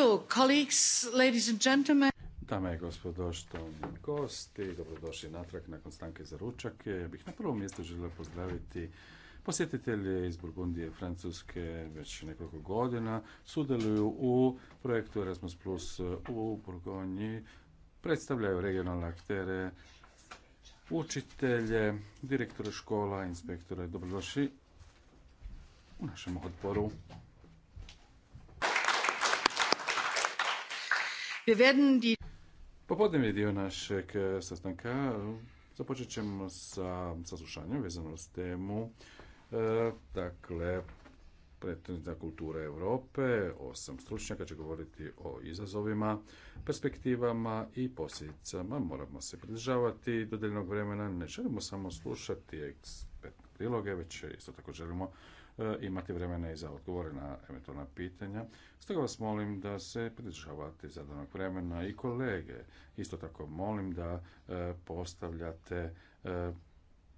So, Dame i gospodo, mi gosti, dobrodošli natrag nakon stanke za ručak. Bih na prvom mjestu želio pozdraviti posjetitelje iz Burgundije Francuske već nekoliko godina. Sudjeluju u projektu Erasmus Plus u Burgonji, predstavljaju regionalne aktere, učitelje, direktore škola, inspektore. Dobrodošli u našem odboru. Popodnevni dio našeg e, sastanka započet ćemo sa saslušanjem vezano s temu e, dakle predstavnica kulture Europe, osam stručnjaka će govoriti o izazovima, perspektivama i posljedicama. Moramo se pridržavati dodeljenog vremena, ne želimo samo slušati ekspertne priloge, već isto tako želimo E, imati vremena i za odgovore na eventualna pitanja. Stoga vas molim da se pridržavate zadanog vremena i kolege. Isto tako molim da e, postavljate e,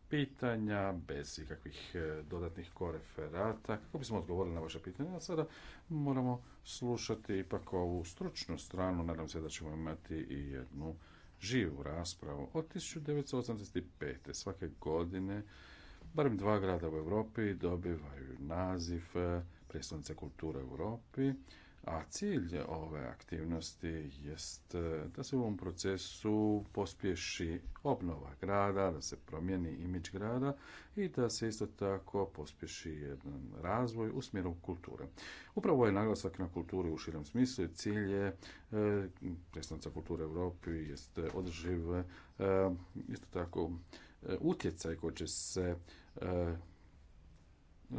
pitanja bez ikakvih dodatnih koreferata kako bismo odgovorili na vaše pitanja. A sada moramo slušati ipak ovu stručnu stranu. Nadam se da ćemo imati i jednu živu raspravu. Od 1985. svake godine barem dva grada u Europi dobivaju naziv eh, predstavnica kulture u Europi, a cilj ove aktivnosti jest eh, da se u ovom procesu pospješi obnova grada, da se promijeni imidž grada i da se isto tako pospješi jedan razvoj u smjeru kulture. Upravo je naglasak na kulturi u širem smislu i cilj je eh, predstavnica kulture u Europi jest održiv isto tako utjecaj koji će se E,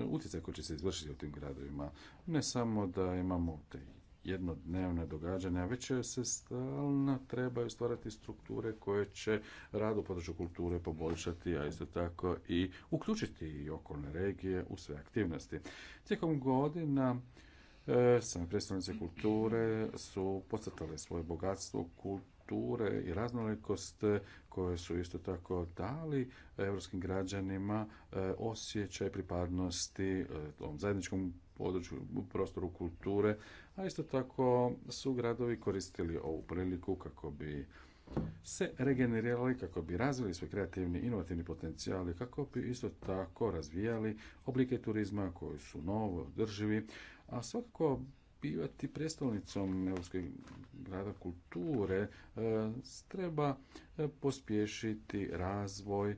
utjecaj koji će se izvršiti u tim gradovima. Ne samo da imamo te jednodnevne događanja, već se stalno trebaju stvarati strukture koje će rad u području kulture poboljšati, a isto tako i uključiti i okolne regije u sve aktivnosti. Tijekom godina e, sami predstavnice kulture su podcrtale svoje bogatstvo kulture i raznolikost e, koje su isto tako dali europskim građanima e, osjećaj pripadnosti e, tom zajedničkom području prostoru kulture, a isto tako su gradovi koristili ovu priliku kako bi se regenerirali, kako bi razvili svoj kreativni, inovativni potencijali, kako bi isto tako razvijali oblike turizma koji su novo drživi, a svakako bivati predstavnicom Europskog grada kulture, e, treba e, pospješiti razvoj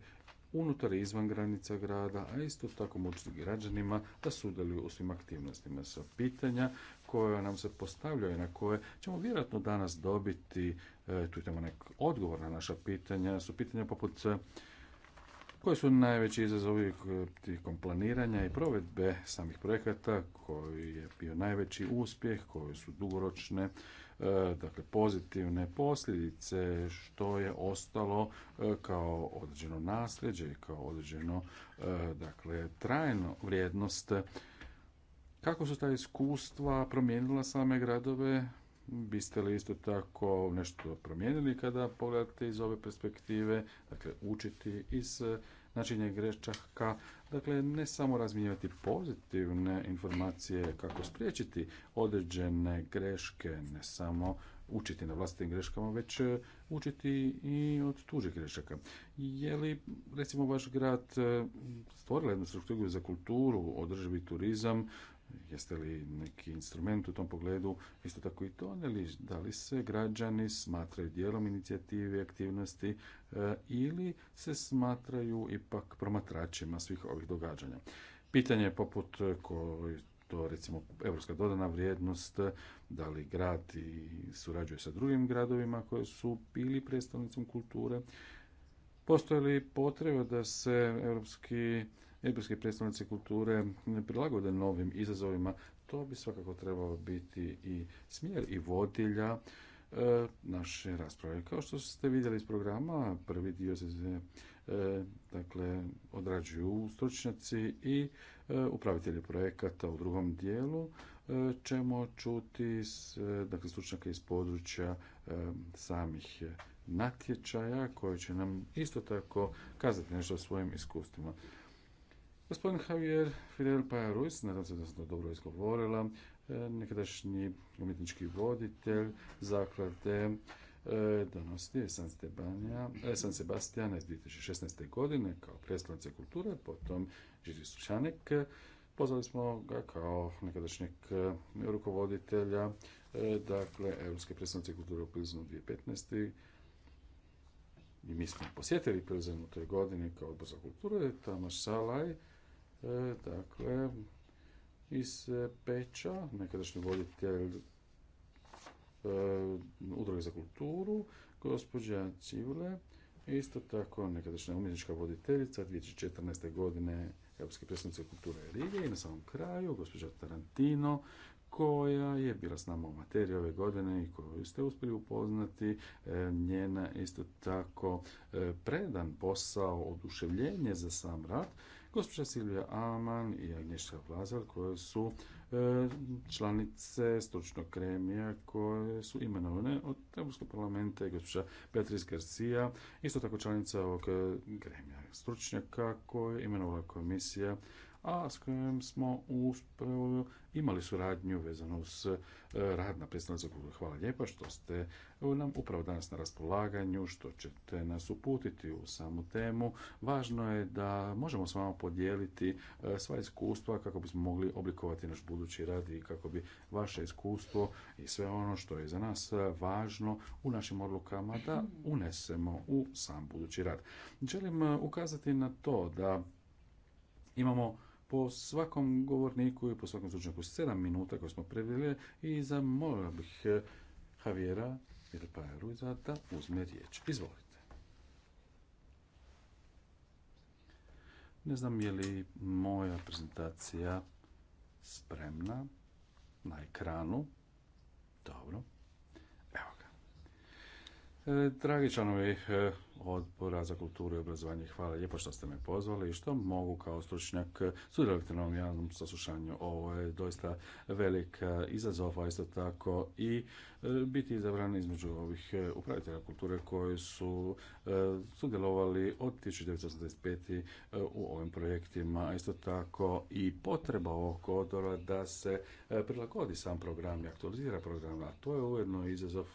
unutar i izvan granica grada, a isto tako moći građanima da sudjeluju u svim aktivnostima. Sa pitanja koja nam se postavljaju i na koje ćemo vjerojatno danas dobiti, e, tu idemo nek odgovor na naša pitanja, su pitanja poput koji su najveći izazovi eh, tijekom planiranja i provedbe samih projekata, koji je bio najveći uspjeh, koje su dugoročne eh, dakle pozitivne posljedice što je ostalo eh, kao određeno nasljeđe i kao određeno dakle trajno vrijednost kako su ta iskustva promijenila same gradove biste li isto tako nešto promijenili kada pogledate iz ove perspektive, dakle učiti iz e, načinja grešaka, dakle ne samo razmjenjivati pozitivne informacije kako spriječiti određene greške, ne samo učiti na vlastitim greškama, već e, učiti i od tuđih grešaka. Je li, recimo, vaš grad e, stvorila jednu strukturu za kulturu, održivi turizam, Jeste li neki instrument u tom pogledu isto tako i to, Da li se građani smatraju dijelom inicijative, aktivnosti e, ili se smatraju ipak promatračima svih ovih događanja? Pitanje poput e, koji to recimo evropska dodana vrijednost, da li grad i surađuje sa drugim gradovima koji su bili predstavnicom kulture. Postoje li potreba da se europski Europske predstavnice kulture prilagode novim izazovima, to bi svakako trebalo biti i smjer i vodilja e, naše rasprave. Kao što ste vidjeli iz programa, prvi dio se e, dakle, odrađuju stručnjaci i e, upravitelji projekata u drugom dijelu ćemo čuti dakle, stručnjaka iz područja samih natječaja koji će nam isto tako kazati nešto o svojim iskustvima. Gospodin Javier Fidel Pajarus, nadam se da sam to dobro izgovorila, e, nekadašnji umjetnički voditelj zaklade e, donosti San, e, San iz 2016. godine kao predstavnice kulture, potom Žiži Sušanik. Pozvali smo ga kao nekadašnjeg rukovoditelja, dakle, Europske predstavnice kulture u tisuće 2015. I mi smo posjetili Pilzen u toj godini kao odbor za kulturu, Tamaš Salaj, dakle, iz e, Peča, nekadašnji voditelj e, udruge za kulturu, gospođa Civule, isto tako nekadašnja umjetnička voditeljica 2014. godine Europske predstavnice kulture Rige i na samom kraju gospođa Tarantino koja je bila s nama u materiji ove godine i koju ste uspjeli upoznati. Njena isto tako predan posao, oduševljenje za sam rad gospođa Silvija Aman i Agnješka Vlazar koje su e, članice stručnog kremija koje su imenovane od Europskog parlamenta i gospođa Beatriz Garcia, isto tako članica ovog e, gremija stručnjaka koje je imenovala komisija a s kojim smo imali suradnju vezanu s e, rad na predstavnicu Hvala lijepa što ste nam upravo danas na raspolaganju, što ćete nas uputiti u samu temu. Važno je da možemo s vama podijeliti e, sva iskustva kako bismo mogli oblikovati naš budući rad i kako bi vaše iskustvo i sve ono što je za nas važno u našim odlukama da unesemo u sam budući rad. Želim ukazati na to da imamo po svakom govorniku i po svakom slučniku 7 minuta koje smo predvidjeli i zamolila bih eh, Javiera ili pa da uzme riječ. Izvolite. Ne znam je li moja prezentacija spremna na ekranu. Dobro. Evo ga. Eh, dragi članovi eh, odbora za kulturu i obrazovanje. Hvala lijepo što ste me pozvali i što mogu kao stručnjak sudjelovati na ovom javnom saslušanju. Ovo je doista velik izazov, a isto tako i E, biti izabrani između ovih e, upravitelja kulture koji su e, sudjelovali od 1985. u ovim projektima, a isto tako i potreba ovog odora da se prilagodi sam program i aktualizira program, a to je ujedno izazov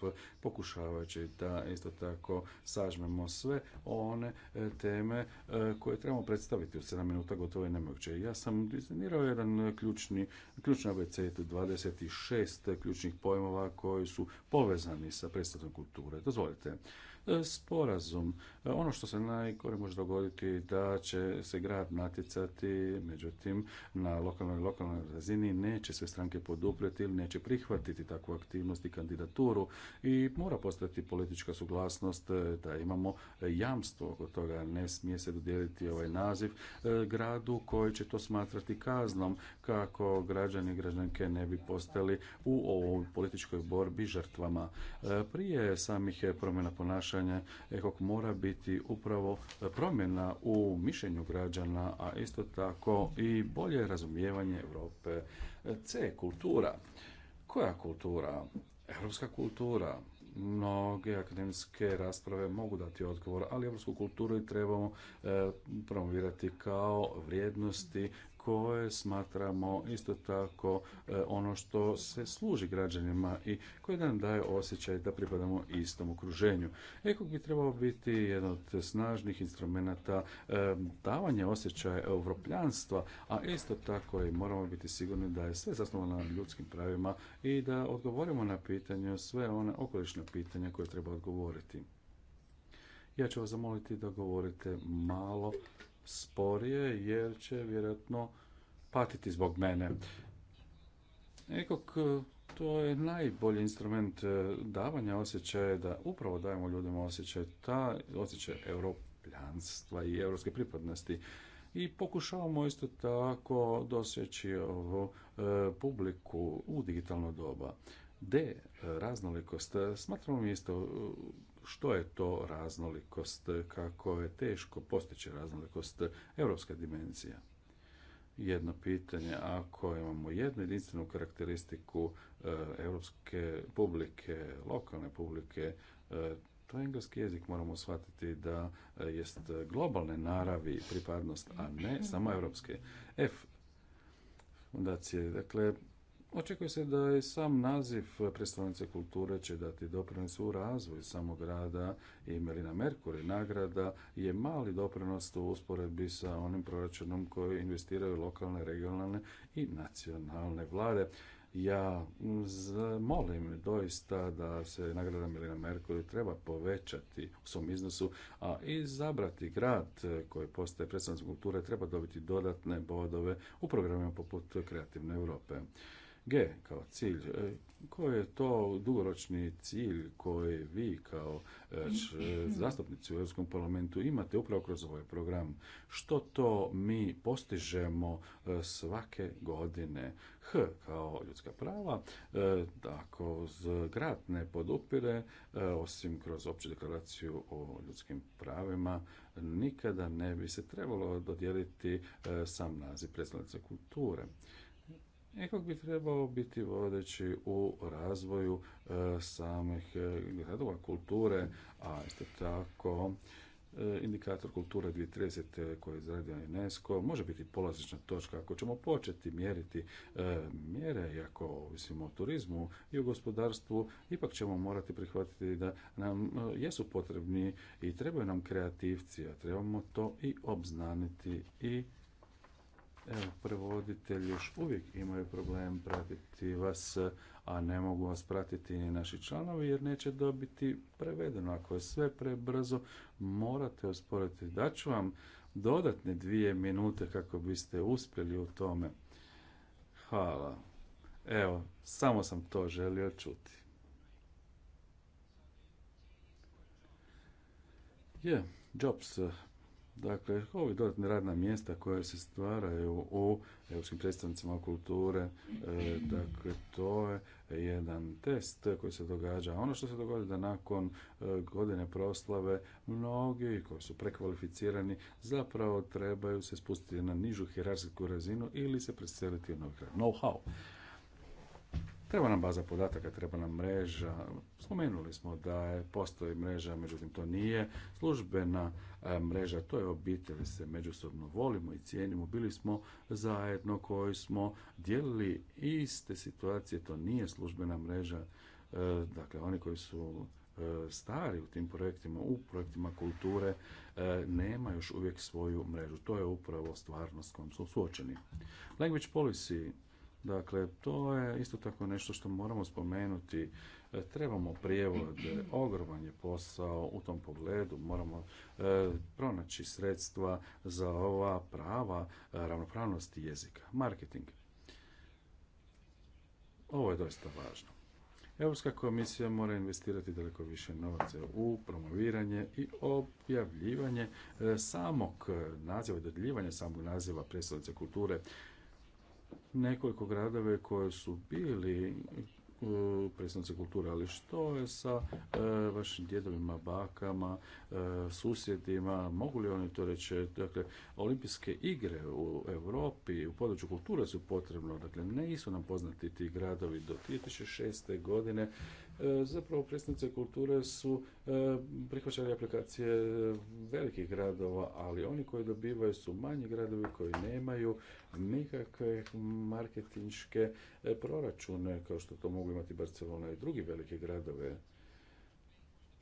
pokušavajući da isto tako sažmemo sve one teme koje trebamo predstaviti u 7 minuta gotovo je nemoguće. Ja sam dizajnirao jedan ključni, ključni ABC 26 ključnih pojmova koji su su povezani sa predstavljanjem kulture. Dozvolite, e, sporazum E, ono što se najgore može dogoditi da će se grad natjecati, međutim na lokalnoj i lokalnoj razini neće sve stranke poduprijeti ili neće prihvatiti takvu aktivnost i kandidaturu i mora postati politička suglasnost e, da imamo jamstvo oko toga. Ne smije se dodijeliti ovaj naziv e, gradu koji će to smatrati kaznom kako građani i građanke ne bi postali u ovoj političkoj borbi žrtvama. Prije samih promjena ponašanja EHOK mora biti biti upravo promjena u mišljenju građana, a isto tako i bolje razumijevanje Europe. C. Kultura. Koja kultura? Evropska kultura. Mnoge akademske rasprave mogu dati odgovor, ali evropsku kulturu trebamo eh, promovirati kao vrijednosti koje smatramo isto tako e, ono što se služi građanima i koje nam daje osjećaj da pripadamo istom okruženju. Ekog bi trebao biti jedan od snažnih instrumenta e, davanja osjećaja europljanstva, a isto tako i moramo biti sigurni da je sve zasnovano na ljudskim pravima i da odgovorimo na pitanje, sve one okolišna pitanja koje treba odgovoriti. Ja ću vas zamoliti da govorite malo sporije jer će vjerojatno patiti zbog mene. Nekog e, to je najbolji instrument e, davanja osjećaja da upravo dajemo ljudima osjećaj ta osjećaj europljanstva i europske pripadnosti i pokušavamo isto tako dosjeći ovu e, publiku u digitalno doba. de raznolikost, smatramo mi isto što je to raznolikost, kako je teško postići raznolikost, evropska dimenzija. Jedno pitanje, ako imamo jednu jedinstvenu karakteristiku europske publike, lokalne publike, e, to engleski jezik moramo shvatiti da e, jest globalne naravi pripadnost, a ne samo europske. F fundacije, dakle, Očekuje se da je sam naziv predstavnice kulture će dati doprinos u razvoju samog grada i Melina Merkuri nagrada je mali doprinos u usporedbi sa onim proračunom koji investiraju lokalne, regionalne i nacionalne vlade. Ja molim doista da se nagrada Melina Merkuri treba povećati u svom iznosu, a izabrati grad koji postaje predstavnik kulture treba dobiti dodatne bodove u programima poput Kreativne Europe. G kao cilj. E, koji je to dugoročni cilj koji vi kao e, zastupnici u Europskom parlamentu imate upravo kroz ovaj program? Što to mi postižemo e, svake godine? H kao ljudska prava, ako grad ne podupire, osim kroz opću deklaraciju o ljudskim pravima, nikada ne bi se trebalo dodijeliti sam naziv predstavnice kulture nekog bi trebao biti vodeći u razvoju e, samih e, gradova kulture, a isto tako e, indikator kulture 2030. koji je izradio UNESCO može biti polazična točka ako ćemo početi mjeriti mjere iako ako ovisimo o turizmu i o gospodarstvu ipak ćemo morati prihvatiti da nam jesu potrebni i trebaju nam kreativci a trebamo to i obznaniti i Evo, prevoditelj još uvijek imaju problem pratiti vas, a ne mogu vas pratiti ni naši članovi jer neće dobiti prevedeno. Ako je sve prebrzo, morate osporiti. Daću vam dodatne dvije minute kako biste uspjeli u tome. Hvala. Evo, samo sam to želio čuti. Je, Jobs Dakle, ovi dodatne radna mjesta koja se stvaraju u europskim predstavnicima kulture, e, dakle, to je jedan test koji se događa. Ono što se događa da nakon e, godine proslave mnogi koji su prekvalificirani zapravo trebaju se spustiti na nižu hirarsku razinu ili se preseliti u know-how. Treba nam baza podataka, treba nam mreža. Spomenuli smo da je, postoji mreža, međutim to nije službena e, mreža, to je obitelj, se međusobno volimo i cijenimo, bili smo zajedno koji smo dijelili iste situacije, to nije službena mreža. E, dakle, oni koji su e, stari u tim projektima, u projektima kulture, nema još uvijek svoju mrežu. To je upravo stvarnost s kojom su suočeni. Language policy Dakle, to je isto tako nešto što moramo spomenuti. E, trebamo prijevode, ogroman je posao u tom pogledu, moramo e, pronaći sredstva za ova prava e, ravnopravnosti jezika, marketing. Ovo je dosta važno. Europska komisija mora investirati daleko više novaca u promoviranje i objavljivanje samog naziva i samog naziva prijestolnice kulture nekoliko gradova koje su bili e, predstavnice kulture, ali što je sa e, vašim djedovima, bakama, e, susjedima, mogu li oni to reći? Dakle, olimpijske igre u Europi u području kulture su potrebno, dakle, ne nisu nam poznati ti gradovi do 2006. godine E, zapravo predstavnice kulture su e, prihvaćali aplikacije e, velikih gradova, ali oni koji dobivaju su manji gradovi koji nemaju nikakve marketinške proračune kao što to mogu imati Barcelona i drugi veliki gradove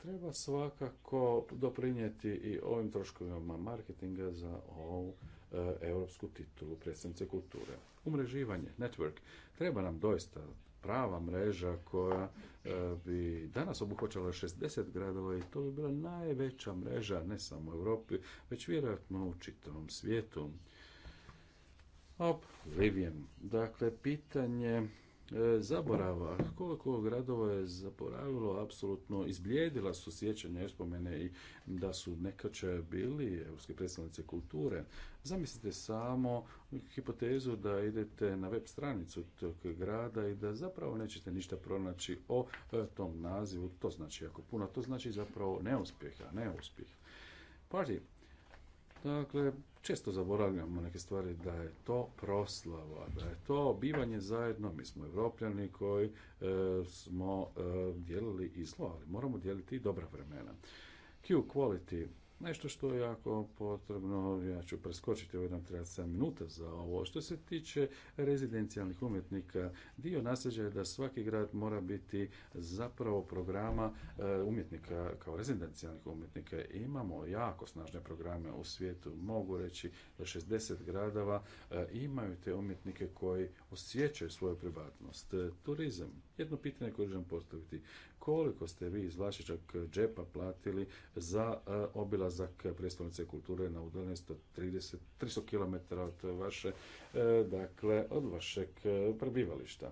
treba svakako doprinijeti i ovim troškovima marketinga za ovu europsku titulu predstavnice kulture. Umreživanje, network, treba nam doista prava mreža koja e, bi danas obuhvaćala 60 gradova i to bi bila najveća mreža ne samo u Europi, već vjerojatno u čitavom svijetu. Op, Livijem. Dakle, pitanje E, zaborava. Koliko gradova je zaboravilo, apsolutno izblijedila su sjećanja i spomene i da su nekače bili europski predstavnici kulture. Zamislite samo hipotezu da idete na web stranicu tog grada i da zapravo nećete ništa pronaći o e, tom nazivu. To znači jako puno. To znači zapravo neuspjeh, a neuspjeh. uspjeh. Dakle, često zaboravljamo neke stvari da je to proslava, da je to bivanje zajedno. Mi smo evropljani koji e, smo e, dijelili i zlo, ali moramo dijeliti i dobra vremena. Q quality nešto što je jako potrebno, ja ću preskočiti u nam minuta za ovo. Što se tiče rezidencijalnih umjetnika, dio nasljeđa je da svaki grad mora biti zapravo programa e, umjetnika kao rezidencijalnih umjetnika. Imamo jako snažne programe u svijetu, mogu reći da 60 gradova e, imaju te umjetnike koji osjećaju svoju privatnost. Turizam, jedno pitanje koje želim postaviti, koliko ste vi iz vašeg džepa platili za e, obilazak predstavnice kulture na udaljenosti 30, 300 km od vaše, e, dakle, od vašeg e, prebivališta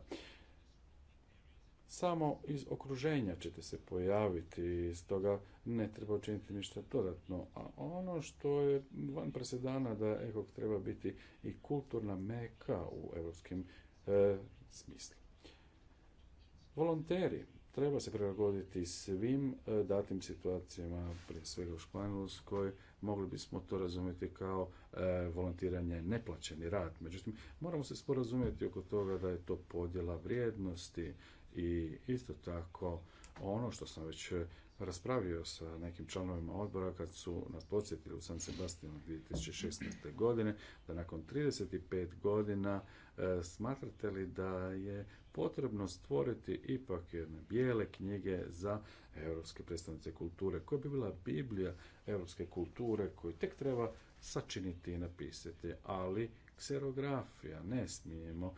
samo iz okruženja ćete se pojaviti, stoga ne treba učiniti ništa dodatno. A ono što je van presedana da EHOK treba biti i kulturna meka u evropskim smislu. Volonteri, treba se prilagoditi svim e, datim situacijama, prije svega u Španjolskoj, mogli bismo to razumjeti kao e, volontiranje, neplaćeni rad. Međutim, moramo se sporazumjeti oko toga da je to podjela vrijednosti i isto tako ono što sam već e, raspravio sa nekim članovima odbora kad su nas podsjetili u San Sebastianu 2016. godine da nakon 35 godina e, smatrate li da je potrebno stvoriti ipak jedne bijele knjige za europske predstavnice kulture koja bi bila biblija europske kulture koju tek treba sačiniti i napisati ali kserografija ne smijemo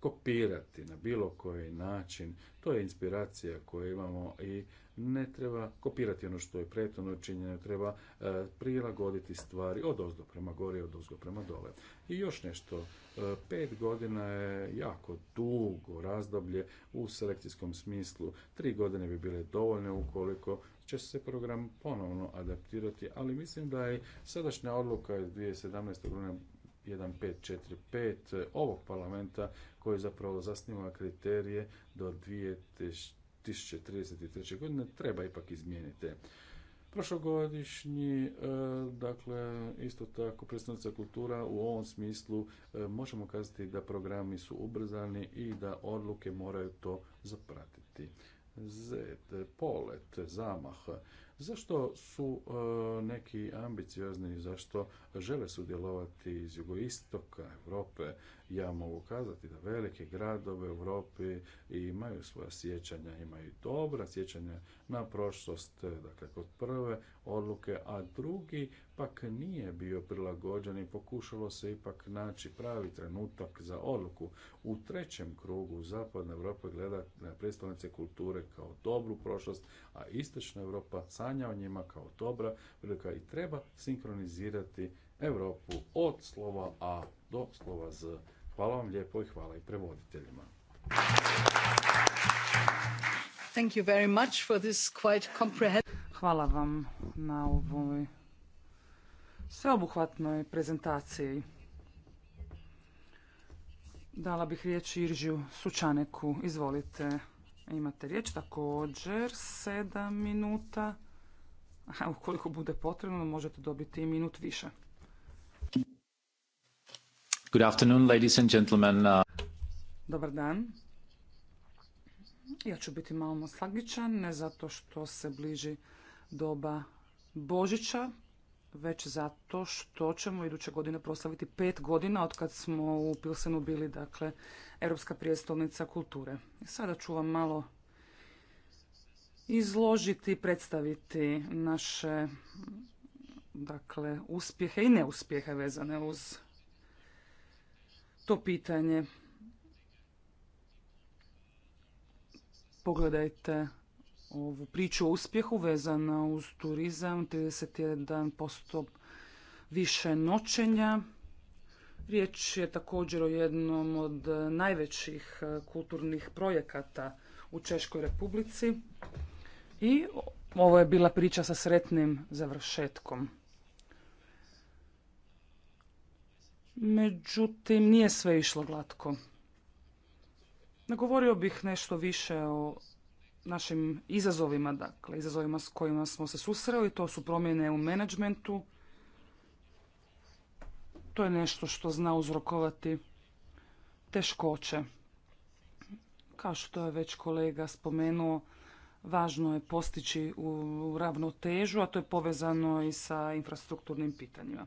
kopirati na bilo koji način. To je inspiracija koju imamo i ne treba kopirati ono što je prethodno činjeno treba e, prilagoditi stvari od ozdo prema gore, od ozdo prema dole. I još nešto, e, pet godina je jako dugo razdoblje u selekcijskom smislu. Tri godine bi bile dovoljne ukoliko će se program ponovno adaptirati, ali mislim da je sadašnja odluka iz 2017. godine 1545 e, ovog parlamenta koji zapravo zasniva kriterije do 2033. godine treba ipak izmijeniti. Prošlogodišnji, e, dakle, isto tako predstavnica kultura u ovom smislu e, možemo kazati da programi su ubrzani i da odluke moraju to zapratiti. Z, polet, zamah, Zašto su e, neki ambiciozni, zašto žele sudjelovati iz jugoistoka Europe, ja mogu kazati da velike gradove u Europi imaju svoja sjećanja, imaju dobra sjećanja na prošlost, dakle kod prve odluke, a drugi pak nije bio prilagođen i pokušalo se ipak naći pravi trenutak za odluku. U trećem krugu Zapadna Europa gleda na predstavnice kulture kao dobru prošlost, a Istočna Europa sanja o njima kao dobra prilika i treba sinkronizirati Europu od slova A do slova Z Hvala vam lijepo i hvala i prevoditeljima. Thank you very much for this quite comprehensive... Hvala vam na ovoj sveobuhvatnoj prezentaciji. Dala bih riječ Iržiju Sučaneku. Izvolite, imate riječ također, sedam minuta. A ukoliko bude potrebno, možete dobiti i minut više. Uh, Dobar dan. Ja ću biti malo nostalgičan, ne zato što se bliži doba Božića, već zato što ćemo iduće godine proslaviti pet godina od kad smo u Pilsenu bili, dakle, Europska prijestolnica kulture. Sada ću vam malo izložiti, i predstaviti naše dakle, uspjehe i neuspjehe vezane uz to pitanje. Pogledajte ovu priču o uspjehu vezana uz turizam, 31% više noćenja. Riječ je također o jednom od najvećih e, kulturnih projekata u Češkoj republici. I ovo je bila priča sa sretnim završetkom. Međutim, nije sve išlo glatko. Nagovorio bih nešto više o našim izazovima, dakle, izazovima s kojima smo se susreli, to su promjene u menadžmentu. To je nešto što zna uzrokovati teškoće. Kao što je već kolega spomenuo, važno je postići u ravnotežu, a to je povezano i sa infrastrukturnim pitanjima.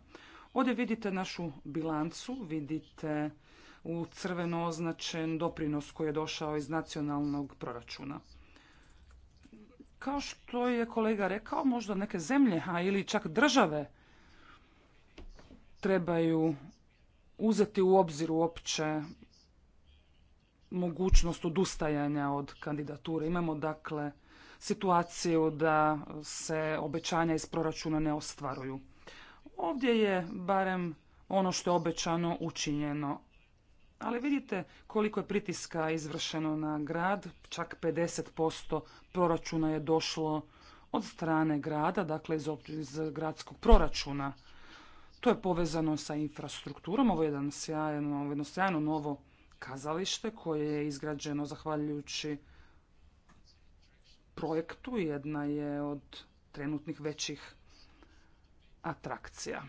Ovdje vidite našu bilancu, vidite u crveno označen doprinos koji je došao iz nacionalnog proračuna. Kao što je kolega rekao, možda neke zemlje, a ili čak države trebaju uzeti u obzir uopće mogućnost odustajanja od kandidature. Imamo dakle situaciju da se obećanja iz proračuna ne ostvaruju. Ovdje je barem ono što je obećano učinjeno. Ali vidite koliko je pritiska izvršeno na grad, čak 50% proračuna je došlo od strane grada, dakle iz, iz gradskog proračuna. To je povezano sa infrastrukturom, ovo je jedno sjajno novo kazalište koje je izgrađeno zahvaljujući projektu, jedna je od trenutnih većih atrakcija.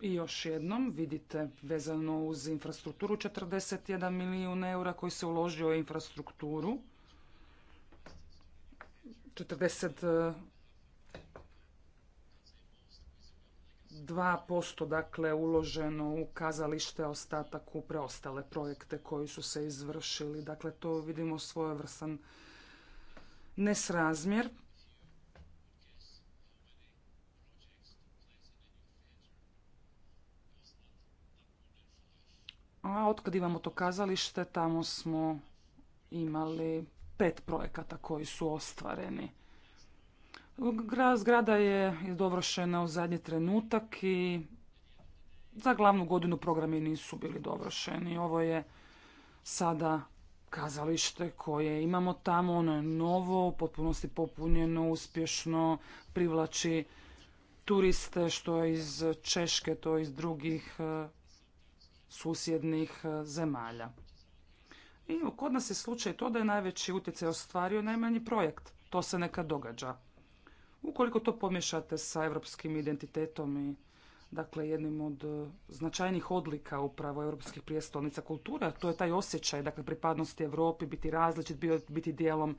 I još jednom vidite vezano uz infrastrukturu 41 milijun eura koji se uložio u infrastrukturu. 42% dakle uloženo u kazalište, ostatak u preostale projekte koji su se izvršili. Dakle, to vidimo svojevrstan nesrazmjer. A otkad imamo to kazalište, tamo smo imali pet projekata koji su ostvareni. Zgrada je dovršena u zadnji trenutak i za glavnu godinu programi nisu bili dovršeni. Ovo je sada kazalište koje imamo tamo, ono je novo, u potpunosti popunjeno, uspješno, privlači turiste što iz Češke, to iz drugih eh, susjednih e, zemalja. I kod nas je slučaj to da je najveći utjecaj ostvario najmanji projekt. To se nekad događa. Ukoliko to pomješate sa europskim identitetom i dakle jednim od e, značajnih odlika upravo europskih prijestolnica kultura, to je taj osjećaj dakle pripadnosti Europi, biti različit, biti dijelom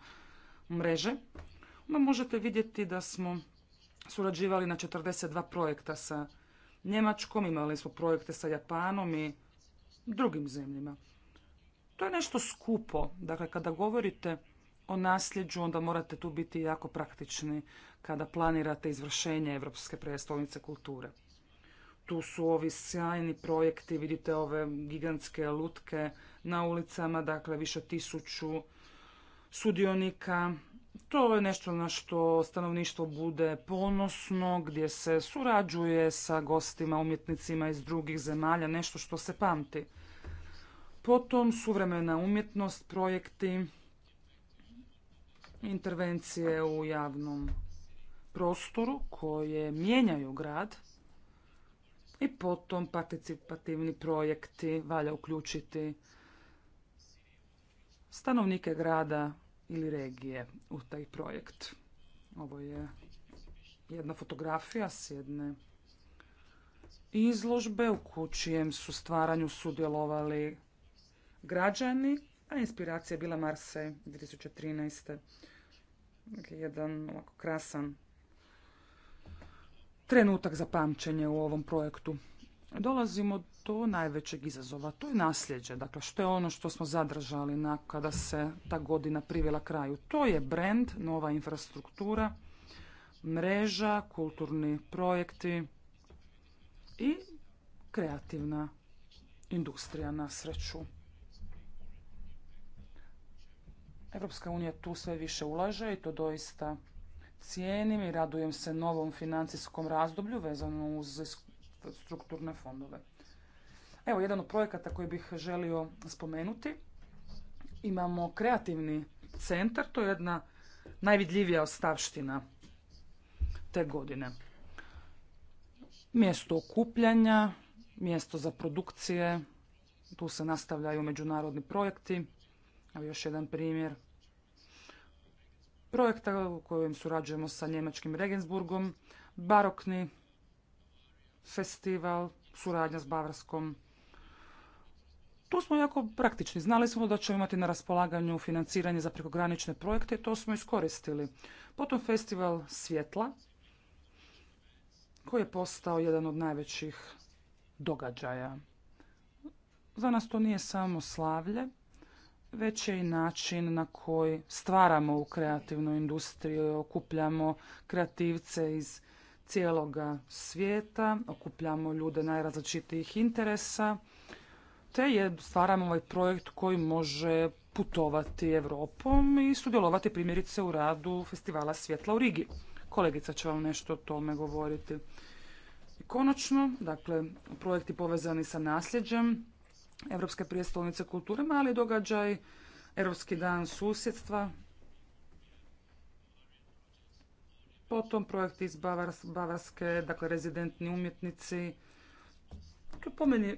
mreže. Onda možete vidjeti da smo surađivali na 42 projekta sa Njemačkom, imali smo projekte sa Japanom i drugim zemljima. To je nešto skupo. Dakle, kada govorite o nasljeđu, onda morate tu biti jako praktični kada planirate izvršenje Evropske predstavnice kulture. Tu su ovi sjajni projekti, vidite ove gigantske lutke na ulicama, dakle više tisuću sudionika, to je nešto na što stanovništvo bude ponosno, gdje se surađuje sa gostima, umjetnicima iz drugih zemalja, nešto što se pamti. Potom suvremena umjetnost, projekti, intervencije u javnom prostoru koje mijenjaju grad i potom participativni projekti, valja uključiti stanovnike grada ili regije u taj projekt. Ovo je jedna fotografija s jedne izložbe u kućijem su stvaranju sudjelovali građani, a inspiracija je bila Marse 2013. Dakle, jedan ovako krasan trenutak za pamćenje u ovom projektu dolazimo do najvećeg izazova. To je nasljeđe. Dakle, što je ono što smo zadržali na kada se ta godina privela kraju. To je brand, nova infrastruktura, mreža, kulturni projekti i kreativna industrija na sreću. Evropska unija tu sve više ulaže i to doista cijenim i radujem se novom financijskom razdoblju vezano uz strukturne fondove. Evo, jedan od projekata koji bih želio spomenuti. Imamo kreativni centar, to je jedna najvidljivija ostavština te godine. Mjesto okupljanja, mjesto za produkcije, tu se nastavljaju međunarodni projekti. Evo još jedan primjer projekta u kojem surađujemo sa njemačkim Regensburgom, barokni festival, suradnja s Bavarskom. Tu smo jako praktični. Znali smo da ćemo imati na raspolaganju financiranje za prekogranične projekte i to smo iskoristili. Potom festival Svjetla, koji je postao jedan od najvećih događaja. Za nas to nije samo slavlje, već je i način na koji stvaramo u kreativnoj industriji, okupljamo kreativce iz cijeloga svijeta, okupljamo ljude najrazličitijih interesa, te je, stvaramo ovaj projekt koji može putovati Europom i sudjelovati primjerice u radu festivala Svjetla u Rigi. Kolegica će vam nešto o tome govoriti. I konačno, dakle, projekti povezani sa nasljeđem Europske prijestolnice kulture, mali događaj Europski dan susjedstva, Potom projekt iz Bavarske, dakle rezidentni umjetnici. je po meni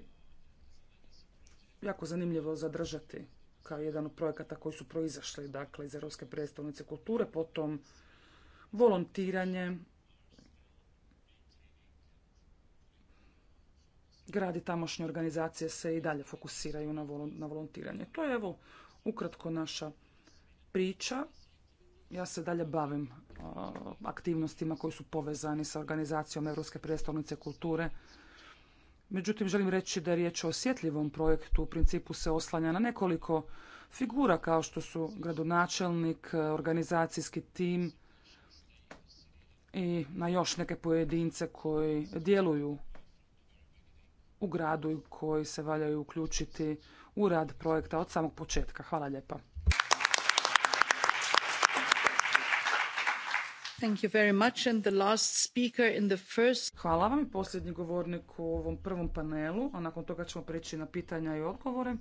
jako zanimljivo zadržati kao jedan od projekata koji su proizašli dakle, iz Europske predstavnice kulture, potom volontiranje, gradi tamošnje organizacije se i dalje fokusiraju na, na volontiranje. To je evo ukratko naša priča. Ja se dalje bavim Uh, aktivnostima koji su povezani sa organizacijom Europske predstavnice kulture. Međutim, želim reći da je riječ o osjetljivom projektu. U principu se oslanja na nekoliko figura kao što su gradonačelnik, organizacijski tim i na još neke pojedince koji djeluju u gradu i koji se valjaju uključiti u rad projekta od samog početka. Hvala lijepa. Hvala vam posljednji govornik u ovom prvom panelu, a nakon toga ćemo preći na pitanja i odgovore.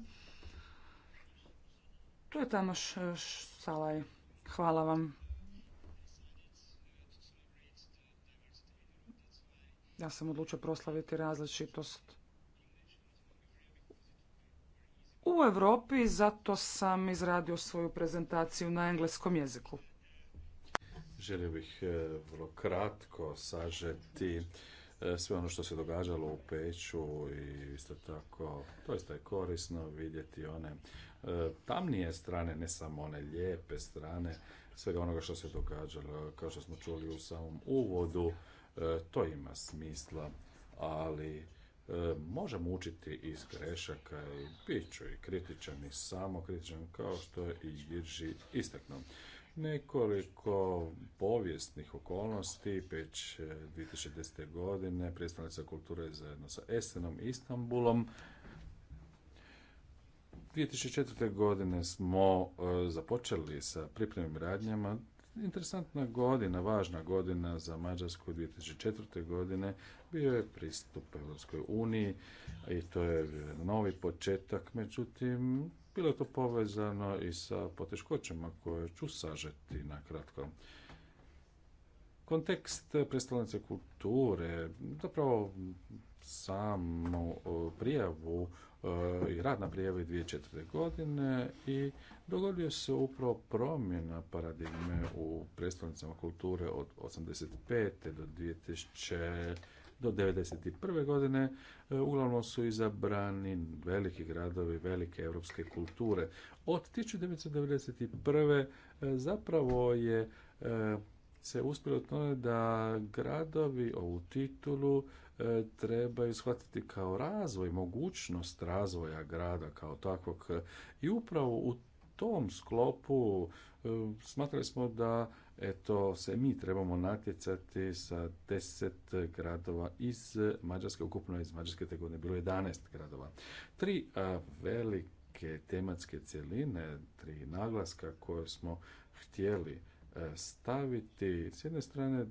Tu je Tamaš eh, Salaj. Hvala vam. Ja sam odlučio proslaviti različitost u Europi, zato sam izradio svoju prezentaciju na engleskom jeziku. Želio bih e, vrlo kratko sažeti e, sve ono što se događalo u Peću i isto tako isto je korisno vidjeti one e, tamnije strane, ne samo one lijepe strane, svega onoga što se događalo, kao što smo čuli u samom uvodu, to ima smisla, ali možemo učiti iz grešaka i bit ću i kritičan i samo kao što je i Jirži istaknuo nekoliko povijesnih okolnosti. Već 2010. E, godine predstavnica kulture zajedno sa Esenom i Istanbulom 2004. godine smo e, započeli sa pripremnim radnjama. Interesantna godina, važna godina za Mađarsku 2004. godine bio je pristup Europskoj uniji i to je novi početak. Međutim, bilo je to povezano i sa poteškoćama koje ću sažeti na kratko. Kontekst predstavnice kulture, zapravo samu e, prijavu e, i rad na prijavi 2004. godine i dogodio se upravo promjena paradigme u predstavnicama kulture od 85. do 2000 do 1991. godine e, uglavnom su izabrani veliki gradovi, velike europske kulture. Od 1991. E, zapravo je e, se uspjelo to da gradovi ovu titulu trebaju shvatiti kao razvoj, mogućnost razvoja grada kao takvog. I upravo u tom sklopu smatrali smo da eto se mi trebamo natjecati sa deset gradova iz Mađarske, ukupno iz Mađarske te godine bilo 11 gradova. Tri velike tematske cjeline, tri naglaska koje smo htjeli e, staviti. S jedne strane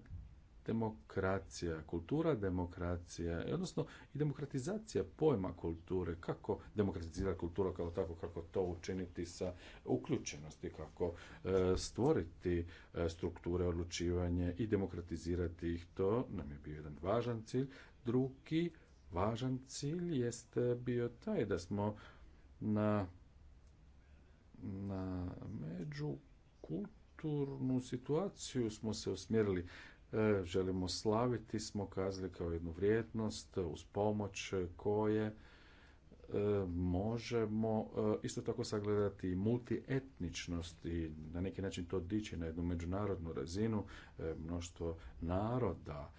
demokracija, kultura demokracija, odnosno i demokratizacija pojma kulture, kako demokratizirati kulturu kao tako, kako to učiniti sa uključenosti, kako e, stvoriti e, strukture odlučivanja i demokratizirati ih, to nam je bio jedan važan cilj. Drugi važan cilj jest bio taj da smo na, na među kulturnu situaciju smo se usmjerili E, želimo slaviti smo kazali kao jednu vrijednost uz pomoć koje e, možemo e, isto tako sagledati i multietničnost i na neki način to dići na jednu međunarodnu razinu mnoštvo naroda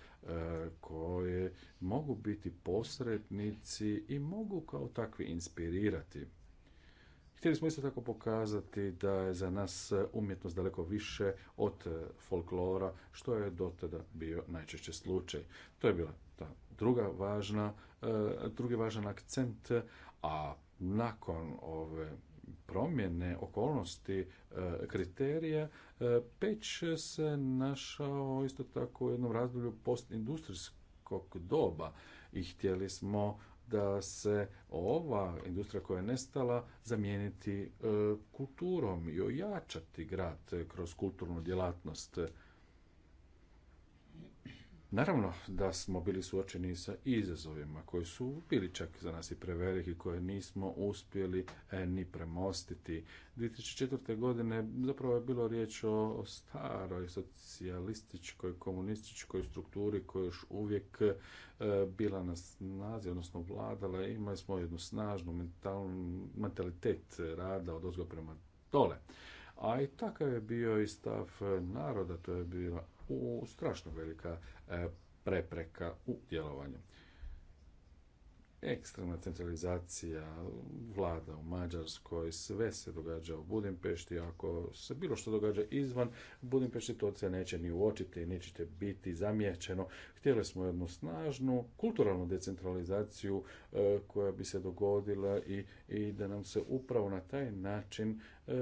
koje mogu biti posrednici i mogu kao takvi inspirirati Htjeli smo isto tako pokazati da je za nas e, umjetnost daleko više od e, folklora, što je do tada bio najčešće slučaj. To je bila ta druga važna, e, drugi važan akcent, a nakon ove promjene okolnosti kriterija, Peć se našao isto tako u jednom razdoblju postindustrijskog doba i htjeli smo da se ova industrija koja je nestala zamijeniti e, kulturom i ojačati grad kroz kulturnu djelatnost Naravno da smo bili suočeni sa izazovima koji su bili čak za nas i preveliki, koje nismo uspjeli e, ni premostiti. 2004. godine zapravo je bilo riječ o staroj socijalističkoj, komunističkoj strukturi koja još uvijek e, bila na snazi, odnosno vladala. Imali smo jednu snažnu mentalitet rada od ozgo prema dole. A i takav je bio i stav naroda, to je bila strašno velika e, prepreka u djelovanju ekstremna centralizacija vlada u Mađarskoj, sve se događa u Budimpešti, ako se bilo što događa izvan Budimpešti, to se neće ni uočiti, nećete biti zamijećeno. Htjeli smo jednu snažnu kulturalnu decentralizaciju e, koja bi se dogodila i, i da nam se upravo na taj način e,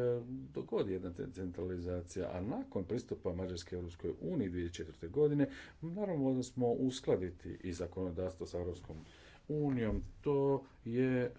dogodi jedna decentralizacija, a nakon pristupa Mađarske Europskoj uniji 2004. godine, naravno, smo uskladiti i zakonodavstvo sa Europskom unijom. To je e,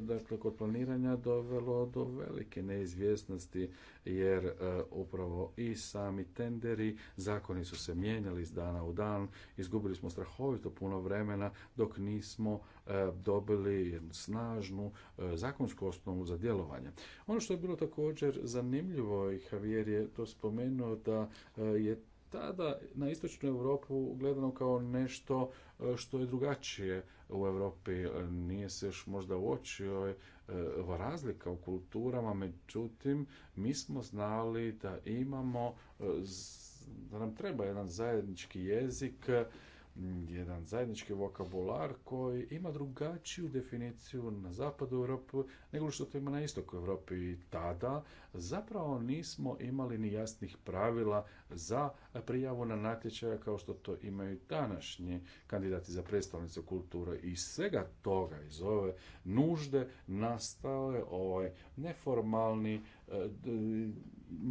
dakle kod planiranja dovelo do velike neizvjesnosti jer e, upravo i sami tenderi, zakoni su se mijenjali iz dana u dan, izgubili smo strahovito puno vremena dok nismo e, dobili snažnu zakonsku osnovu za djelovanje. Ono što je bilo također zanimljivo i Javier je to spomenuo da je tada na istočnu Europu gledano kao nešto što je drugačije u Europi e, nije se još možda uočio e, razlika u kulturama, međutim mi smo znali da imamo e, da nam treba jedan zajednički jezik jedan zajednički vokabular koji ima drugačiju definiciju na zapadu Europe nego što to ima na istoku Europi. i tada zapravo nismo imali ni jasnih pravila za prijavu na natječaja kao što to imaju današnji kandidati za predstavnice kulture i svega toga iz ove nužde nastao je ovaj neformalni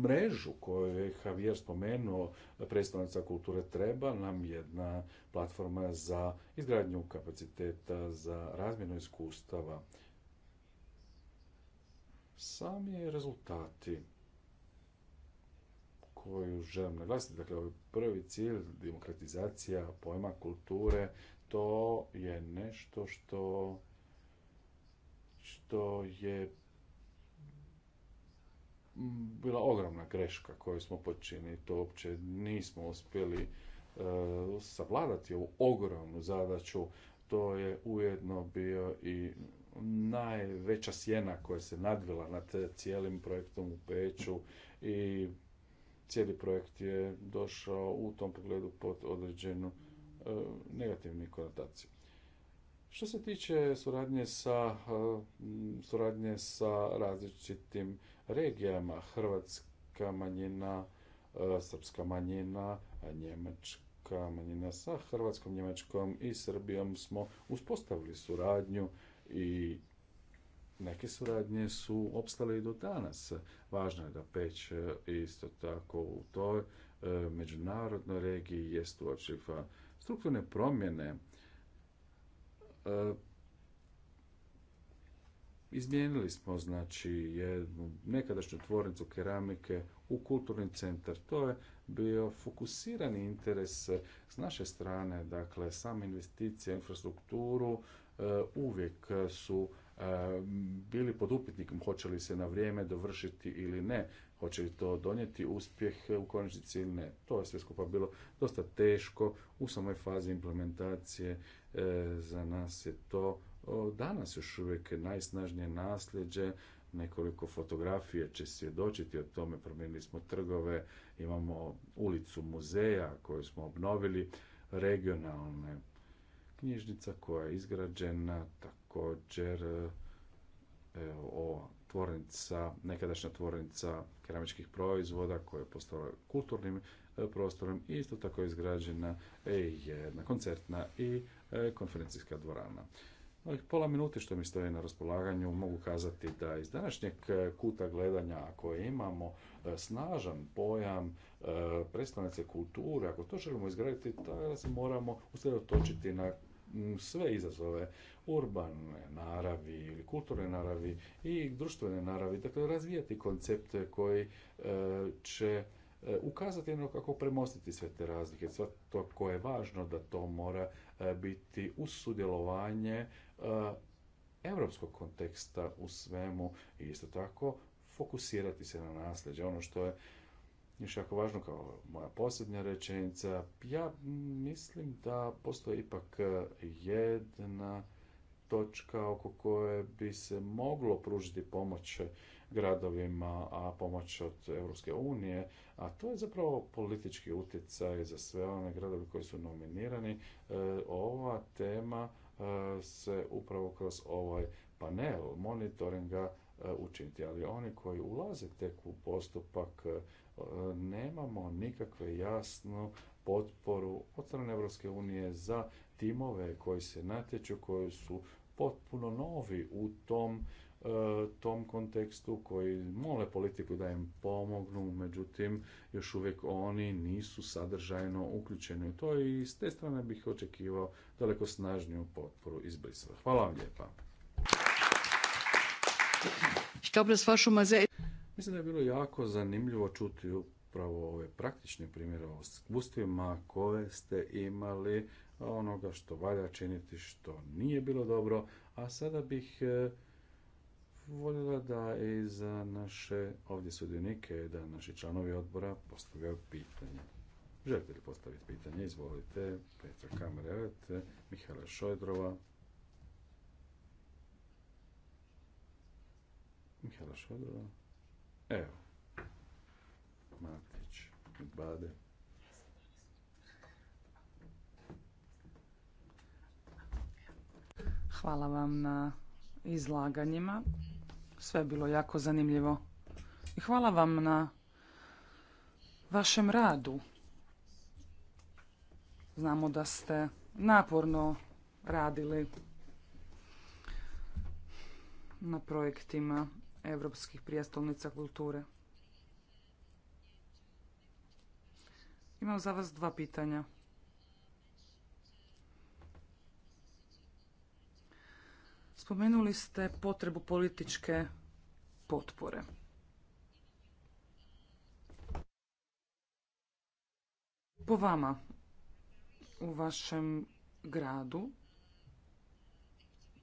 mrežu koju je Javier spomenuo, predstavnica kulture treba nam jedna platforma za izgradnju kapaciteta, za razmjenu iskustava. Sami rezultati koju želim naglasiti, dakle ovaj prvi cilj, demokratizacija pojma kulture, to je nešto što što je bila ogromna greška koju smo počinili. To uopće nismo uspjeli e, savladati ovu ogromnu zadaću. To je ujedno bio i najveća sjena koja se nadvila nad cijelim projektom u Peću i cijeli projekt je došao u tom pogledu pod određenu e, negativnu konotaciju. Što se tiče suradnje sa, e, suradnje sa različitim regijama. Hrvatska manjina, e, srpska manjina, njemačka manjina sa Hrvatskom, Njemačkom i Srbijom smo uspostavili suradnju i neke suradnje su opstale i do danas. Važno je da peć e, isto tako u toj e, međunarodnoj regiji jest uočiva strukturne promjene Izmijenili smo znači jednu nekadašnju tvornicu keramike u kulturni centar. To je bio fokusirani interes eh, s naše strane, dakle same investicije, infrastrukturu eh, uvijek su eh, bili pod upitnikom hoće li se na vrijeme dovršiti ili ne, hoće li to donijeti uspjeh u konačnici ili ne. To je sve skupa bilo dosta teško u samoj fazi implementacije. Za nas je to danas još uvijek najsnažnije nasljeđe nekoliko fotografije će svjedočiti o tome, promijenili smo trgove, imamo ulicu muzeja koju smo obnovili, regionalne knjižnica koja je izgrađena, također e, o tvornica, nekadašnja tvornica keramičkih proizvoda koja je postala kulturnim e, prostorom i isto tako je izgrađena e, jedna koncertna i konferencijska dvorana. Ovih pola minuti što mi stoje na raspolaganju mogu kazati da iz današnjeg e, kuta gledanja ako imamo e, snažan pojam e, predstavnice kulture, ako to želimo izgraditi, tada se moramo usredotočiti na sve izazove urbane naravi ili kulturne naravi i društvene naravi, dakle razvijati koncepte koji će E, ukazati na kako premostiti sve te razlike. Sve to koje je važno da to mora e, biti uz sudjelovanje europskog konteksta u svemu i isto tako fokusirati se na nasljeđe. Ono što je još jako važno kao moja posljednja rečenica, ja mislim da postoji ipak e, jedna točka oko koje bi se moglo pružiti pomoć gradovima, a pomoć od Europske unije, a to je zapravo politički utjecaj za sve one gradove koji su nominirani. E, ova tema e, se upravo kroz ovaj panel monitoringa e, učiniti, ali oni koji ulaze tek u postupak nemamo nikakve jasnu potporu od strane Europske unije za timove koji se natječu, koji su potpuno novi u tom E, tom kontekstu koji mole politiku da im pomognu, međutim još uvijek oni nisu sadržajno uključeni u to i s te strane bih očekivao daleko snažniju potporu iz Hvala vam lijepa. Mislim da je bilo jako zanimljivo čuti upravo ove praktične primjere o iskustvima koje ste imali, onoga što valja činiti, što nije bilo dobro, a sada bih e, voljela da i za naše ovdje sudionike, da naši članovi odbora postavljaju pitanje. Želite li postaviti pitanje? Izvolite, Petra Kamerevet, Mihaela Šojdrova. Mihaela Šojdrova. Evo. Matić, Bade. Hvala vam na izlaganjima. Sve je bilo jako zanimljivo. I hvala vam na vašem radu. Znamo da ste naporno radili na projektima Europskih prijestolnica kulture. Imam za vas dva pitanja. Spomenuli ste potrebu političke potpore. Po vama, u vašem gradu,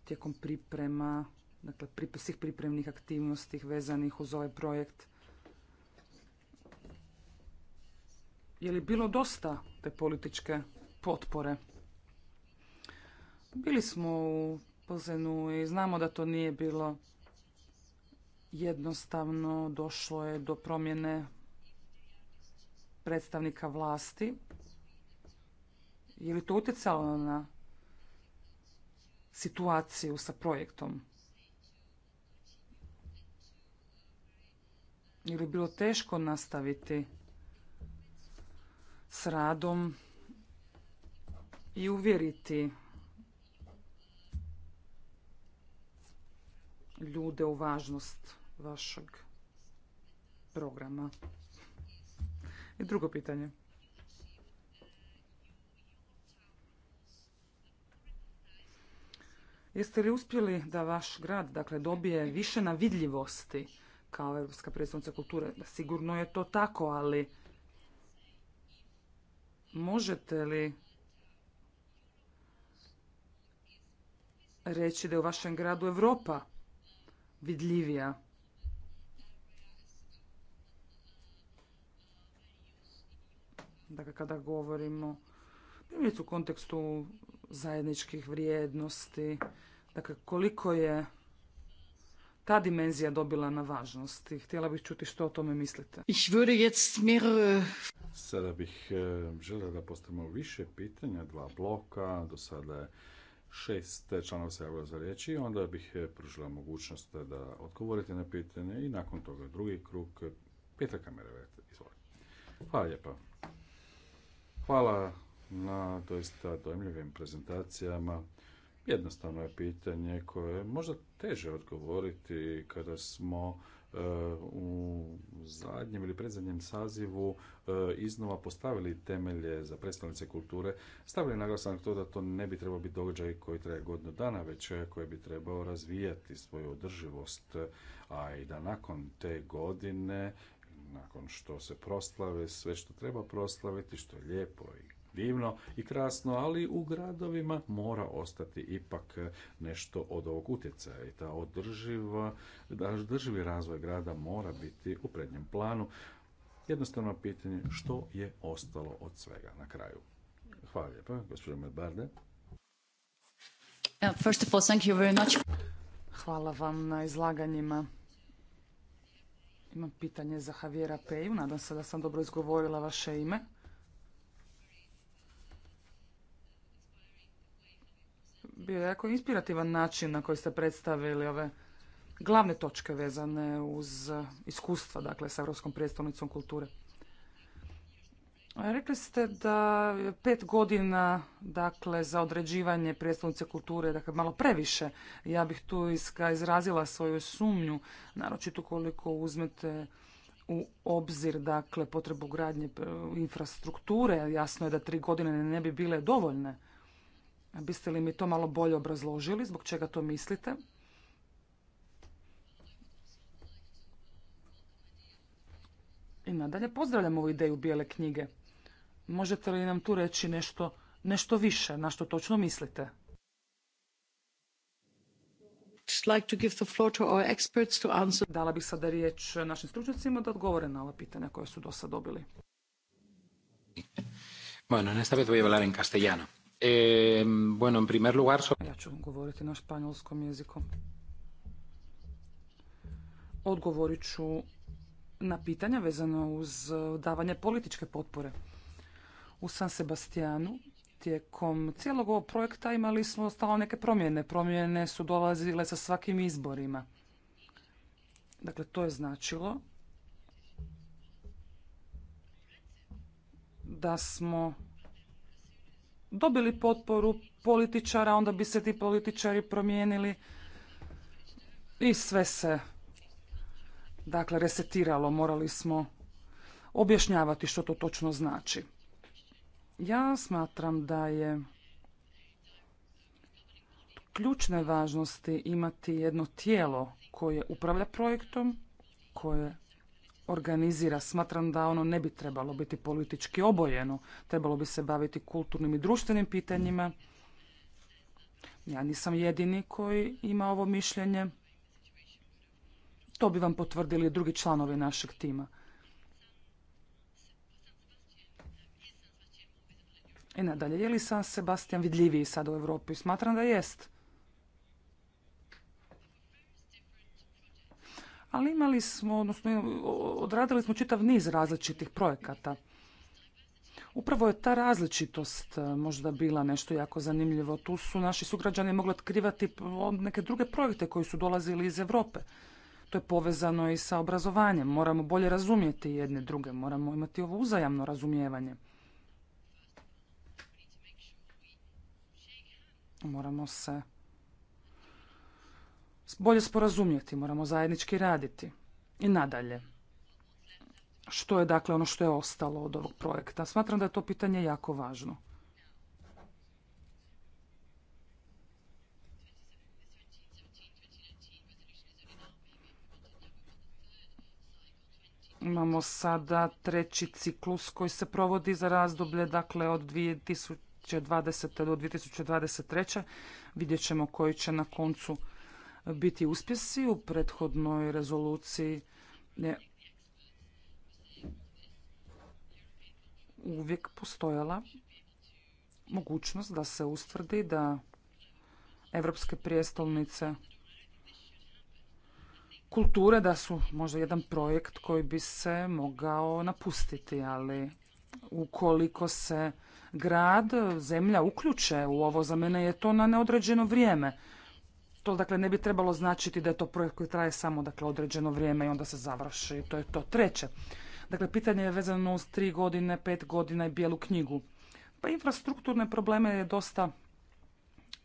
tijekom priprema, dakle svih pripremnih aktivnosti vezanih uz ovaj projekt, je li bilo dosta te političke potpore? Bili smo u Plzenu i znamo da to nije bilo jednostavno. Došlo je do promjene predstavnika vlasti. Je li to utjecalo na situaciju sa projektom? Je li bilo teško nastaviti s radom i uvjeriti ljude u važnost vašeg programa? I drugo pitanje. Jeste li uspjeli da vaš grad dakle, dobije više na vidljivosti kao Europska predstavnica kulture? Sigurno je to tako, ali možete li reći da je u vašem gradu Europa vidljivija. Dakle, kada govorimo primjerice u kontekstu zajedničkih vrijednosti, dakle, koliko je ta dimenzija dobila na važnosti. Htjela bih čuti što o tome mislite. Sada bih eh, želio da postavimo više pitanja, dva bloka. Do sada je šest članova se javilo za riječi, onda bih pružila mogućnost da odgovorite na pitanje i nakon toga drugi krug Petra Kamereveta. Izvolite. Hvala lijepa. Hvala na doista dojmljivim prezentacijama. Jednostavno je pitanje koje je možda teže odgovoriti kada smo u zadnjem ili predzadnjem sazivu e, iznova postavili temelje za predstavnice kulture, stavili naglasak na to da to ne bi trebao biti događaj koji traje godinu dana, već e, koji bi trebao razvijati svoju održivost, a i da nakon te godine nakon što se proslave sve što treba proslaviti, što je lijepo i divno i krasno, ali u gradovima mora ostati ipak e, nešto od ovog utjecaja i ta održiva, da održivi razvoj grada mora biti u prednjem planu. Jednostavno pitanje što je ostalo od svega na kraju. Hvala lijepa, gospođo Medbarde. Hvala vam na izlaganjima. Imam pitanje za Javiera Peju. Nadam se da sam dobro izgovorila vaše ime. bio jako inspirativan način na koji ste predstavili ove glavne točke vezane uz iskustva, dakle, sa Europskom predstavnicom kulture. Rekli ste da pet godina, dakle, za određivanje predstavnice kulture, dakle, malo previše. Ja bih tu izrazila svoju sumnju, naročito koliko uzmete u obzir, dakle, potrebu gradnje e, infrastrukture. Jasno je da tri godine ne bi bile dovoljne. Biste li mi to malo bolje obrazložili, zbog čega to mislite? I nadalje pozdravljam ovu ideju bijele knjige. Možete li nam tu reći nešto, nešto više, na što točno mislite? Dala bih sada riječ našim stručnjacima da odgovore na ova pitanja koja su do dobili. Bueno, en esta vez voy a hablar en castellano bueno, en primer lugar... Ja ću govoriti na španjolskom jeziku. Odgovorit ću na pitanja vezano uz davanje političke potpore. U San Sebastianu tijekom cijelog ovog projekta imali smo stalo neke promjene. Promjene su dolazile sa svakim izborima. Dakle, to je značilo da smo dobili potporu političara, onda bi se ti političari promijenili i sve se dakle resetiralo, morali smo objašnjavati što to točno znači. Ja smatram da je ključne važnosti imati jedno tijelo koje upravlja projektom, koje organizira. Smatram da ono ne bi trebalo biti politički obojeno. Trebalo bi se baviti kulturnim i društvenim pitanjima. Ja nisam jedini koji ima ovo mišljenje. To bi vam potvrdili drugi članovi našeg tima. I e nadalje, je li San Sebastian vidljiviji sad u Europi? Smatram da jest. ali imali smo, odnosno odradili smo čitav niz različitih projekata. Upravo je ta različitost e, možda bila nešto jako zanimljivo. Tu su naši sugrađani mogli otkrivati neke druge projekte koji su dolazili iz Europe. To je povezano i sa obrazovanjem. Moramo bolje razumjeti jedne druge, moramo imati ovo uzajamno razumijevanje. Moramo se bolje sporazumjeti, moramo zajednički raditi. I nadalje, što je dakle ono što je ostalo od ovog projekta? Smatram da je to pitanje jako važno. Imamo sada treći ciklus koji se provodi za razdoblje dakle od 2020. do 2023. Vidjet ćemo koji će na koncu biti uspjesi u prethodnoj rezoluciji. Je uvijek postojala mogućnost da se ustvrdi da evropske prijestolnice kulture da su možda jedan projekt koji bi se mogao napustiti, ali ukoliko se grad, zemlja uključe u ovo, za mene je to na neodređeno vrijeme to dakle ne bi trebalo značiti da je to projekt koji traje samo dakle određeno vrijeme i onda se završi. To je to treće. Dakle, pitanje je vezano uz tri godine, pet godina i bijelu knjigu. Pa infrastrukturne probleme je dosta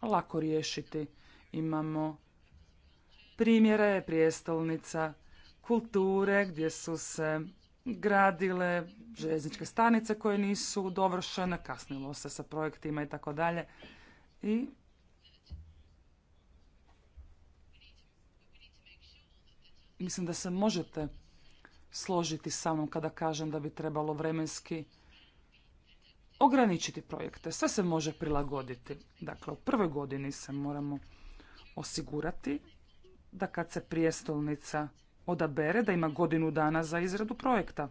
lako riješiti. Imamo primjere prijestolnica kulture gdje su se gradile željezničke stanice koje nisu dovršene, kasnilo se sa projektima i tako dalje. I Mislim da se možete složiti sa mnom kada kažem da bi trebalo vremenski ograničiti projekte. Sve se može prilagoditi. Dakle, u prvoj godini se moramo osigurati da kad se prijestolnica odabere, da ima godinu dana za izradu projekta.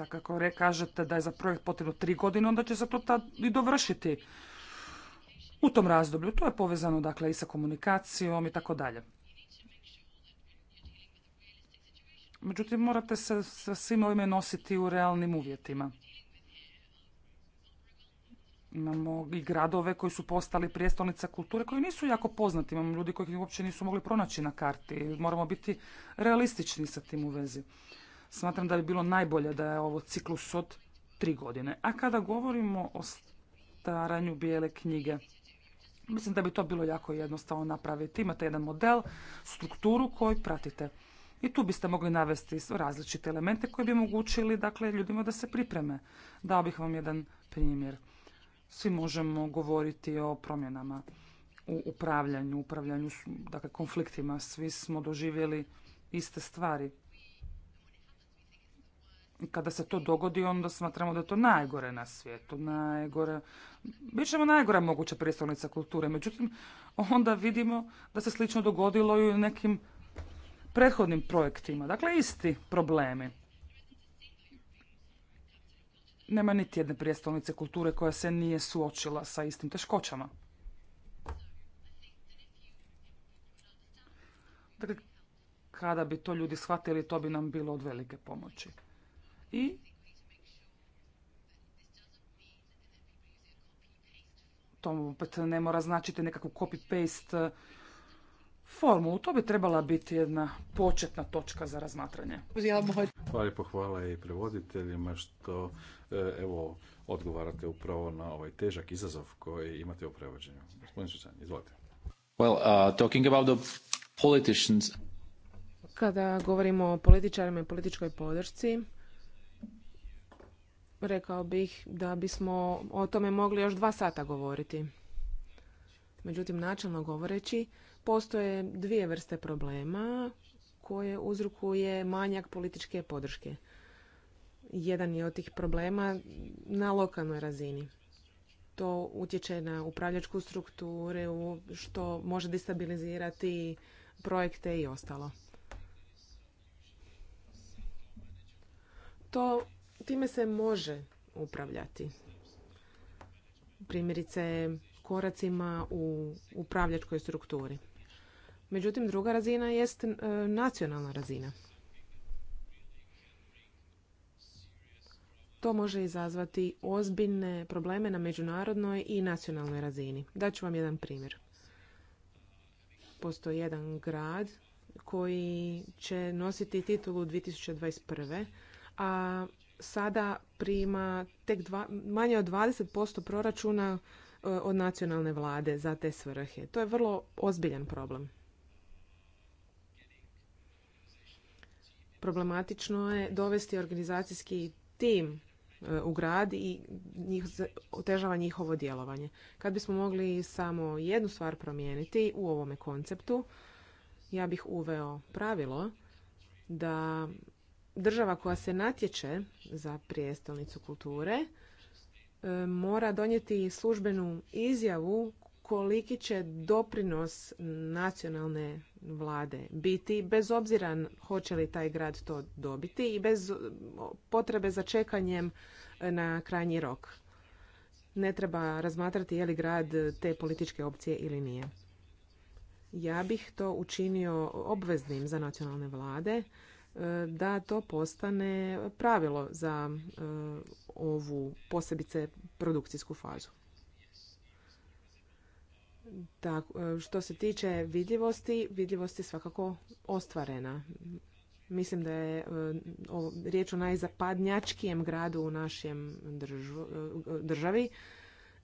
Dakle, ako re, kažete da je za projekt potrebno tri godine, onda će se to tad i dovršiti u tom razdoblju. To je povezano dakle i sa komunikacijom i tako dalje. Međutim, morate se sa svim ovime nositi u realnim uvjetima. Imamo i gradove koji su postali prijestolnica kulture koji nisu jako poznati. Imamo ljudi koji uopće nisu mogli pronaći na karti. Moramo biti realistični sa tim u vezi. Smatram da bi bilo najbolje da je ovo ciklus od tri godine. A kada govorimo o staranju bijele knjige, mislim da bi to bilo jako jednostavno napraviti. Imate jedan model, strukturu koju pratite. I tu biste mogli navesti različite elemente koji bi omogućili dakle, ljudima da se pripreme. Dao bih vam jedan primjer. Svi možemo govoriti o promjenama u upravljanju, upravljanju dakle, konfliktima. Svi smo doživjeli iste stvari. Kada se to dogodi, onda smatramo da je to najgore na svijetu, najgore. ćemo najgora moguća predstavnica kulture. Međutim, onda vidimo da se slično dogodilo i u nekim prethodnim projektima. Dakle, isti problemi. Nema niti jedne predstavnice kulture koja se nije suočila sa istim teškoćama. Dakle, kada bi to ljudi shvatili, to bi nam bilo od velike pomoći i to opet ne mora značiti nekakvu copy-paste formulu. To bi trebala biti jedna početna točka za razmatranje. Hvala i pohvala i prevoditeljima što e, evo, odgovarate upravo na ovaj težak izazov koji imate u prevođenju. Gospodin Šućan, izvolite. Well, uh, talking about the politicians. Kada govorimo o političarima i političkoj podršci, rekao bih da bismo o tome mogli još dva sata govoriti. Međutim, načelno govoreći, postoje dvije vrste problema koje uzrokuje manjak političke podrške. Jedan je od tih problema na lokalnoj razini. To utječe na upravljačku strukturu, što može destabilizirati projekte i ostalo. To time se može upravljati. Primjerice koracima u upravljačkoj strukturi. Međutim, druga razina jest e, nacionalna razina. To može izazvati ozbiljne probleme na međunarodnoj i nacionalnoj razini. Daću vam jedan primjer. Postoji jedan grad koji će nositi titulu 2021. a sada prima tek dva, manje od 20% proračuna eh, od nacionalne vlade za te svrhe. To je vrlo ozbiljan problem. Problematično je dovesti organizacijski tim eh, u grad i njih, otežava njihovo djelovanje. Kad bismo mogli samo jednu stvar promijeniti u ovome konceptu, ja bih uveo pravilo da država koja se natječe za prijestolnicu kulture e, mora donijeti službenu izjavu koliki će doprinos nacionalne vlade biti, bez obzira hoće li taj grad to dobiti i bez potrebe za čekanjem e, na krajnji rok. Ne treba razmatrati je li grad te političke opcije ili nije. Ja bih to učinio obveznim za nacionalne vlade E, da to postane pravilo za e, ovu posebice produkcijsku fazu. E, što se tiče vidljivosti, vidljivost je svakako ostvarena. Mislim da je riječ o najzapadnjačkijem gradu u našem državi.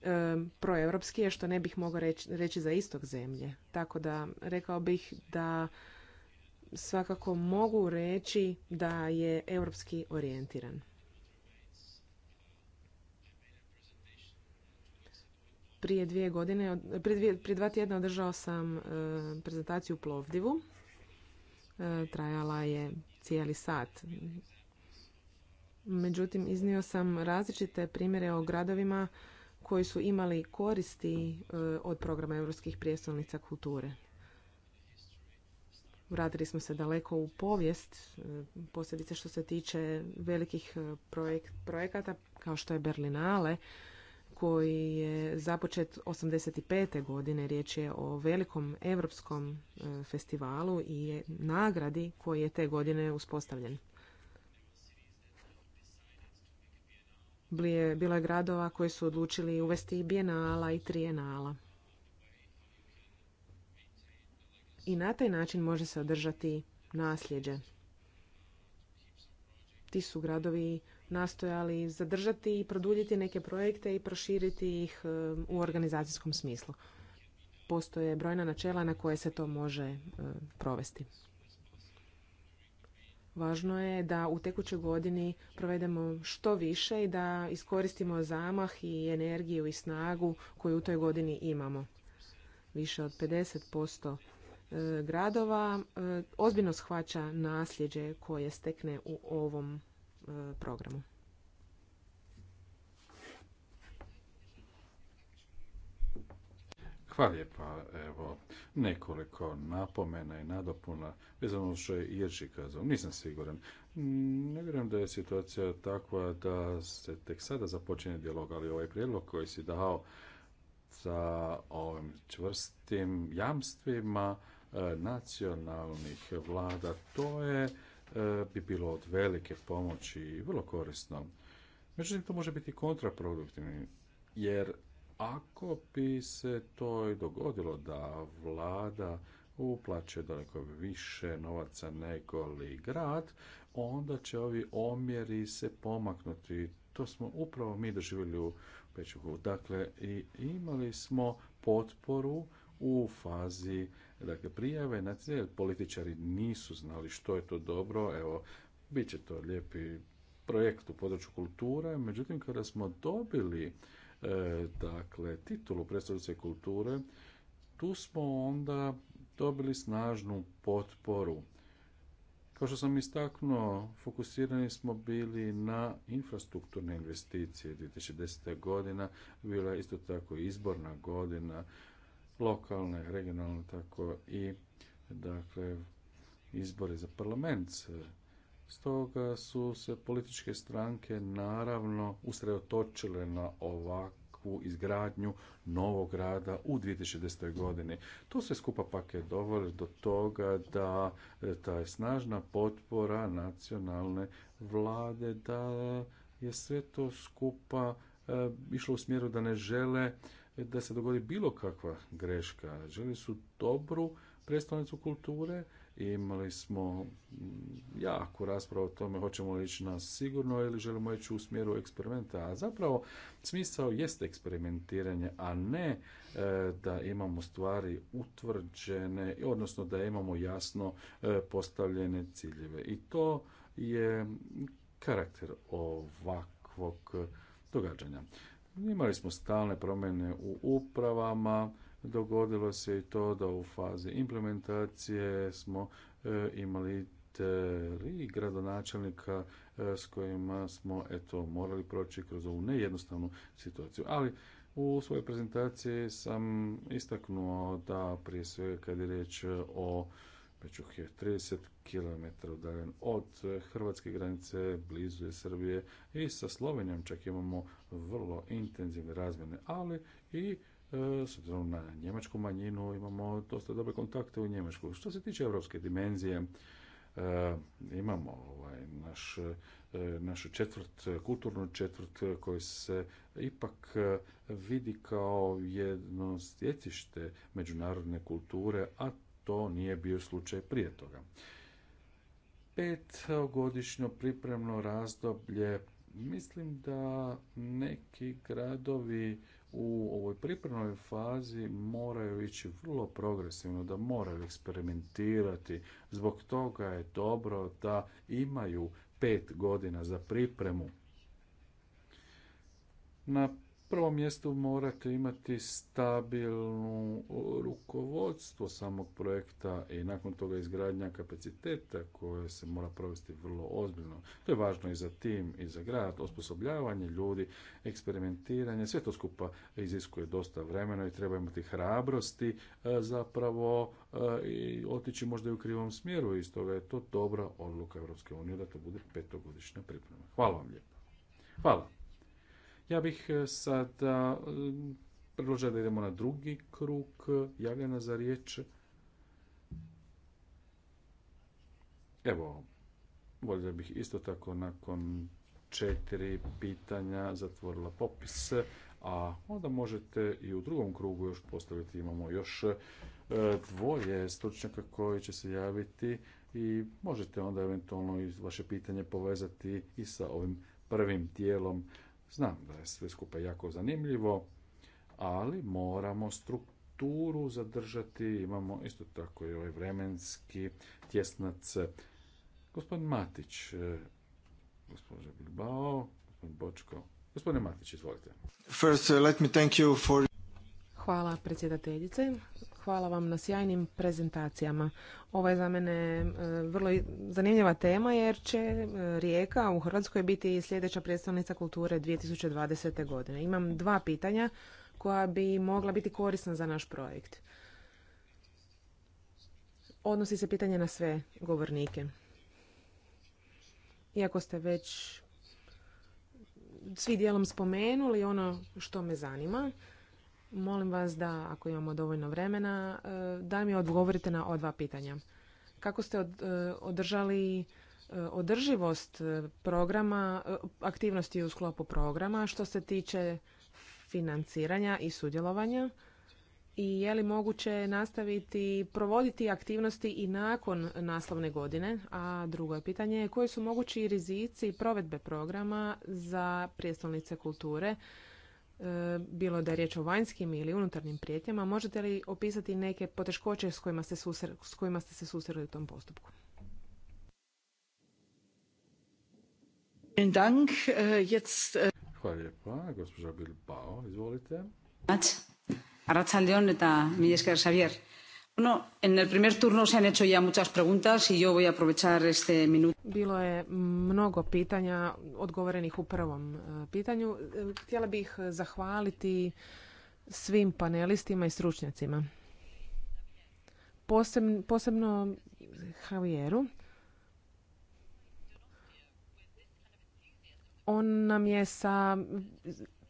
E, proevropski je što ne bih mogao reći, reći za istok zemlje. Tako da rekao bih da svakako mogu reći da je europski orijentiran. Prije dvije godine, prije, dva tjedna održao sam e, prezentaciju u Plovdivu. E, trajala je cijeli sat. Međutim, iznio sam različite primjere o gradovima koji su imali koristi e, od programa europskih prijestolnica kulture vratili smo se daleko u povijest, e, posebice što se tiče velikih e, projekata kao što je Berlinale, koji je započet 85. godine. Riječ je o velikom europskom e, festivalu i nagradi koji je te godine uspostavljen. Bilo je gradova koji su odlučili uvesti i bijenala i trijenala. i na taj način može se održati nasljeđe. Ti su gradovi nastojali zadržati i produljiti neke projekte i proširiti ih e, u organizacijskom smislu. Postoje brojna načela na koje se to može e, provesti. Važno je da u tekućoj godini provedemo što više i da iskoristimo zamah i energiju i snagu koju u toj godini imamo. Više od 50% E, gradova e, ozbiljno shvaća nasljeđe koje stekne u ovom e, programu. Hvala lijepa. Evo, nekoliko napomena i nadopuna vezano što je Irži kazao. Nisam siguran. Ne vjerujem da je situacija takva da se tek sada započinje dijalog, ali ovaj prijedlog koji si dao sa ovim čvrstim jamstvima E, nacionalnih vlada. To je e, bi bilo od velike pomoći i vrlo korisno. Međutim, to može biti kontraproduktivno, jer ako bi se to i dogodilo da vlada uplaće daleko više novaca nego li grad, onda će ovi omjeri se pomaknuti. To smo upravo mi doživjeli u Pečuhu. Dakle, i imali smo potporu u fazi Dakle, prijave na cijel političari nisu znali što je to dobro, evo, bit će to lijepi projekt u području kulture, međutim, kada smo dobili e, dakle, titulu predstavnice kulture, tu smo onda dobili snažnu potporu. Kao što sam istaknuo, fokusirani smo bili na infrastrukturne investicije 2010. godina, bila je isto tako izborna godina, lokalne, regionalne, tako i dakle izbore za parlament. Stoga su se političke stranke naravno usredotočile na ovakvu izgradnju novog grada u 2010. godini. To se skupa pak je dovoljno do toga da e, ta je snažna potpora nacionalne vlade, da je sve to skupa e, išlo u smjeru da ne žele E, da se dogodi bilo kakva greška. Želi su dobru predstavnicu kulture, imali smo mm, jako raspravo o tome hoćemo li ići na sigurno ili želimo ići u smjeru eksperimenta. A zapravo smisao jeste eksperimentiranje, a ne e, da imamo stvari utvrđene, odnosno da imamo jasno e, postavljene ciljeve. I to je karakter ovakvog događanja. Imali smo stalne promjene u upravama, dogodilo se i to da u fazi implementacije smo e, imali i gradonačelnika e, s kojima smo eto morali proći kroz ovu nejednostavnu situaciju. Ali u svojoj prezentaciji sam istaknuo da prije svega kad je riječ o Pečuh je 30 km udaljen od eh, hrvatske granice, blizu je Srbije i sa Slovenijom čak imamo vrlo intenzivne razmjene, ali i eh, s obzirom na njemačku manjinu imamo dosta dobre kontakte u Njemačku. Što se tiče evropske dimenzije, eh, imamo ovaj naš našu četvrt, kulturnu četvrt koji se ipak vidi kao jedno stjecište međunarodne kulture, a to nije bio slučaj prije toga. Petogodišnjo pripremno razdoblje, mislim da neki gradovi u ovoj pripremnoj fazi moraju ići vrlo progresivno, da moraju eksperimentirati. Zbog toga je dobro da imaju pet godina za pripremu. Na prvom mjestu morate imati stabilno rukovodstvo samog projekta i nakon toga izgradnja kapaciteta koje se mora provesti vrlo ozbiljno. To je važno i za tim i za grad, osposobljavanje ljudi, eksperimentiranje, sve to skupa iziskuje dosta vremena i treba imati hrabrosti e, zapravo e, i otići možda i u krivom smjeru i stoga je to dobra odluka Europske unije da to bude petogodišnja priprema. Hvala vam lijepo. Hvala. Ja bih e, sada e, predložio da idemo na drugi krug javljena za riječ. Evo, voljela bih isto tako nakon četiri pitanja zatvorila popis, a onda možete i u drugom krugu još postaviti. Imamo još e, dvoje stručnjaka koji će se javiti i možete onda eventualno i vaše pitanje povezati i sa ovim prvim tijelom Znam da je sve skupa jako zanimljivo, ali moramo strukturu zadržati. Imamo isto tako i ovaj vremenski tjesnac. Gospodin Matić, e, gospođa Bilbao, gospodin Bočko. Gospodine Matić, izvolite. First, uh, let me thank you Hvala predsjedateljice. Hvala vam na sjajnim prezentacijama. Ovo je za mene e, vrlo zanimljiva tema jer će e, Rijeka u Hrvatskoj biti sljedeća predstavnica kulture 2020. godine. Imam dva pitanja koja bi mogla biti korisna za naš projekt. Odnosi se pitanje na sve govornike. Iako ste već svi dijelom spomenuli ono što me zanima, Molim vas da, ako imamo dovoljno vremena, e, da mi odgovorite na ova dva pitanja. Kako ste e, održali e, održivost programa, aktivnosti u sklopu programa što se tiče financiranja i sudjelovanja i je li moguće nastaviti provoditi aktivnosti i nakon naslovne godine? A drugo je pitanje, koji su mogući rizici provedbe programa za prijestolnice kulture E, bilo da je riječ o vanjskim ili unutarnjim prijetnjama, možete li opisati neke poteškoće s kojima ste, susre, s kojima ste se susreli u tom postupku? Dank, äh, äh, Hvala lijepa. Gospođa Bilbao, izvolite. Hvala eta mi esker Xavier. No, en el primer turno se han hecho ya muchas preguntas y yo voy a aprovechar este minuto. Bilo je mnogo pitanja odgovorenih u prvom eh, pitanju. Eh, htjela bih zahvaliti svim panelistima i stručnjacima. Posebno, posebno Javieru. On nam je sa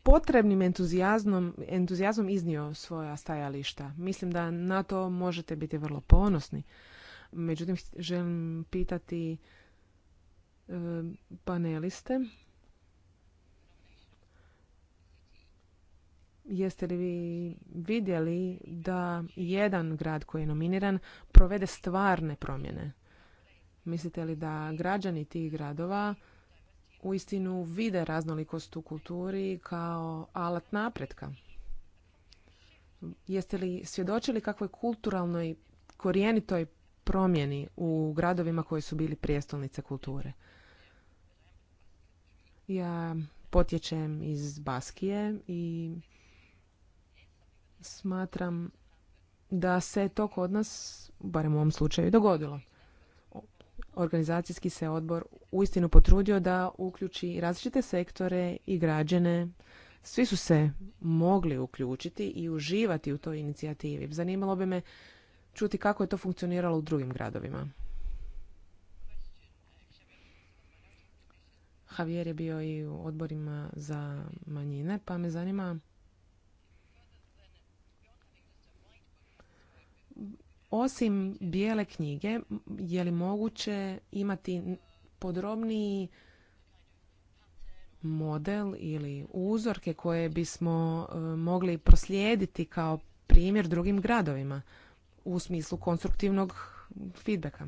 potrebnim entuzijazmom, entuzijazmom iznio svoja stajališta. Mislim da na to možete biti vrlo ponosni. Međutim, želim pitati e, paneliste. Jeste li vi vidjeli da jedan grad koji je nominiran provede stvarne promjene? Mislite li da građani tih gradova uistinu vide raznolikost u kulturi kao alat napretka. Jeste li svjedočili kakvoj kulturalnoj korijenitoj promjeni u gradovima koji su bili prijestolnice kulture? Ja potječem iz Baskije i smatram da se to kod nas, barem u ovom slučaju, dogodilo organizacijski se odbor uistinu potrudio da uključi različite sektore i građane. Svi su se mogli uključiti i uživati u toj inicijativi. Zanimalo bi me čuti kako je to funkcioniralo u drugim gradovima. Javier je bio i u odborima za manjine, pa me zanima osim bijele knjige, je li moguće imati podrobniji model ili uzorke koje bismo e, mogli proslijediti kao primjer drugim gradovima u smislu konstruktivnog feedbacka?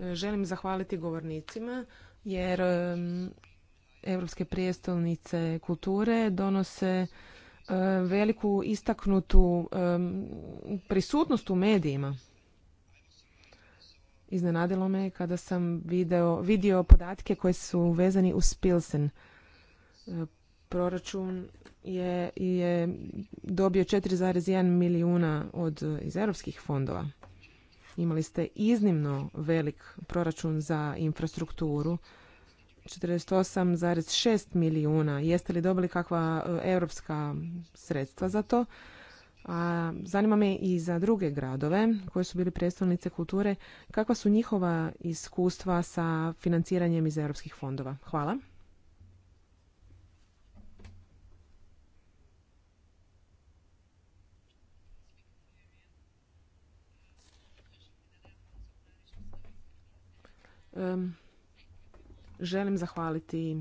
E, želim zahvaliti govornicima jer Europske prijestolnice kulture donose E, veliku istaknutu e, prisutnost u medijima. Iznenadilo me kada sam video, vidio podatke koje su vezani uz Pilsen. E, proračun je, je dobio 4,1 milijuna od, iz europskih fondova. Imali ste iznimno velik proračun za infrastrukturu 48,6 milijuna. Jeste li dobili kakva e, europska sredstva za to? A zanima me i za druge gradove koji su bili predstavnice kulture, kakva su njihova iskustva sa financiranjem iz europskih fondova? Hvala. Želim zahvaliti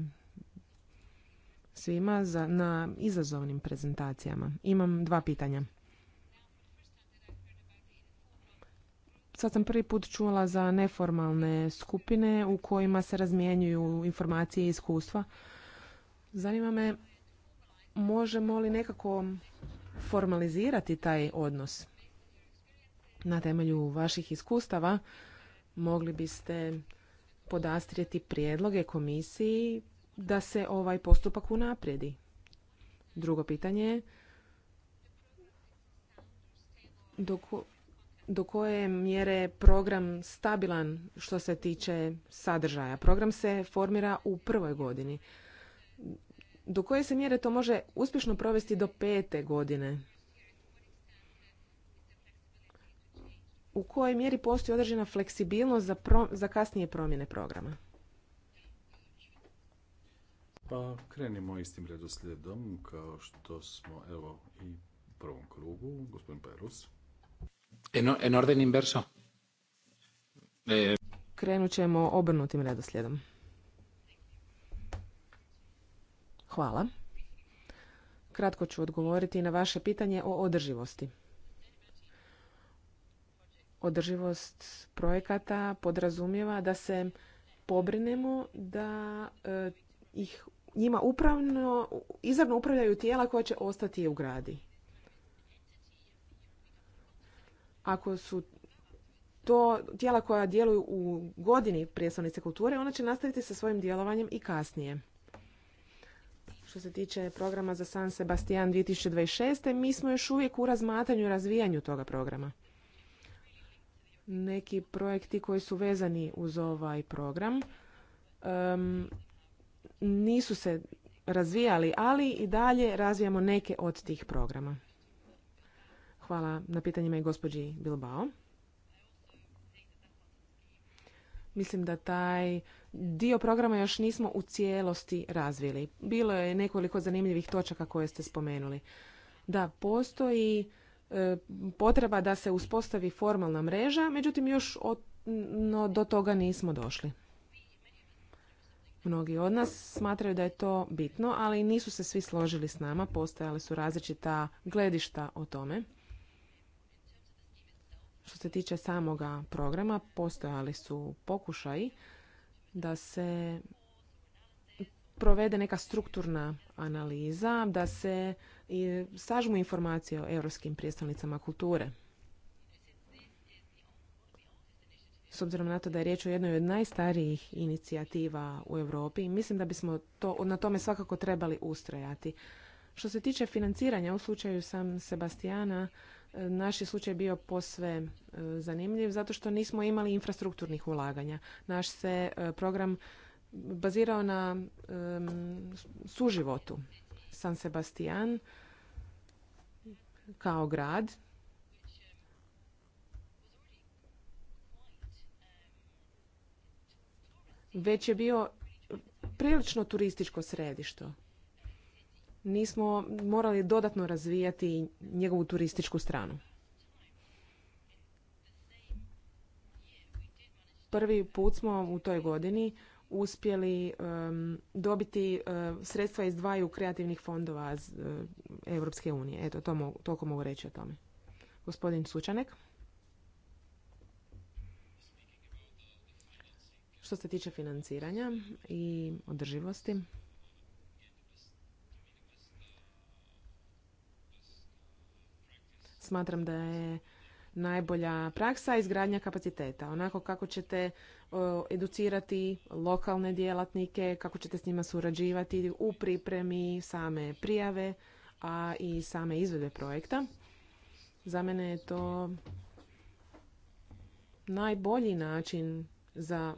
svima za, na izazovnim prezentacijama. Imam dva pitanja. Sad sam prvi put čula za neformalne skupine u kojima se razmjenjuju informacije i iskustva. Zanima me, možemo li nekako formalizirati taj odnos? Na temelju vaših iskustava mogli biste podastrijeti prijedloge komisiji da se ovaj postupak unaprijedi? Drugo pitanje je do, do koje mjere program stabilan što se tiče sadržaja? Program se formira u prvoj godini. Do koje se mjere to može uspješno provesti do pete godine? u kojoj mjeri postoji određena fleksibilnost za, za kasnije promjene programa? Pa krenimo istim redoslijedom kao što smo evo i u prvom krugu, gospodin Perus. En, en orden inverso. Eh, Krenut ćemo obrnutim redoslijedom. Hvala. Kratko ću odgovoriti na vaše pitanje o održivosti održivost projekata podrazumijeva da se pobrinemo da e, ih njima upravno, izravno upravljaju tijela koja će ostati u gradi. Ako su to tijela koja djeluju u godini prijestolnice kulture, ona će nastaviti sa svojim djelovanjem i kasnije. Što se tiče programa za San Sebastian 2026. mi smo još uvijek u razmatranju i razvijanju toga programa neki projekti koji su vezani uz ovaj program nisu se razvijali, ali i dalje razvijamo neke od tih programa. Hvala na pitanjima i gospođi Bilbao. Mislim da taj dio programa još nismo u cijelosti razvili. Bilo je nekoliko zanimljivih točaka koje ste spomenuli. Da, postoji E, potreba da se uspostavi formalna mreža, međutim još no, do toga nismo došli. Mnogi od nas smatraju da je to bitno, ali nisu se svi složili s nama, postojale su različita gledišta o tome. Što se tiče samoga programa, postojali su pokušaji da se provede neka strukturna analiza, da se i sažmu informacije o europskim prijestolnicama kulture. S obzirom na to da je riječ o jednoj od najstarijih inicijativa u Europi, mislim da bismo to, na tome svakako trebali ustrajati. Što se tiče financiranja, u slučaju sam Sebastijana, e, naš je slučaj bio posve e, zanimljiv zato što nismo imali infrastrukturnih ulaganja. Naš se e, program bazirao na suživotu San Sebastian kao grad već je bio prilično turističko središte. Nismo morali dodatno razvijati njegovu turističku stranu. Prvi put smo u toj godini uspjeli dobiti sredstva iz dvaju kreativnih fondova Europske eh, unije. Eto, to mogu, toliko mogu reći o tome. Gospodin Sučanek. Što se tiče financiranja i održivosti, smatram da je najbolja praksa izgradnja kapaciteta. Onako kako ćete E, educirati lokalne djelatnike, kako ćete s njima surađivati u pripremi same prijave, a i same izvede projekta. Za mene je to najbolji način za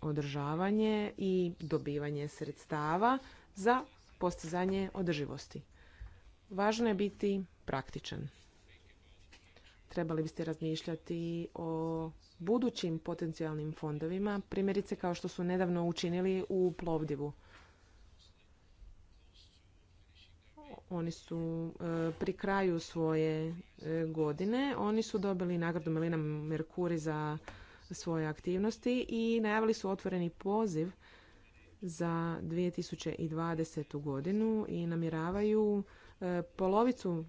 održavanje i dobivanje sredstava za postizanje održivosti. Važno je biti praktičan. Trebali biste razmišljati o budućim potencijalnim fondovima, primjerice kao što su nedavno učinili u Plovdivu. Oni su e, pri kraju svoje e, godine, oni su dobili nagradu Melina Merkuri za svoje aktivnosti i najavili su otvoreni poziv za 2020. godinu i namjeravaju e, polovicu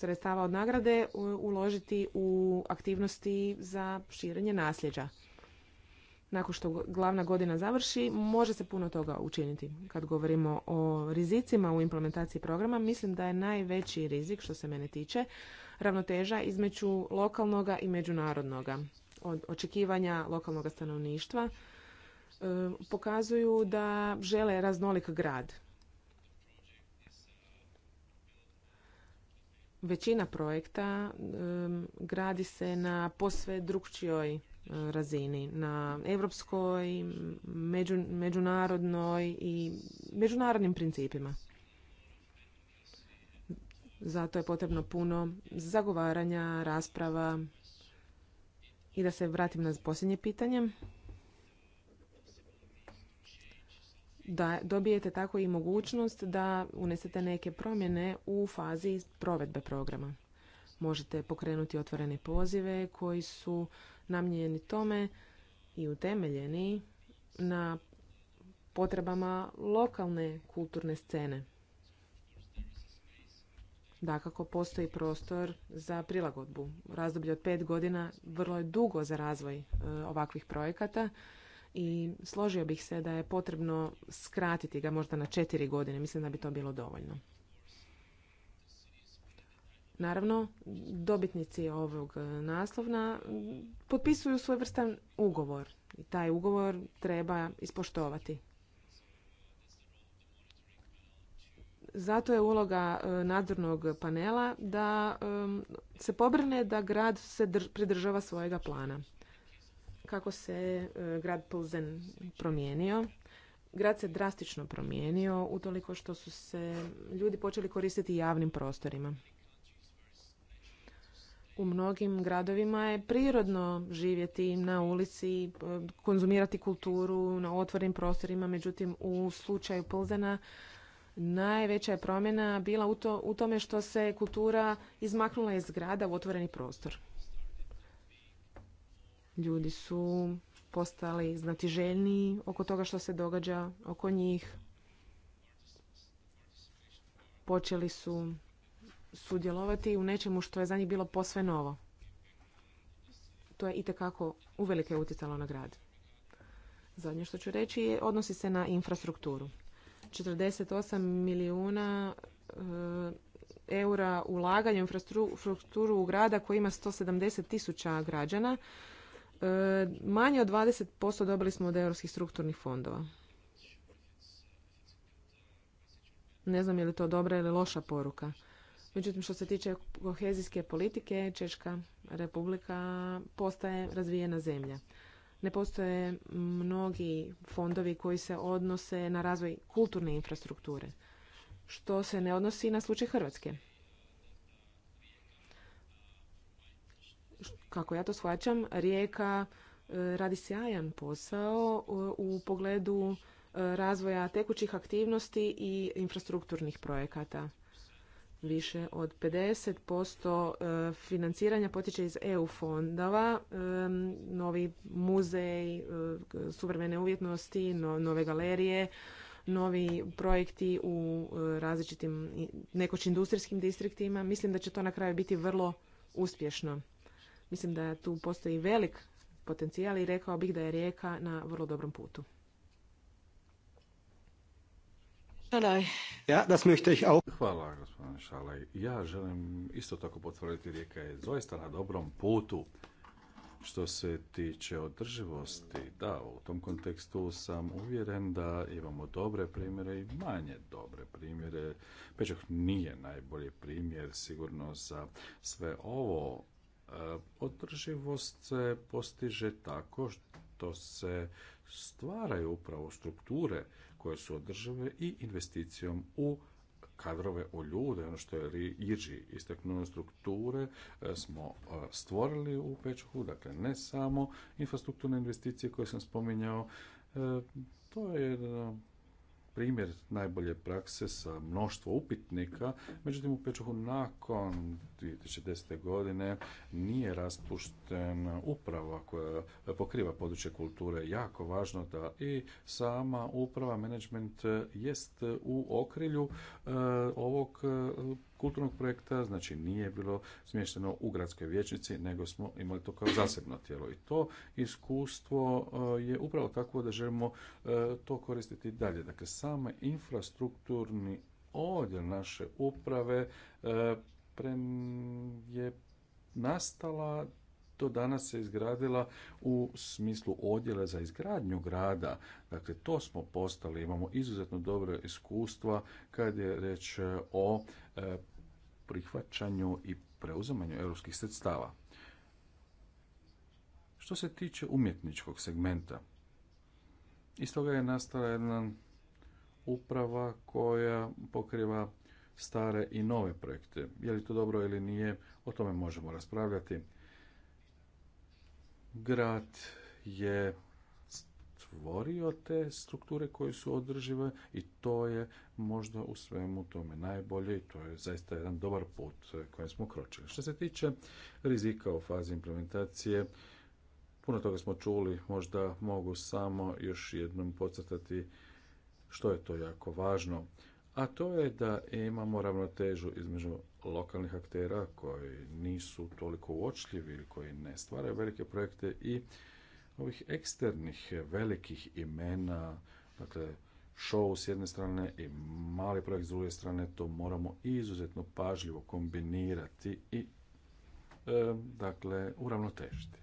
sredstava od nagrade uložiti u aktivnosti za širenje nasljeđa. Nakon što glavna godina završi, može se puno toga učiniti. Kad govorimo o rizicima u implementaciji programa, mislim da je najveći rizik, što se mene tiče, ravnoteža između lokalnoga i međunarodnoga. Od očekivanja lokalnog stanovništva e, pokazuju da žele raznolik grad većina projekta gradi se na posve drugčijoj e, razini, na europskoj, međunarodnoj i međunarodnim principima. Zato je potrebno puno zagovaranja, rasprava. I da se vratim na posljednje pitanje. da dobijete tako i mogućnost da unesete neke promjene u fazi provedbe programa. Možete pokrenuti otvorene pozive koji su namijenjeni tome i utemeljeni na potrebama lokalne kulturne scene. Dakako, postoji prostor za prilagodbu. Razdoblje od pet godina vrlo je dugo za razvoj e, ovakvih projekata i složio bih se da je potrebno skratiti ga možda na četiri godine. Mislim da bi to bilo dovoljno. Naravno, dobitnici ovog naslovna potpisuju svoj vrstan ugovor. I taj ugovor treba ispoštovati. Zato je uloga e, nadzornog panela da e, se pobrne da grad se pridržava svojega plana kako se e, grad Pulzen promijenio. Grad se drastično promijenio utoliko što su se ljudi počeli koristiti javnim prostorima. U mnogim gradovima je prirodno živjeti na ulici, e, konzumirati kulturu na otvorenim prostorima, međutim u slučaju Pulzena najveća je promjena bila u, u tome što se kultura izmaknula iz grada u otvoreni prostor. Ljudi su postali znatiželjniji oko toga što se događa oko njih. Počeli su sudjelovati u nečemu što je za njih bilo posve novo. To je itekako uvelike utjecalo na grad. Zadnje što ću reći je, odnosi se na infrastrukturu. 48 milijuna e, eura ulaganja u infrastrukturu u grada koji ima 170 tisuća građana E, manje od 20% dobili smo od europskih strukturnih fondova. Ne znam je li to dobra ili loša poruka. Međutim, što se tiče kohezijske politike, Češka republika postaje razvijena zemlja. Ne postoje mnogi fondovi koji se odnose na razvoj kulturne infrastrukture, što se ne odnosi na slučaj Hrvatske. kako ja to shvaćam, Rijeka e, radi sjajan posao e, u pogledu e, razvoja tekućih aktivnosti i infrastrukturnih projekata. Više od 50% financiranja potiče iz EU fondova, novi muzej, suvremene uvjetnosti, nove galerije, novi projekti u različitim nekoć industrijskim distriktima. Mislim da će to na kraju biti vrlo uspješno. Mislim da tu postoji velik potencijal i rekao bih da je rijeka na vrlo dobrom putu. Ja, Hvala, gospodine Šalaj. Ja želim isto tako potvrditi, rijeka je zaista na dobrom putu. Što se tiče održivosti, da, u tom kontekstu sam uvjeren da imamo dobre primjere i manje dobre primjere. Pečak nije najbolji primjer sigurno za sve ovo E, održivost se postiže tako što se stvaraju upravo strukture koje su održive i investicijom u kadrove, u ljude, ono što je Iđi istaknuo strukture, e, smo e, stvorili u Pečuhu, dakle ne samo infrastrukturne investicije koje sam spominjao, to je primjer najbolje prakse sa mnoštvo upitnika, međutim u Pečuhu nakon 2010. godine nije raspušten uprava koja pokriva područje kulture jako važno da i sama uprava management jest u okrilju e, ovog e, kulturnog projekta, znači nije bilo smješteno u gradskoj vijećnici, nego smo imali to kao zasebno tijelo. I to iskustvo e, je upravo takvo da želimo to koristiti dalje. Dakle, same infrastrukturni odjel naše uprave je nastala do danas se izgradila u smislu odjela za izgradnju grada. Dakle, to smo postali, imamo izuzetno dobro iskustva kad je reč e, o e, prihvaćanju i preuzimanju europskih sredstava. Što se tiče umjetničkog segmenta, iz toga je nastala jedna uprava koja pokriva stare i nove projekte. Je li to dobro ili nije, o tome možemo raspravljati grad je stvorio te strukture koje su održive i to je možda u svemu tome najbolje i to je zaista jedan dobar put kojem smo kročili. Što se tiče rizika u fazi implementacije, puno toga smo čuli, možda mogu samo još jednom podcrtati što je to jako važno a to je da imamo ravnotežu između lokalnih aktera koji nisu toliko uočljivi ili koji ne stvaraju velike projekte i ovih eksternih velikih imena, dakle show s jedne strane i mali projekt s druge strane, to moramo izuzetno pažljivo kombinirati i e, dakle uravnotežiti.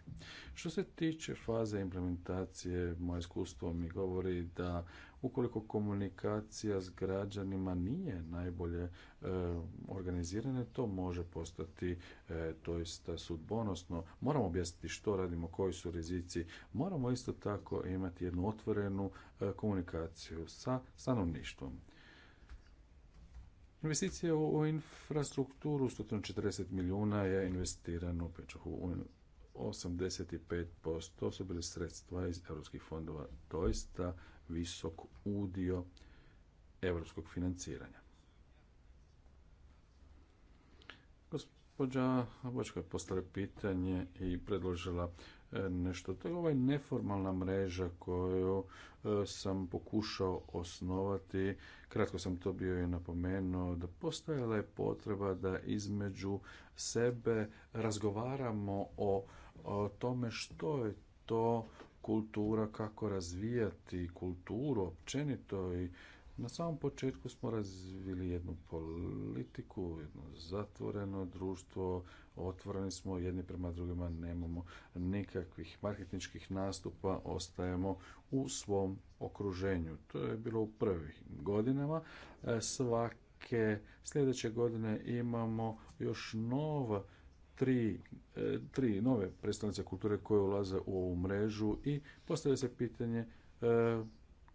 Što se tiče faze implementacije, moje iskustvo mi govori da ukoliko komunikacija s građanima nije najbolje e, organizirana, to može postati e, doista sudbonosno. Moramo objasniti što radimo, koji su rizici. Moramo isto tako imati jednu otvorenu e, komunikaciju sa stanovništvom. Investicije u, u infrastrukturu 140 milijuna je investirano u 85% su bili sredstva iz europskih fondova. Doista visok udio europskog financiranja. Gospođa Bočka je postala pitanje i predložila e, nešto. To je ovaj neformalna mreža koju e, sam pokušao osnovati. Kratko sam to bio i napomenuo da postojala je potreba da između sebe razgovaramo o tome što je to kultura, kako razvijati kulturu općenito i na samom početku smo razvili jednu politiku, jedno zatvoreno društvo, otvoreni smo jedni prema drugima, nemamo nikakvih marketničkih nastupa, ostajemo u svom okruženju. To je bilo u prvih godinama. E, svake sljedeće godine imamo još nova tri, e, tri nove predstavnice kulture koje ulaze u ovu mrežu i postavlja se pitanje e,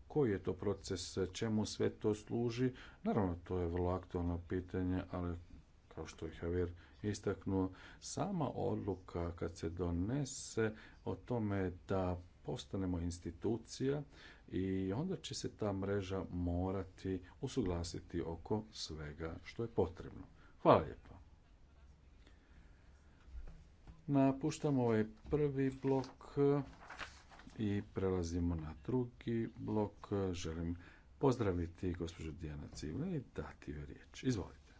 koji je to proces, čemu sve to služi. Naravno, to je vrlo aktualno pitanje, ali kao što je Javier istaknuo, sama odluka kad se donese o tome da postanemo institucija i onda će se ta mreža morati usuglasiti oko svega što je potrebno. Hvala lijepo. Napuštamo ovaj prvi blok e, i prelazimo na drugi blok. Želim pozdraviti gospođu Dijana Civle i dati joj riječ. Izvolite.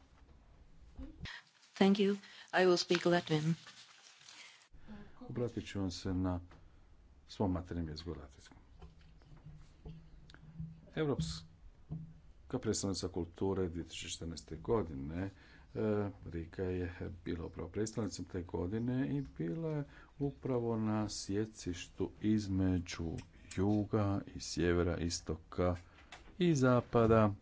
I Obratit ću vam se na svom materijem jeziku latinskom. Europska predstavnica kulture 2014. godine E, Riga je bila upravo predstavnicom te godine i bila je upravo na sjecištu između juga i sjevera, istoka i zapada.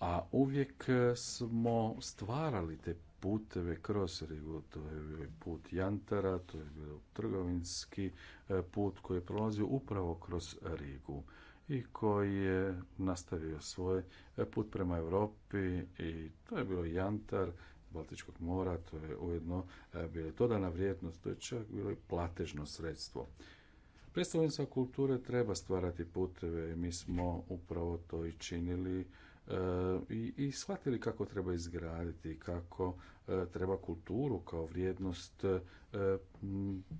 A uvijek smo stvarali te puteve kroz Rigu, to je put Jantara, to je bio trgovinski e, put koji je prolazio upravo kroz Rigu i koji je nastavio svoj put prema Europi i to je bilo jantar Baltičkog mora, to je ujedno e, bilo dodana vrijednost, to je čak bilo i platežno sredstvo. Predstavnica kulture treba stvarati puteve i mi smo upravo to i činili e, i shvatili kako treba izgraditi, kako e, treba kulturu kao vrijednost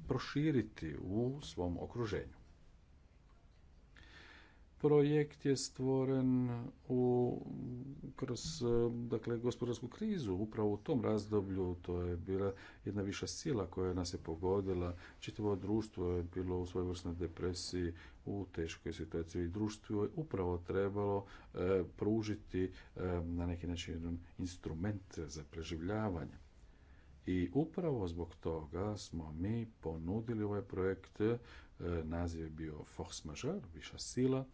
proširiti u svom okruženju. Projekt je stvoren u, kroz e, dakle, gospodarsku krizu, upravo u tom razdoblju. To je bila jedna viša sila koja nas je pogodila. Čitavo društvo je bilo u svojevrsnoj depresiji, u teškoj situaciji. i društvu je upravo trebalo e, pružiti e, na neki način jedan instrument za preživljavanje. I upravo zbog toga smo mi ponudili ovaj projekt. naziv je bio Force Major, viša sila,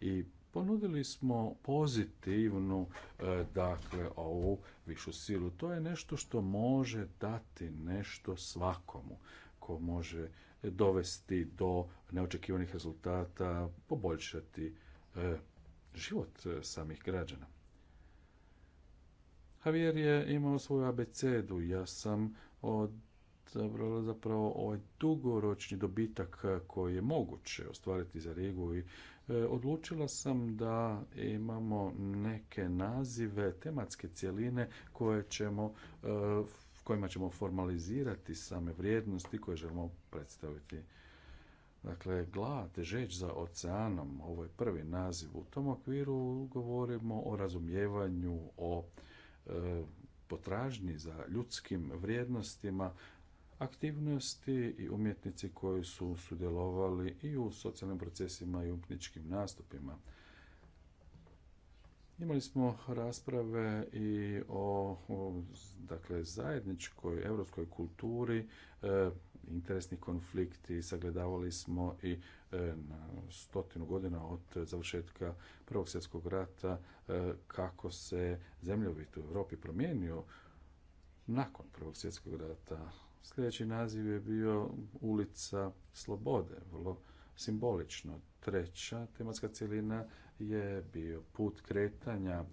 i ponudili smo pozitivnu e, dakle ovu višu silu. To je nešto što može dati nešto svakomu ko može dovesti do neočekivanih rezultata, poboljšati e, život e, samih građana. Javier je imao svoju abecedu. Ja sam odabrala zapravo ovaj dugoročni dobitak koji je moguće ostvariti za Rigu i E, odlučila sam da imamo neke nazive tematske cjeline koje ćemo e, kojima ćemo formalizirati same vrijednosti koje želimo predstaviti. Dakle, glad, žeć za oceanom, ovo je prvi naziv. U tom okviru govorimo o razumijevanju, o e, potražnji za ljudskim vrijednostima, aktivnosti i umjetnici koji su sudjelovali i u socijalnim procesima i umjetničkim nastupima. Imali smo rasprave i o, dakle, zajedničkoj europskoj kulturi, e, interesni konflikti, sagledavali smo i e, na stotinu godina od završetka Prvog svjetskog rata e, kako se zemljovit u Europi promijenio nakon Prvog svjetskog rata Sljedeći naziv je bio Ulica Slobode, vrlo simbolično. Treća tematska cijelina je bio put kretanja.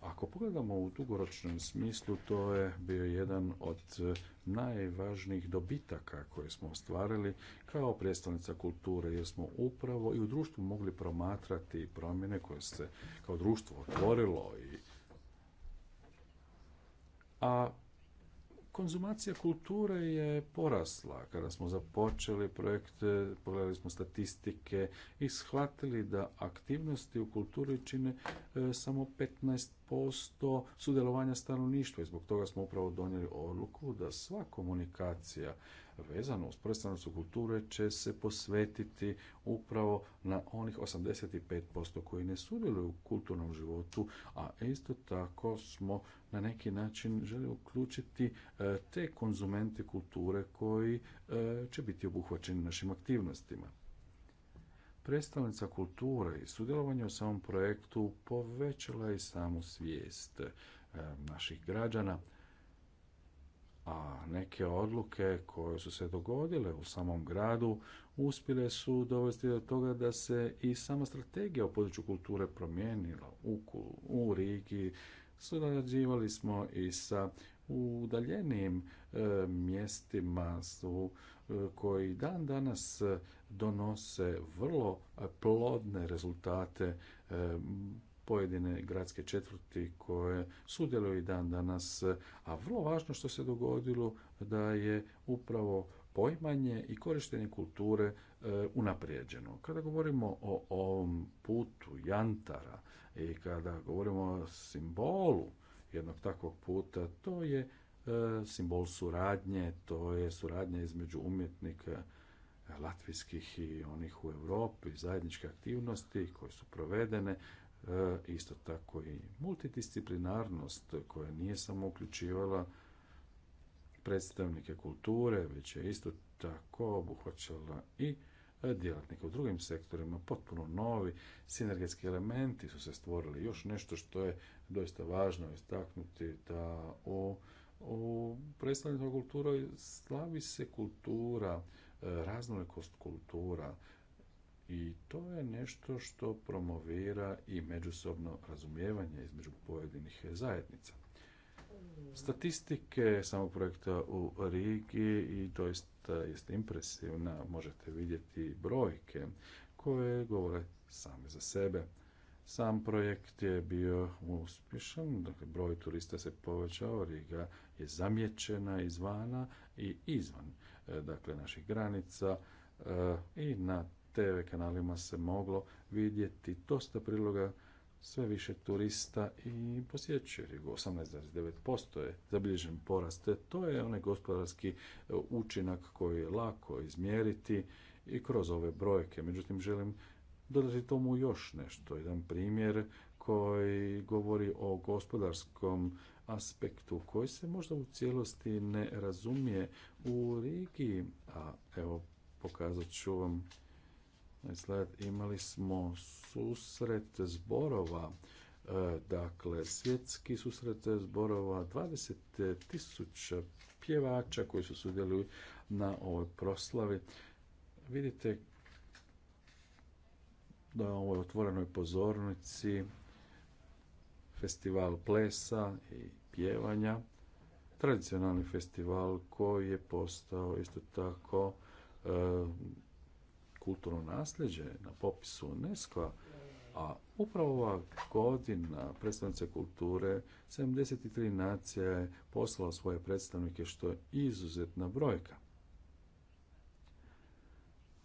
Ako pogledamo u dugoročnom smislu, to je bio jedan od najvažnijih dobitaka koje smo ostvarili kao predstavnica kulture, jer smo upravo i u društvu mogli promatrati promjene koje se kao društvo otvorilo i a konzumacija kulture je porasla. Kada smo započeli projekt, pogledali smo statistike i shvatili da aktivnosti u kulturi čine e, samo 15% sudjelovanja stanovništva i zbog toga smo upravo donijeli odluku da sva komunikacija vezano uz predstavnicu kulture će se posvetiti upravo na onih 85% koji ne sudjeluju u kulturnom životu, a isto tako smo na neki način želi uključiti e, te konzumente kulture koji e, će biti obuhvaćeni našim aktivnostima. Predstavnica kulture i sudjelovanje u samom projektu povećala je samu svijest e, naših građana, a neke odluke koje su se dogodile u samom gradu uspjele su dovesti do toga da se i sama strategija u području kulture promijenila u, u Rigi. Surađivali smo i sa udaljenim e, mjestima su e, koji dan danas donose vrlo plodne rezultate e, pojedine gradske četvrti koje sudjeluju i dan danas, a vrlo važno što se dogodilo da je upravo poimanje i korištenje kulture e, unaprijeđeno. Kada govorimo o ovom putu jantara i kada govorimo o simbolu jednog takvog puta, to je e, simbol suradnje, to je suradnja između umjetnika latvijskih i onih u Europi, zajedničke aktivnosti koje su provedene E, isto tako i multidisciplinarnost koja nije samo uključivala predstavnike kulture, već je isto tako obuhvaćala i e, djelatnike u drugim sektorima, potpuno novi sinergetski elementi su se stvorili. Još nešto što je doista važno istaknuti da u o predstavljanju kultura slavi se kultura, e, raznolikost kultura, i to je nešto što promovira i međusobno razumijevanje između pojedinih zajednica. Statistike samog projekta u Rigi i doista jeste impresivna, možete vidjeti brojke koje govore same za sebe. Sam projekt je bio uspješan, dakle broj turista se povećao, Riga je zamječena izvana i izvan e, dakle, naših granica e, i na TV kanalima se moglo vidjeti dosta priloga sve više turista i posjećuje, 18,9% je zabilježen porast. To je onaj gospodarski e, učinak koji je lako izmjeriti i kroz ove brojke. Međutim, želim dodati tomu još nešto. Jedan primjer koji govori o gospodarskom aspektu koji se možda u cijelosti ne razumije u regiji. A evo, pokazat ću vam imali smo susret zborova, e, dakle svjetski susret zborova, 20 tisuća pjevača koji su sudjelovali na ovoj proslavi. Vidite na ovoj otvorenoj pozornici festival plesa i pjevanja, tradicionalni festival koji je postao isto tako e, kulturno nasljeđe na popisu UNESCO-a, a upravo ova godina predstavnice kulture 73 nacija je poslala svoje predstavnike što je izuzetna brojka.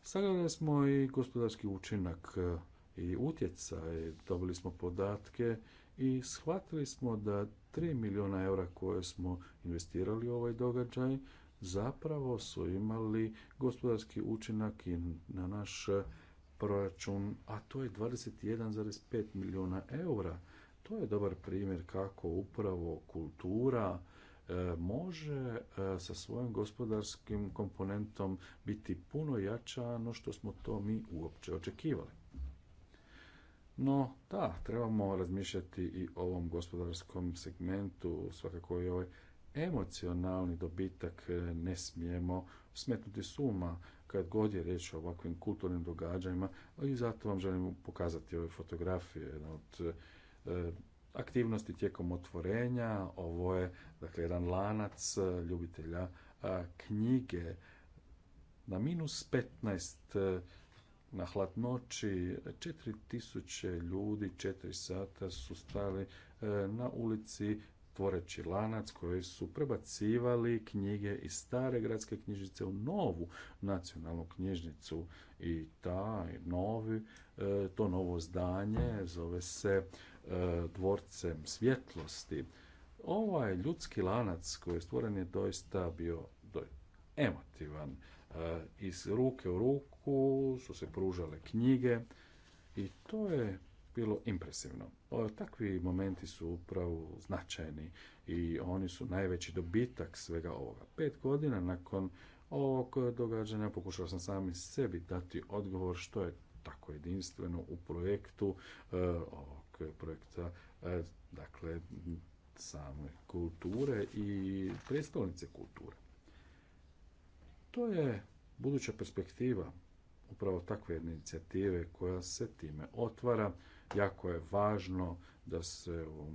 Sagledali smo i gospodarski učinak e, i utjecaj, dobili smo podatke i shvatili smo da 3 milijuna eura koje smo investirali u ovaj događaj zapravo su imali gospodarski učinak i na naš e, proračun, a to je 21,5 milijuna eura. To je dobar primjer kako upravo kultura e, može e, sa svojim gospodarskim komponentom biti puno jača no što smo to mi uopće očekivali. No, da, trebamo razmišljati i o ovom gospodarskom segmentu, svakako i ovaj emocionalni dobitak e, ne smijemo smetnuti suma kad god je riječ o ovakvim kulturnim događajima i zato vam želim pokazati ove fotografije od e, aktivnosti tijekom otvorenja ovo je dakle jedan lanac e, ljubitelja a, knjige na minus 15 na hladnoći 4000 ljudi 4 sata su stali na ulici tvoreći lanac koji su prebacivali knjige iz stare gradske knjižnice u novu nacionalnu knjižnicu i taj novi, e, to novo zdanje zove se e, dvorcem svjetlosti. Ovaj ljudski lanac koji je stvoren je doista bio emotivan. E, iz ruke u ruku su se pružale knjige i to je bilo impresivno. O, takvi momenti su upravo značajni i oni su najveći dobitak svega ovoga. Pet godina nakon ovog događanja pokušao sam sami sebi dati odgovor što je tako jedinstveno u projektu e, ovog projekta e, dakle same kulture i predstavnice kulture. To je buduća perspektiva upravo takve inicijative koja se time otvara Jako je važno da se u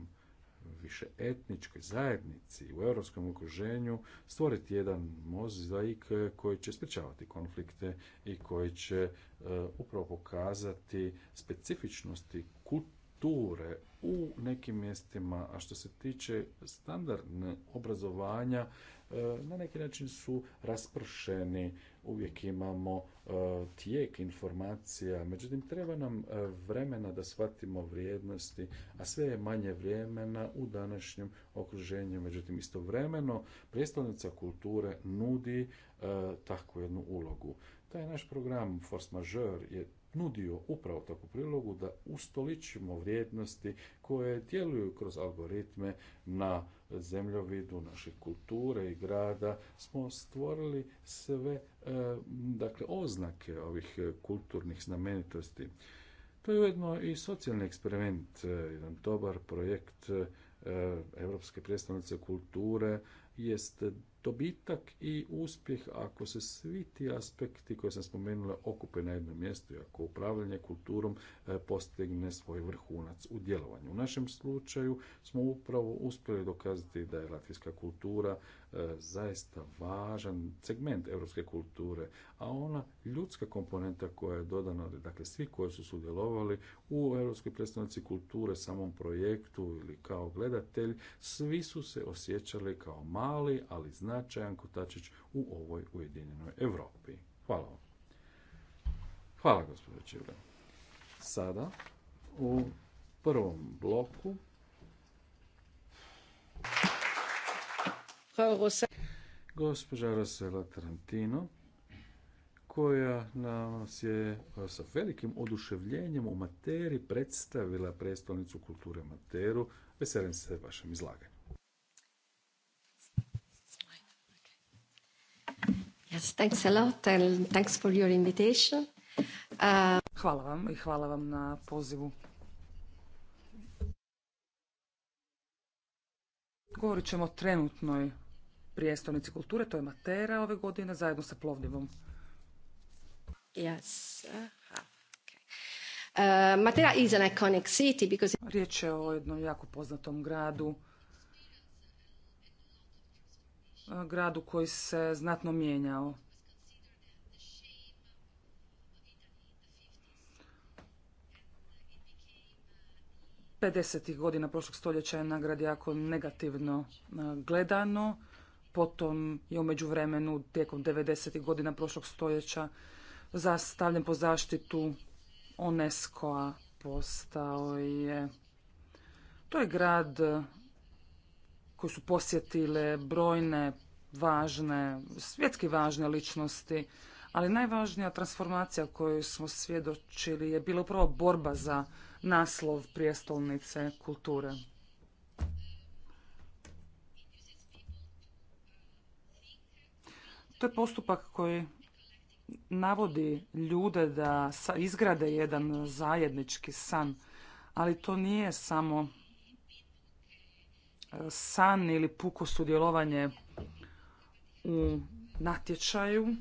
više etničkoj zajednici u europskom okruženju stvoriti jedan mozaik koji će sprečavati konflikte i koji će e, upravo pokazati specifičnosti kulture u nekim mjestima, a što se tiče standardne obrazovanja E, na neki način su raspršeni, uvijek imamo e, tijek informacija, međutim treba nam e, vremena da shvatimo vrijednosti, a sve je manje vremena u današnjem okruženju. Međutim, vremeno predstavnica kulture nudi takvu jednu ulogu. Taj naš program Force Majeure je nudio upravo takvu prilogu da ustoličimo vrijednosti koje djeluju kroz algoritme na zemljovidu naše kulture i grada smo stvorili sve e, dakle oznake ovih kulturnih znamenitosti. To je ujedno i socijalni eksperiment, e, jedan dobar projekt Europske predstavnice kulture jest dobitak i uspjeh ako se svi ti aspekti koje sam spomenula okupe na jednom mjestu i ako upravljanje kulturom e, postigne svoj vrhunac u djelovanju. U našem slučaju smo upravo uspjeli dokazati da je latvijska kultura E, zaista važan segment europske kulture, a ona ljudska komponenta koja je dodana, dakle svi koji su sudjelovali u europskoj predstavnici kulture, samom projektu ili kao gledatelj, svi su se osjećali kao mali, ali značajan kotačić u ovoj ujedinjenoj Europi. Hvala vam. Hvala, gospođo Sada, u prvom bloku, Gospođa Rosela Tarantino, koja nas je e, sa velikim oduševljenjem u materi predstavila predstavnicu kulture materu. Veselim se vašem izlaganju. invitation. Uh, hvala vam i hvala vam na pozivu. Govorit ćemo o trenutnoj prijestolnici kulture, to je Matera ove godine, zajedno sa Plovdivom. Yes. Ah, uh, Matera Riječ je o jednom jako poznatom gradu. Uh, gradu koji se znatno mijenjao. 50. godina prošlog stoljeća je nagrad jako negativno e, gledano, potom je u vremenu tijekom 90. godina prošlog stoljeća stavljen po zaštitu UNESCO-a postao je. To je grad koji su posjetile brojne važne, svjetski važne ličnosti, ali najvažnija transformacija koju smo svjedočili je bila upravo borba za naslov prijestolnice kulture. To je postupak koji navodi ljude da izgrade jedan zajednički san, ali to nije samo e, san ili puko sudjelovanje u natječaju,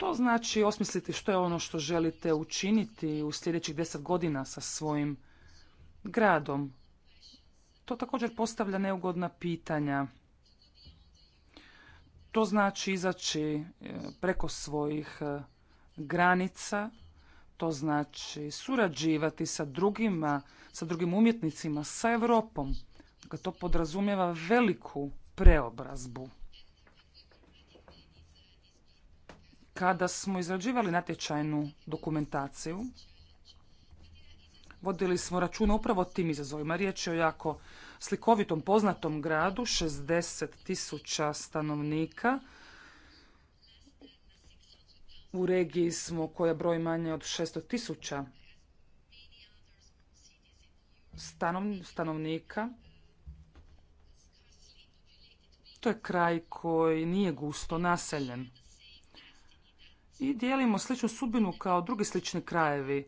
to znači osmisliti što je ono što želite učiniti u sljedećih deset godina sa svojim gradom. To također postavlja neugodna pitanja. To znači izaći e, preko svojih e, granica, to znači surađivati sa drugima, sa drugim umjetnicima, sa Europom. Da dakle, to podrazumijeva veliku preobrazbu. Kada smo izrađivali natječajnu dokumentaciju, vodili smo računa upravo o tim izazovima. Riječ je o jako slikovitom, poznatom gradu, 60 tisuća stanovnika. U regiji smo koja broj manje od 600 tisuća stanovnika. To je kraj koji nije gusto naseljen i dijelimo sličnu sudbinu kao drugi slični krajevi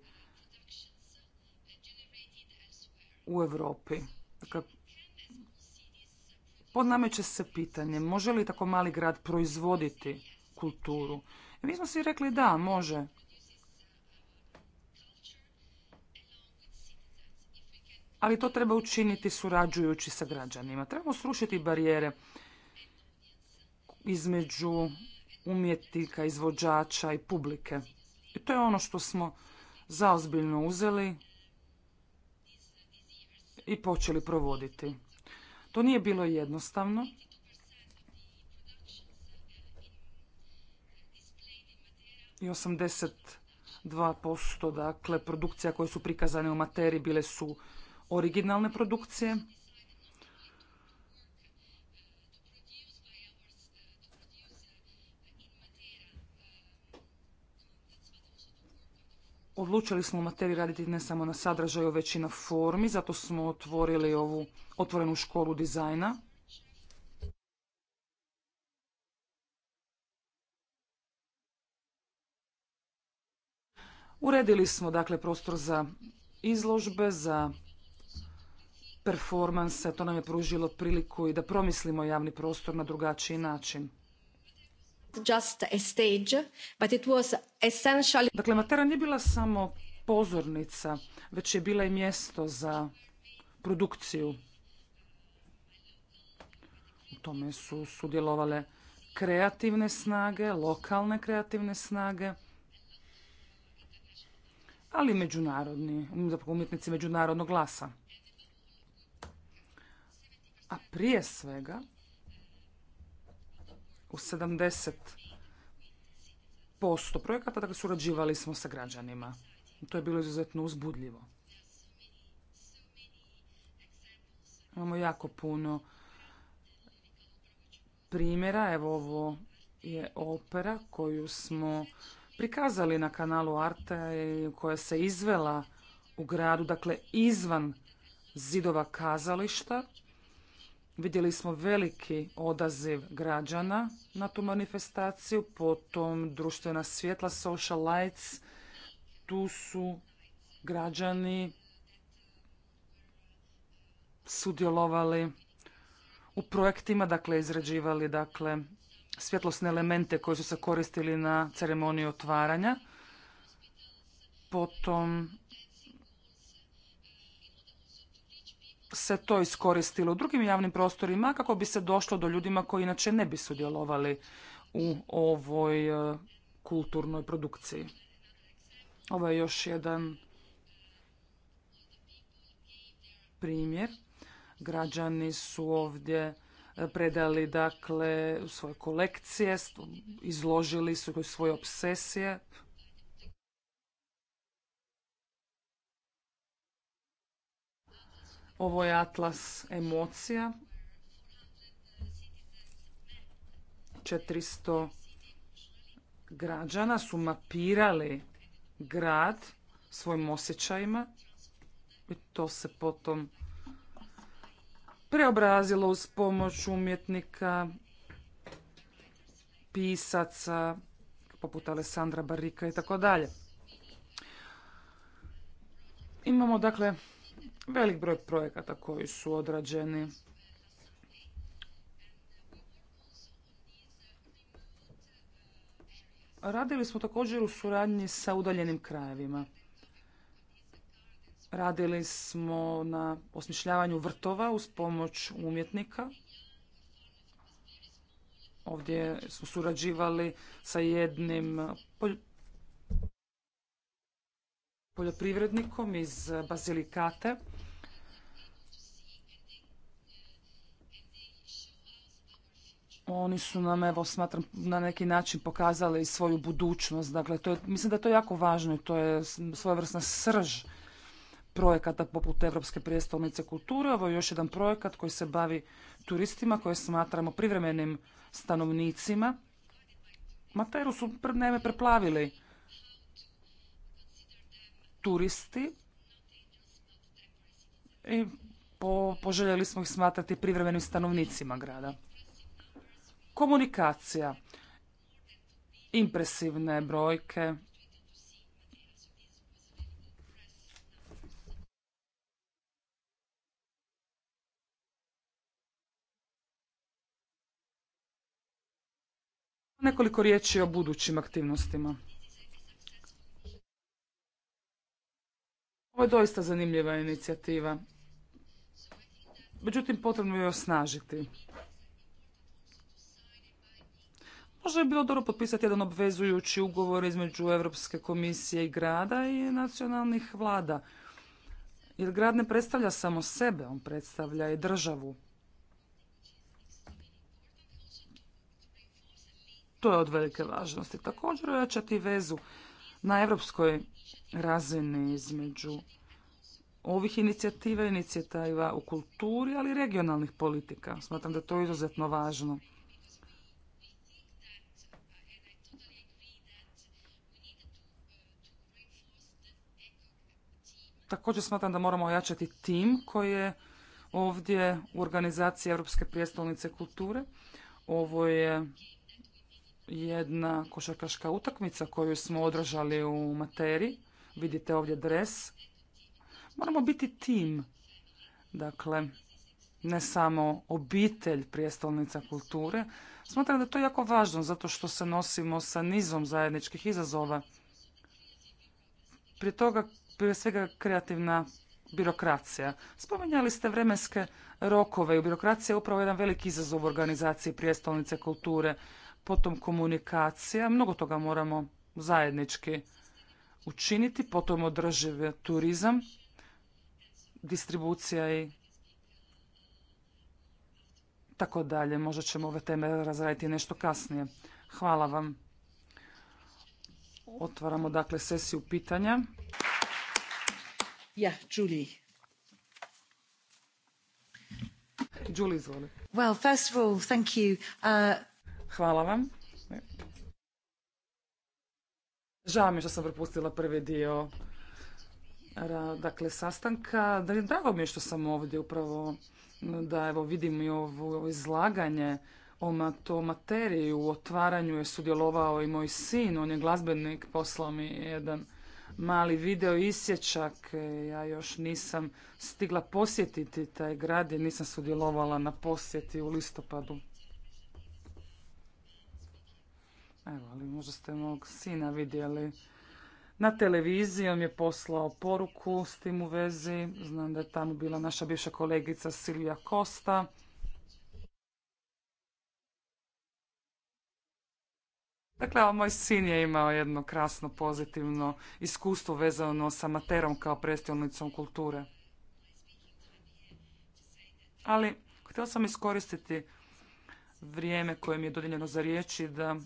u Europi. Dakle, će se pitanje, može li tako mali grad proizvoditi kulturu? mi smo svi rekli da, može. Ali to treba učiniti surađujući sa građanima. Trebamo srušiti barijere između umjetnika, izvođača i publike. I to je ono što smo zaozbiljno uzeli i počeli provoditi. To nije bilo jednostavno. I 82% dakle, produkcija koje su prikazane u materiji bile su originalne produkcije. Odlučili smo u materiji raditi ne samo na sadržaju, već i na formi, zato smo otvorili ovu otvorenu školu dizajna. Uredili smo dakle prostor za izložbe, za performanse, to nam je pružilo priliku i da promislimo javni prostor na drugačiji način. Just a stage, but Dakle, Matera nije bila samo pozornica, već je bila i mjesto za produkciju. U tome su sudjelovale kreativne snage, lokalne kreativne snage, ali i međunarodni, umjetnici međunarodnog glasa. A prije svega, u 70% projekata, dakle surađivali smo sa građanima. to je bilo izuzetno uzbudljivo. Imamo jako puno primjera. Evo ovo je opera koju smo prikazali na kanalu Arte koja se izvela u gradu, dakle izvan zidova kazališta. Vidjeli smo veliki odaziv građana na tu manifestaciju, potom društvena svjetla, social lights, tu su građani sudjelovali u projektima, dakle izrađivali dakle svjetlosne elemente koji su se koristili na ceremoniji otvaranja. Potom se to iskoristilo u drugim javnim prostorima kako bi se došlo do ljudima koji inače ne bi sudjelovali u ovoj e, kulturnoj produkciji. Ovo je još jedan primjer. Građani su ovdje e, predali dakle svoje kolekcije, izložili su svoje obsesije, Ovo je atlas emocija. 400 građana su mapirali grad svojim osjećajima i to se potom preobrazilo uz pomoć umjetnika, pisaca, poput Alessandra Barika i tako dalje. Imamo dakle velik broj projekata koji su odrađeni. Radili smo također u suradnji sa udaljenim krajevima. Radili smo na osmišljavanju vrtova uz pomoć umjetnika. Ovdje smo surađivali sa jednim poljoprivrednikom iz Bazilikate. oni su nam, evo, smatram, na neki način pokazali svoju budućnost. Dakle, to mislim da je to jako važno i to je svojevrsna srž projekata poput Europske prijestolnice kulture. Ovo je još jedan projekat koji se bavi turistima koje smatramo privremenim stanovnicima. Materu su pred neme preplavili turisti i poželjeli smo ih smatrati privremenim stanovnicima grada. Komunikacija. Impresivne brojke. Nekoliko riječi o budućim aktivnostima. Ovo je doista zanimljiva inicijativa. Međutim, potrebno je osnažiti. Možda bi bilo dobro potpisati jedan obvezujući ugovor između Europske komisije i grada i nacionalnih vlada. Jer grad ne predstavlja samo sebe, on predstavlja i državu. To je od velike važnosti. Također ojačati vezu na europskoj razini između ovih inicijativa, inicijativa u kulturi, ali i regionalnih politika. Smatram da je to izuzetno važno. Također smatram da moramo ojačati tim koji je ovdje u organizaciji Europske prijestolnice kulture. Ovo je jedna košarkaška utakmica koju smo održali u materi. Vidite ovdje dres. Moramo biti tim. Dakle, ne samo obitelj prijestolnica kulture. Smatram da je to jako važno zato što se nosimo sa nizom zajedničkih izazova. Prije toga prije svega kreativna birokracija. Spominjali ste vremenske rokove i birokracija je upravo jedan veliki izazov u organizaciji prijestolnice kulture, potom komunikacija, mnogo toga moramo zajednički učiniti, potom održiv turizam, distribucija i tako dalje. Možda ćemo ove teme razraditi nešto kasnije. Hvala vam. Otvaramo dakle sesiju pitanja. Julie. Uh, Hvala vam. Žao mi je što sam propustila prvi dio dakle, sastanka. Drago mi je što sam ovdje upravo da evo vidim i ovo, izlaganje o to materiju, u otvaranju je sudjelovao i moj sin, on je glazbenik, poslao mi jedan mali video isječak. E, ja još nisam stigla posjetiti taj grad jer nisam sudjelovala na posjeti u listopadu. Evo, ali možda ste mog sina vidjeli. Na televiziji on je poslao poruku s tim u vezi. Znam da je tamo bila naša bivša kolegica Silvija Kosta. Dakle, moj sin je imao jedno krasno pozitivno iskustvo vezano sa materom kao predstavnicom kulture. Ali, htio sam iskoristiti vrijeme koje mi je dodijeljeno za riječi da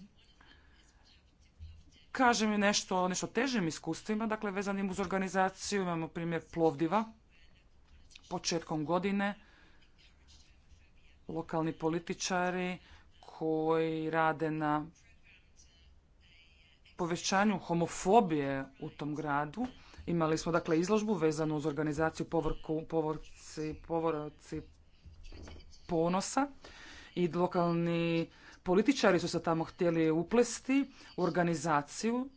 kažem i nešto o nešto težim iskustvima, dakle vezanim uz organizaciju. Imamo primjer Plovdiva. Početkom godine lokalni političari koji rade na povećanju homofobije u tom gradu. Imali smo dakle izložbu vezanu uz organizaciju povorku, povorci, povorci ponosa i lokalni političari su se tamo htjeli uplesti u organizaciju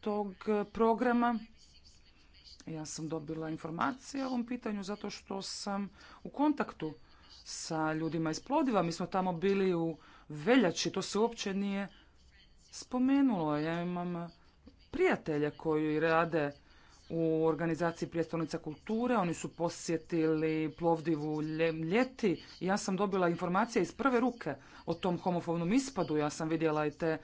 tog programa. Ja sam dobila informacije o ovom pitanju zato što sam u kontaktu sa ljudima iz Plodiva. Mi smo tamo bili u veljači, to se uopće nije spomenulo. Ja imam prijatelje koji rade u organizaciji prijestolnica kulture. Oni su posjetili Plovdivu ljeti. i Ja sam dobila informacije iz prve ruke o tom homofobnom ispadu. Ja sam vidjela i te e,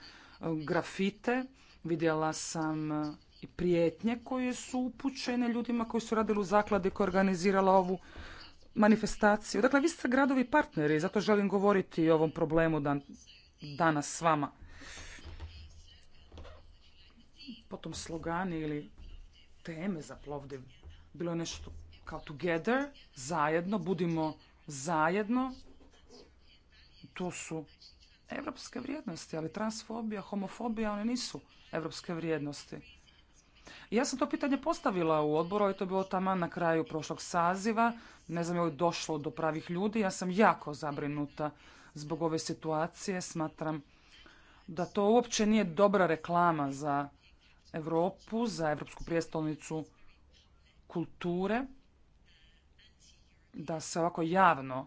grafite, vidjela sam e, i prijetnje koje su upućene ljudima koji su radili u zakladi koja je organizirala ovu manifestaciju. Dakle, vi ste gradovi partneri, zato želim govoriti o ovom problemu danas s vama potom slogani ili teme za Plovdiv. Bilo je nešto kao together, zajedno, budimo zajedno. To su evropske vrijednosti, ali transfobija, homofobija, one nisu evropske vrijednosti. Ja sam to pitanje postavila u odboru, i to je bilo tamo na kraju prošlog saziva. Ne znam je li došlo do pravih ljudi. Ja sam jako zabrinuta zbog ove situacije. Smatram da to uopće nije dobra reklama za Europu, za Europsku prijestolnicu kulture, da se ovako javno e,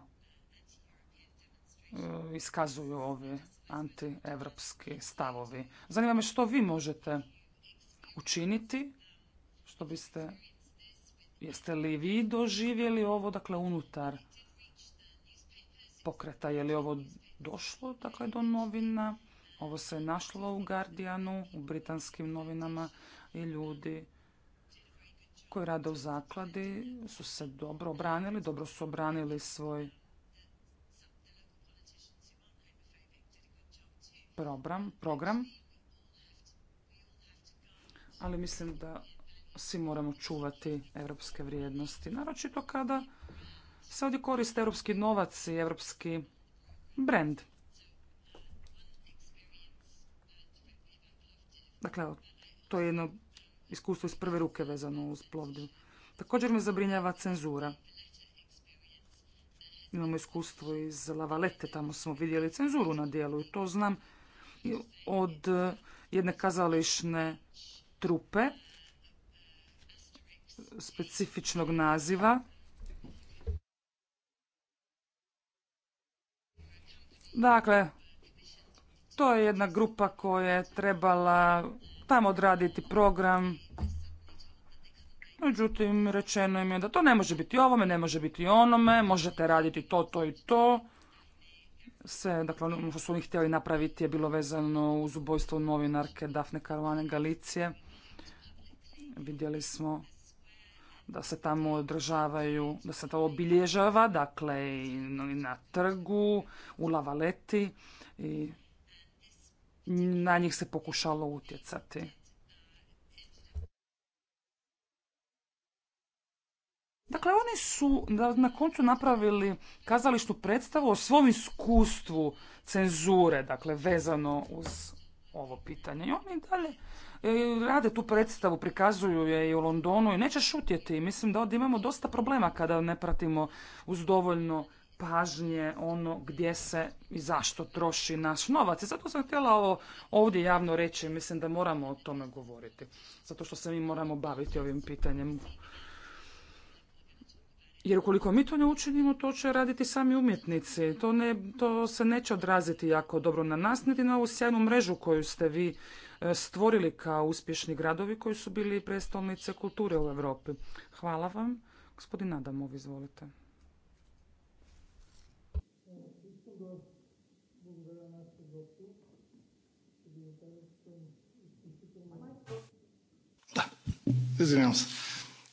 iskazuju ovi anti-evropski stavovi. Zanima me što vi možete učiniti, što biste, jeste li vi doživjeli ovo, dakle, unutar pokreta, je li ovo došlo, dakle, do novina? Ovo se našlo u Guardianu, u britanskim novinama i ljudi koji rade u zakladi su se dobro obranili, dobro su obranili svoj program, program. Ali mislim da svi moramo čuvati europske vrijednosti, naročito kada se ovdje koriste europski novac i europski brand. Dakle, to je jedno iskustvo iz prve ruke vezano uz Plovdiv. Također me zabrinjava cenzura. Imamo iskustvo iz Lavalete, tamo smo vidjeli cenzuru na dijelu i to znam od eh, jedne kazališne trupe specifičnog naziva. Dakle, to je jedna grupa koja je trebala tamo odraditi program. Međutim, rečeno im je da to ne može biti ovome, ne može biti onome, možete raditi to, to i to. Se, dakle, ono što su oni htjeli napraviti je bilo vezano uz ubojstvo novinarke Dafne Karvane Galicije. Vidjeli smo da se tamo održavaju, da se to obilježava, dakle i na trgu, u lavaleti i na njih se pokušalo utjecati. Dakle, oni su na koncu napravili kazalištu predstavu o svom iskustvu cenzure, dakle, vezano uz ovo pitanje. I oni dalje e, rade tu predstavu, prikazuju je i u Londonu i neće šutjeti. Mislim da ovdje imamo dosta problema kada ne pratimo uz dovoljno pažnje ono gdje se i zašto troši naš novac. I zato sam htjela ovo ovdje javno reći, mislim da moramo o tome govoriti. Zato što se mi moramo baviti ovim pitanjem. Jer ukoliko mi to ne učinimo, to će raditi sami umjetnici. To, ne, to se neće odraziti jako dobro na nas, niti na ovu sjajnu mrežu koju ste vi e, stvorili kao uspješni gradovi koji su bili prestolnice kulture u Europi. Hvala vam. Gospodin Adamov, izvolite. Извинявам се.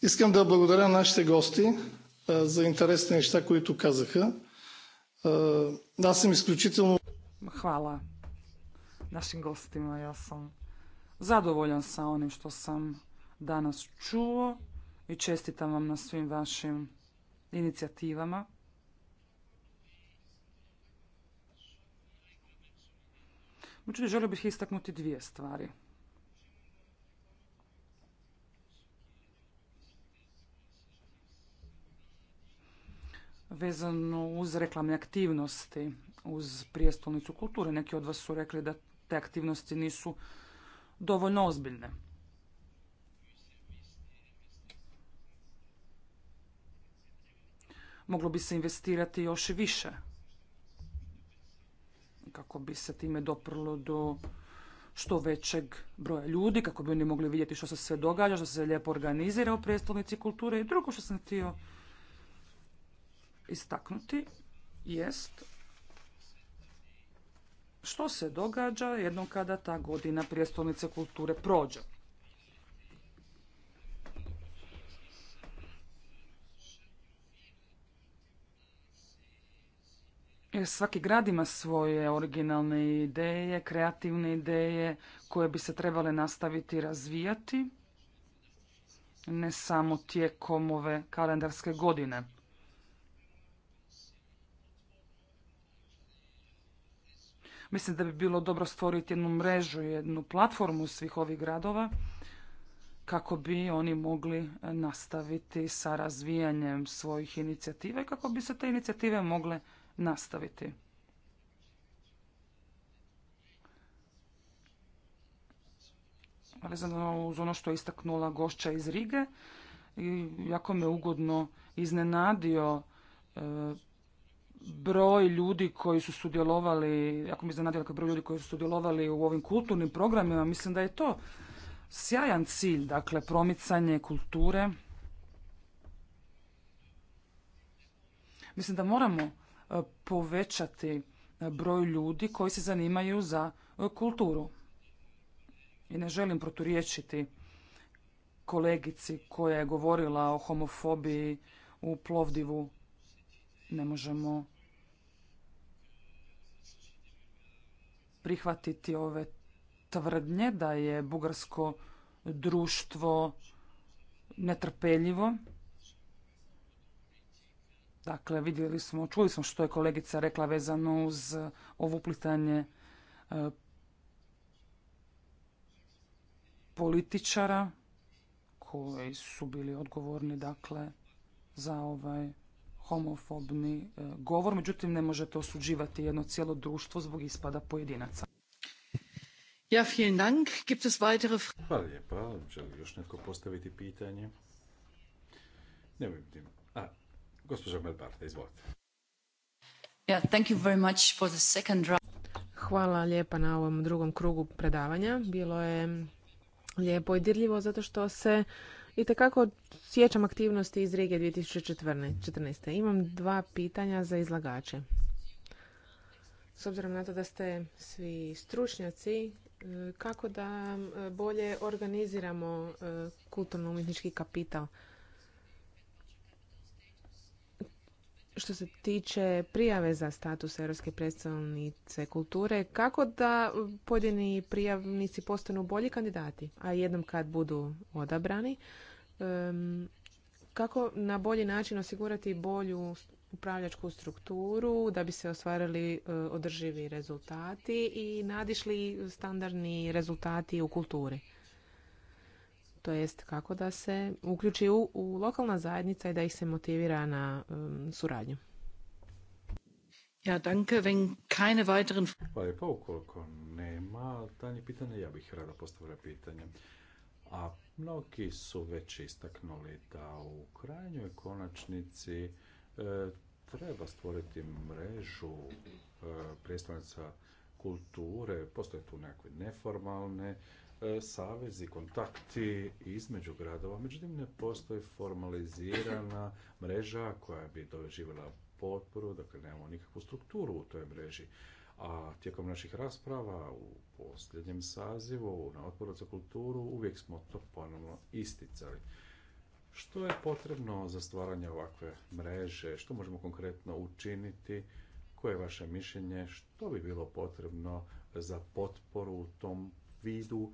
Искам da благодаря gosti гости за интересни неща, които казаха. sam Hvala našim gostima. Ja sam zadovoljan sa onim što sam danas čuo i čestitam vam na svim vašim inicijativama. Međutim, želio bih istaknuti dvije stvari. vezano uz reklamne aktivnosti, uz prijestolnicu kulture. Neki od vas su rekli da te aktivnosti nisu dovoljno ozbiljne. Moglo bi se investirati još i više kako bi se time doprlo do što većeg broja ljudi, kako bi oni mogli vidjeti što se sve događa, što se lijepo organizira u prijestolnici kulture i drugo što sam htio istaknuti jest što se događa jednom kada ta godina prijestolnice kulture prođe. E, svaki grad ima svoje originalne ideje, kreativne ideje koje bi se trebale nastaviti razvijati ne samo tijekom ove kalendarske godine. Mislim da bi bilo dobro stvoriti jednu mrežu, jednu platformu svih ovih gradova kako bi oni mogli e, nastaviti sa razvijanjem svojih i kako bi se te inicijative mogle nastaviti. Vezano uz ono što je istaknula gošća iz Rige, jako me ugodno iznenadio e, broj ljudi koji su sudjelovali, ako mi iznenadio kakav broj ljudi koji su sudjelovali u ovim kulturnim programima, mislim da je to sjajan cilj, dakle promicanje kulture. Mislim da moramo e, povećati e, broj ljudi koji se zanimaju za e, kulturu. I ne želim proturiječiti kolegici koja je govorila o homofobiji u Plovdivu. Ne možemo prihvatiti ove tvrdnje da je bugarsko društvo netrpeljivo. Dakle, vidjeli smo, čuli smo što je kolegica rekla vezano uz e, ovo uplitanje e, političara koji su bili odgovorni dakle za ovaj homofobni e, govor, međutim ne možete osuđivati jedno cijelo društvo zbog ispada pojedinaca. Ja, vielen Dank. Gibt es weitere... Hvala lijepa. Želi još netko postaviti pitanje? Ne vidim. A, gospođa Melbarta, izvolite. Ja, thank you very much for the second round. Hvala lijepa na ovom drugom krugu predavanja. Bilo je lijepo i dirljivo zato što se i kako sjećam aktivnosti iz regije 2014. Imam dva pitanja za izlagače. S obzirom na to da ste svi stručnjaci, e, kako da e, bolje organiziramo e, kulturno-umjetnički kapital? što se tiče prijave za status europske predstavnice kulture, kako da pojedini prijavnici postanu bolji kandidati, a jednom kad budu odabrani, kako na bolji način osigurati bolju upravljačku strukturu da bi se ostvarili e, održivi rezultati i nadišli standardni rezultati u kulturi to jest kako da se uključi u, lokalna zajednica i da ih se motivira na um, suradnju. Ja, danke, wenn keine weiteren... ukoliko nema tanje pitanje, ja bih rada postavila pitanje. A mnogi su već istaknuli da u krajnjoj konačnici e, treba stvoriti mrežu e, predstavnica kulture, postoje tu nekakve neformalne E, savezi, kontakti između gradova, međutim ne postoji formalizirana mreža koja bi doživjela potporu, dakle nemamo nikakvu strukturu u toj mreži. A tijekom naših rasprava u posljednjem sazivu na Otporu za kulturu uvijek smo to ponovno isticali. Što je potrebno za stvaranje ovakve mreže? Što možemo konkretno učiniti? Koje je vaše mišljenje? Što bi bilo potrebno za potporu u tom vidu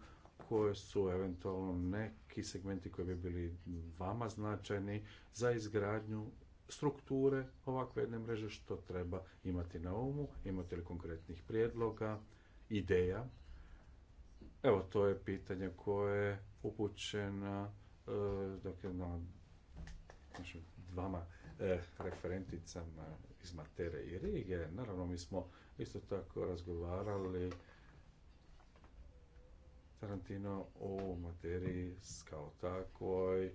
koje su eventualno neki segmenti koji bi bili vama značajni za izgradnju strukture ovakve jedne mreže što treba imati na umu, imate li konkretnih prijedloga, ideja. Evo to je pitanje koje je upućeno e, dakle, na dvama e, referenticama iz matere i Rige. Naravno mi smo isto tako razgovarali Tarantino o materiji kao takvoj,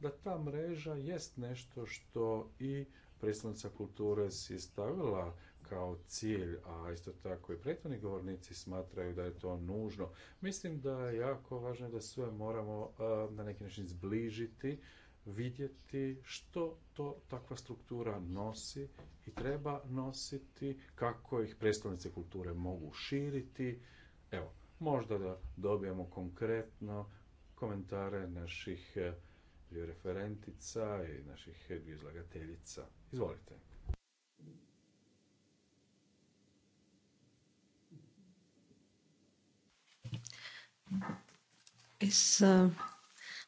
da ta mreža jest nešto što i predstavnica kulture si stavila kao cilj, a isto tako i prethodni govornici smatraju da je to nužno. Mislim da je jako važno da sve moramo eh, na neki način zbližiti, vidjeti što to takva struktura nosi i treba nositi, kako ih predstavnice kulture mogu širiti. Evo, možda da dobijemo konkretno komentare naših eh, referentica i naših eh, izlagateljica. Izvolite. Es, eh,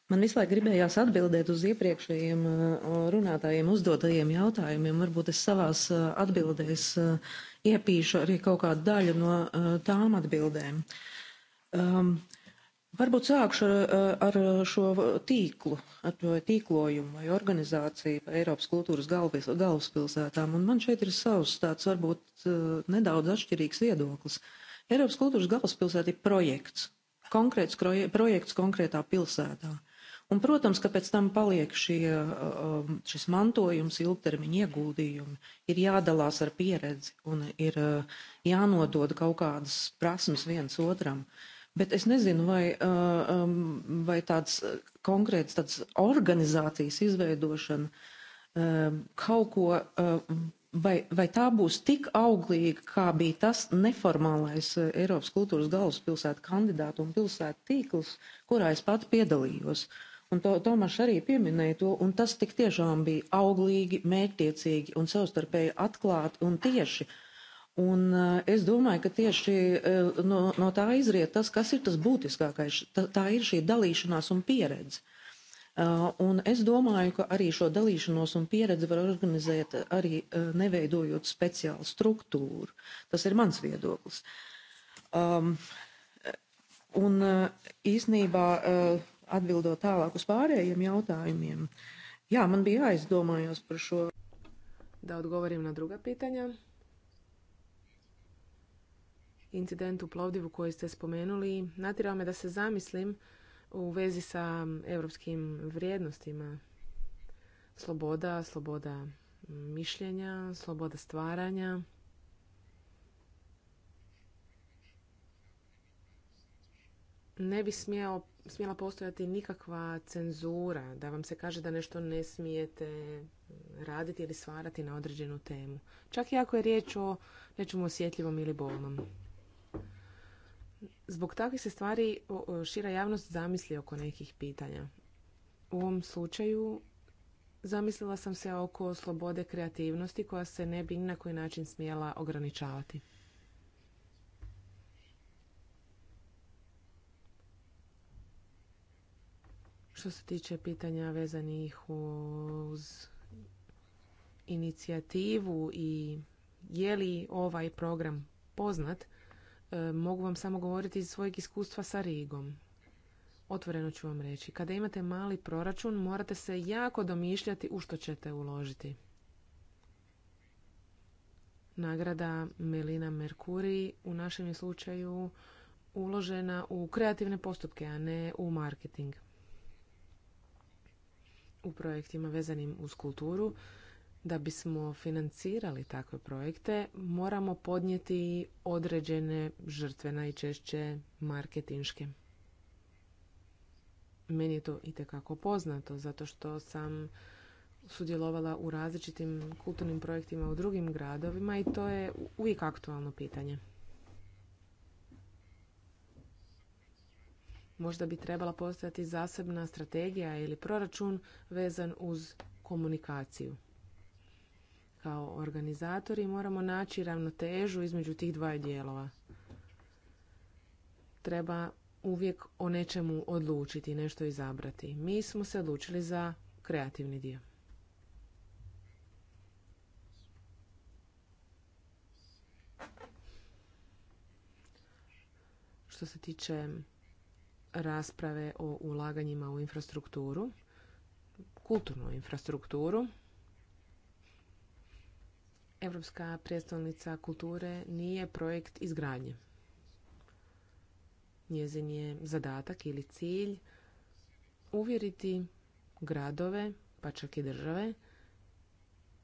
man visu laiku gribējās atbildēt uz iepriekšējiem runātājiem uzdotajiem jautājumiem. Varbūt es savās atbildēs iepīšu arī kaut kādu daļu no tām atbildēm. Ehm, varbūt sākšu ar, šo tīklu ar to tīklojumu vai organizāciju par Eiropas kultūras galvaspilsētām un man šeit ir savs tāds varbūt eh, nedaudz atšķirīgs viedoklis Eiropas kultūras galvaspilsēta ir projekts konkrēts projekts konkrētā pilsētā Un, protams, ka pēc tam paliek šie, ehm, šis mantojums, ilgtermiņa ieguldījumi, ir jādalās ar pieredzi un ir eh, jānodod kaut kādas prasmes viens otram. Bet es nezinu, vai, eh, vai tāds konkrēts tāds organizācijas izveidošana kaut ko, vai, vai tā būs tik auglīga, kā bija tas neformālais eh, Eiropas kultūras galvaspilsēta kandidātu un pilsētu tīkls, kurā es pati piedalījos. Un to, Tomašs arī pieminēja to, un tas tik tiešām bija auglīgi, mērķtiecīgi un savstarpēji atklāti un tieši. Un eh, es domāju, ka tieši eh, no, no tā izriet tas, kas ir tas būtiskākais. Tā, tā ir šī dalīšanās un pieredze. Eh, un es domāju, ka arī šo dalīšanos un pieredzi var organizēt arī neveidojot speciālu struktūru. Tas ir mans viedoklis. Um, un īsnībā atbildot tālāk uz pārējiem jautājumiem, jā, man bija aizdomājos par šo. Daudz odgovorim na druga pitanja incident u Plovdivu koji ste spomenuli natjerao me da se zamislim u vezi sa europskim vrijednostima. Sloboda, sloboda mišljenja, sloboda stvaranja. Ne bi smjela postojati nikakva cenzura da vam se kaže da nešto ne smijete raditi ili stvarati na određenu temu. Čak i ako je riječ o nečemu osjetljivom ili bolnom. Zbog takvih se stvari šira javnost zamisli oko nekih pitanja. U ovom slučaju zamislila sam se oko slobode kreativnosti koja se ne bi ni na koji način smjela ograničavati. Što se tiče pitanja vezanih uz inicijativu i je li ovaj program poznat, E, mogu vam samo govoriti iz svojeg iskustva sa Rigom. Otvoreno ću vam reći, kada imate mali proračun morate se jako domišljati u što ćete uložiti. Nagrada Melina Merkuri u našem je slučaju uložena u kreativne postupke, a ne u marketing. U projektima vezanim uz kulturu da bismo financirali takve projekte moramo podnijeti određene žrtve, najčešće marketinške. Meni je to itekako poznato, zato što sam sudjelovala u različitim kulturnim projektima u drugim gradovima i to je uvijek aktualno pitanje. Možda bi trebala postojati zasebna strategija ili proračun vezan uz komunikaciju kao organizatori moramo naći ravnotežu između tih dva dijelova. Treba uvijek o nečemu odlučiti, nešto izabrati. Mi smo se odlučili za kreativni dio. Što se tiče rasprave o ulaganjima u infrastrukturu, kulturnu infrastrukturu, Evropska predstavnica kulture nije projekt izgradnje. Njezin je zadatak ili cilj uvjeriti gradove, pa čak i države,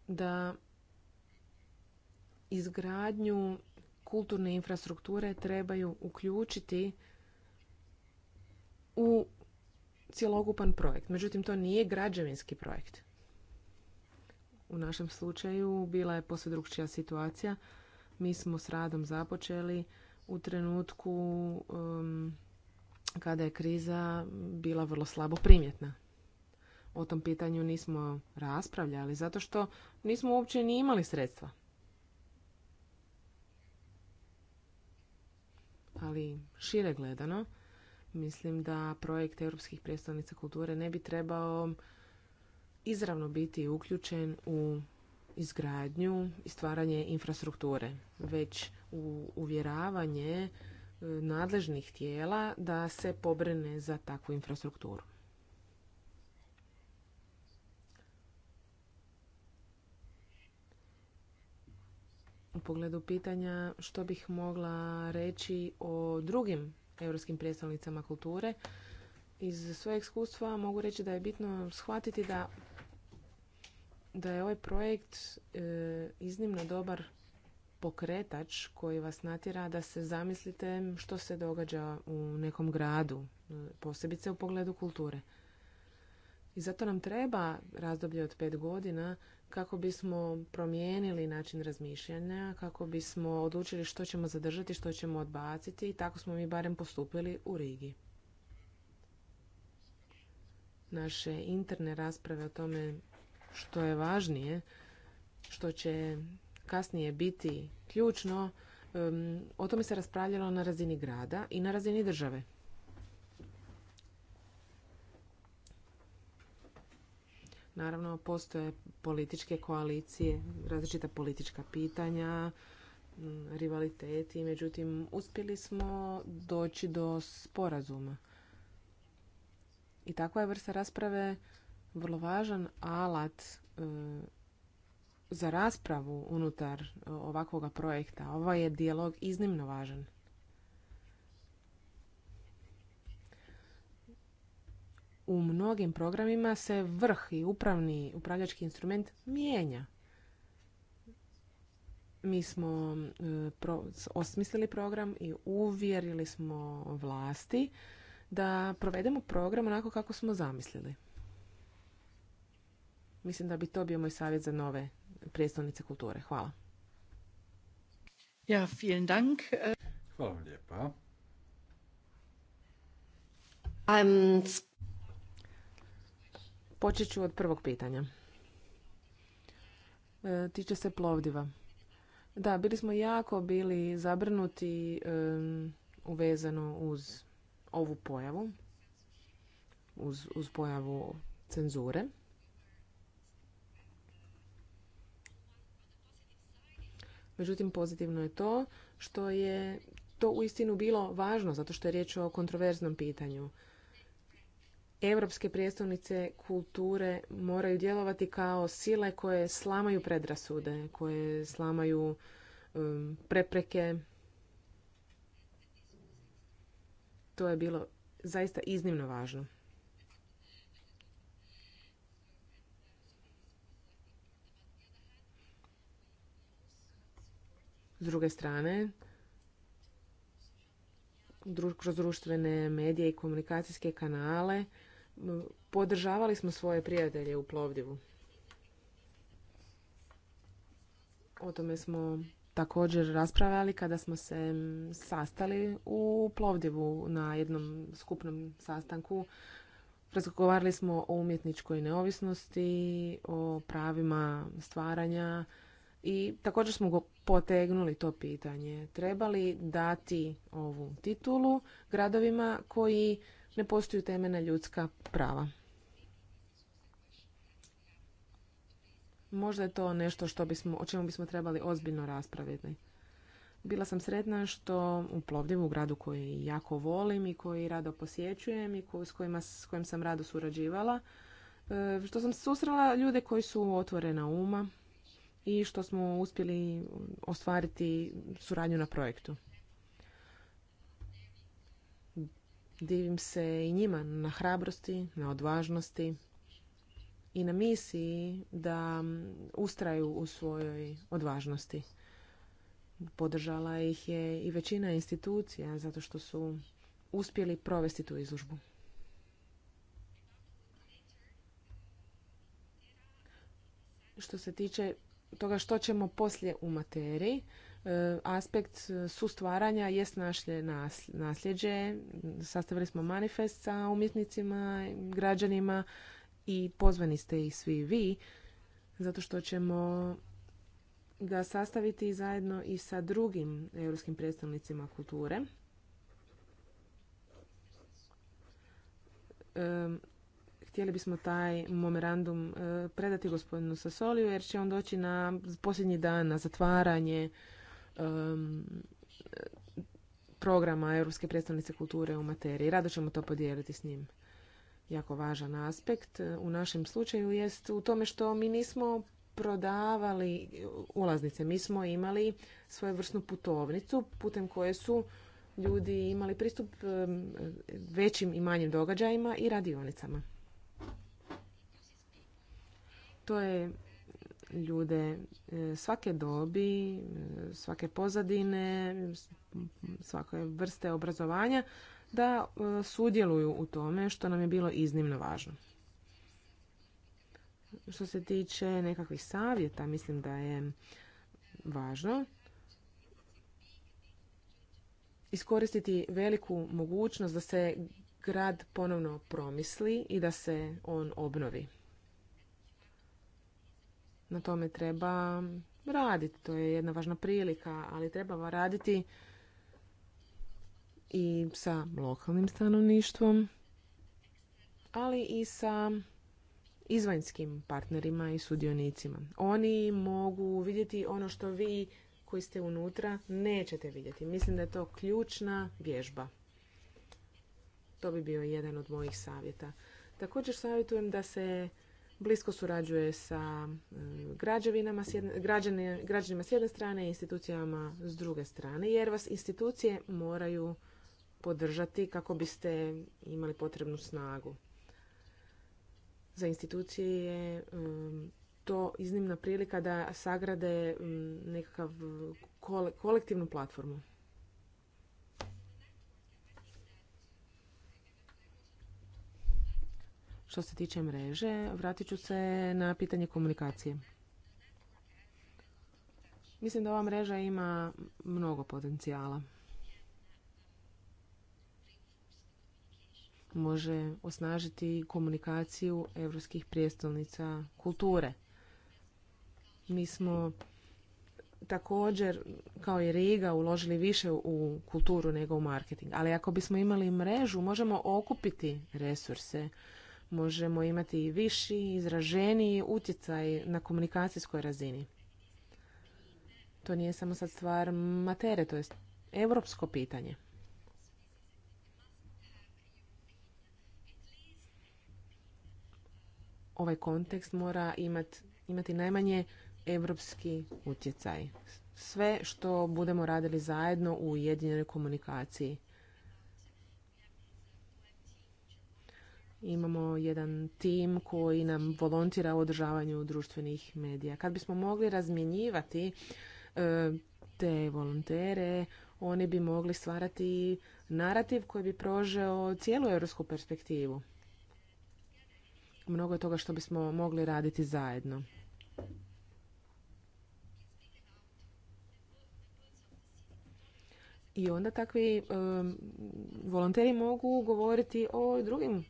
da izgradnju kulturne infrastrukture trebaju uključiti u cjelokupan projekt. Međutim, to nije građevinski projekt. U našem slučaju bila je posve drugčija situacija. Mi smo s radom započeli u trenutku um, kada je kriza bila vrlo slabo primjetna. O tom pitanju nismo raspravljali zato što nismo uopće ni imali sredstva. Ali šire gledano, mislim da projekt europskih predstavnica kulture ne bi trebao izravno biti uključen u izgradnju i stvaranje infrastrukture, već u uvjeravanje e, nadležnih tijela da se pobrine za takvu infrastrukturu. U pogledu pitanja što bih mogla reći o drugim europskim predstavnicama kulture, iz svojeg iskustva mogu reći da je bitno shvatiti da da je ovaj projekt e, iznimno dobar pokretač koji vas natjera da se zamislite što se događa u nekom gradu, e, posebice u pogledu kulture. I zato nam treba razdoblje od pet godina kako bismo promijenili način razmišljanja, kako bismo odlučili što ćemo zadržati, što ćemo odbaciti i tako smo mi barem postupili u Rigi. Naše interne rasprave o tome što je važnije, što će kasnije biti ključno, o tome se raspravljalo na razini grada i na razini države. Naravno, postoje političke koalicije, različita politička pitanja, rivaliteti, međutim, uspjeli smo doći do sporazuma. I takva je vrsta rasprave vrlo važan alat e, za raspravu unutar e, ovakvoga projekta. Ovaj je dijalog iznimno važan. U mnogim programima se vrh i upravni upravljački instrument mijenja. Mi smo e, osmislili program i uvjerili smo vlasti da provedemo program onako kako smo zamislili. Mislim da bi to bio moj savjet za nove predstavnice kulture. Hvala. Ja, vielen Dank. Hvala počet ću od prvog pitanja. E, tiče se plovdiva. Da, bili smo jako bili zabrnuti e, uvezano uz ovu pojavu, uz, uz pojavu cenzure. Međutim, pozitivno je to što je to uistinu bilo važno, zato što je riječ o kontroverznom pitanju. Europske prijestolnice kulture moraju djelovati kao sile koje slamaju predrasude, koje slamaju um, prepreke. To je bilo zaista iznimno važno. S druge strane, kroz društvene medije i komunikacijske kanale podržavali smo svoje prijatelje u Plovdivu. O tome smo također raspravljali kada smo se sastali u Plovdivu na jednom skupnom sastanku. Razgovarali smo o umjetničkoj neovisnosti, o pravima stvaranja i također smo potegnuli to pitanje. Treba li dati ovu titulu gradovima koji ne postoju temeljna ljudska prava? Možda je to nešto što bismo, o čemu bismo trebali ozbiljno raspraviti. Bila sam sretna što u Plovdivu, u gradu koji jako volim i koji rado posjećujem i s, kojima, s kojim sam rado surađivala, e, što sam susrela ljude koji su otvorena uma, i što smo uspjeli ostvariti suradnju na projektu. Divim se i njima na hrabrosti, na odvažnosti i na misiji da ustraju u svojoj odvažnosti. Podržala ih je i većina institucija zato što su uspjeli provesti tu izložbu. Što se tiče toga što ćemo poslije u materiji. E, aspekt sustvaranja jest našlje nasljeđe. Sastavili smo manifest sa umjetnicima, građanima i pozvani ste ih svi vi zato što ćemo ga sastaviti zajedno i sa drugim europskim predstavnicima kulture. E, Htjeli bismo taj memorandum e, predati gospodinu Sasoliju jer će on doći na posljednji dan na zatvaranje programa Europske predstavnice kulture u materiji. Rado ćemo to podijeliti s njim. Jako važan aspekt e, u našem slučaju jest u tome što mi nismo prodavali ulaznice. Mi smo imali svojevrsnu putovnicu putem koje su ljudi imali pristup većim i manjim događajima i radionicama. To je ljude e, svake dobi, e, svake pozadine, svake vrste obrazovanja da e, sudjeluju u tome što nam je bilo iznimno važno. Što se tiče nekakvih savjeta, mislim da je važno iskoristiti veliku mogućnost da se grad ponovno promisli i da se on obnovi na tome treba raditi. To je jedna važna prilika, ali treba raditi i sa lokalnim stanovništvom, ali i sa izvanjskim partnerima i sudionicima. Oni mogu vidjeti ono što vi koji ste unutra nećete vidjeti. Mislim da je to ključna vježba. To bi bio jedan od mojih savjeta. Također savjetujem da se blisko surađuje sa eh, građanima s jedne strane i institucijama s druge strane, jer vas institucije moraju podržati kako biste imali potrebnu snagu. Za institucije je to iznimna prilika da sagrade nekakav kolektivnu platformu. Što se tiče mreže, vratit ću se na pitanje komunikacije. Mislim da ova mreža ima mnogo potencijala. Može osnažiti komunikaciju evropskih prijestolnica kulture. Mi smo također, kao i Riga, uložili više u kulturu nego u marketing. Ali ako bismo imali mrežu, možemo okupiti resurse možemo imati i viši, izraženiji utjecaj na komunikacijskoj razini. To nije samo sad stvar matere, to je europsko pitanje. Ovaj kontekst mora imati, imati najmanje europski utjecaj. Sve što budemo radili zajedno u ujedinjenoj komunikaciji. imamo jedan tim koji nam volontira u održavanju društvenih medija. Kad bismo mogli razmjenjivati e, te volontere, oni bi mogli stvarati narativ koji bi prožeo cijelu europsku perspektivu. Mnogo je toga što bismo mogli raditi zajedno. I onda takvi volonteri mogu govoriti o drugim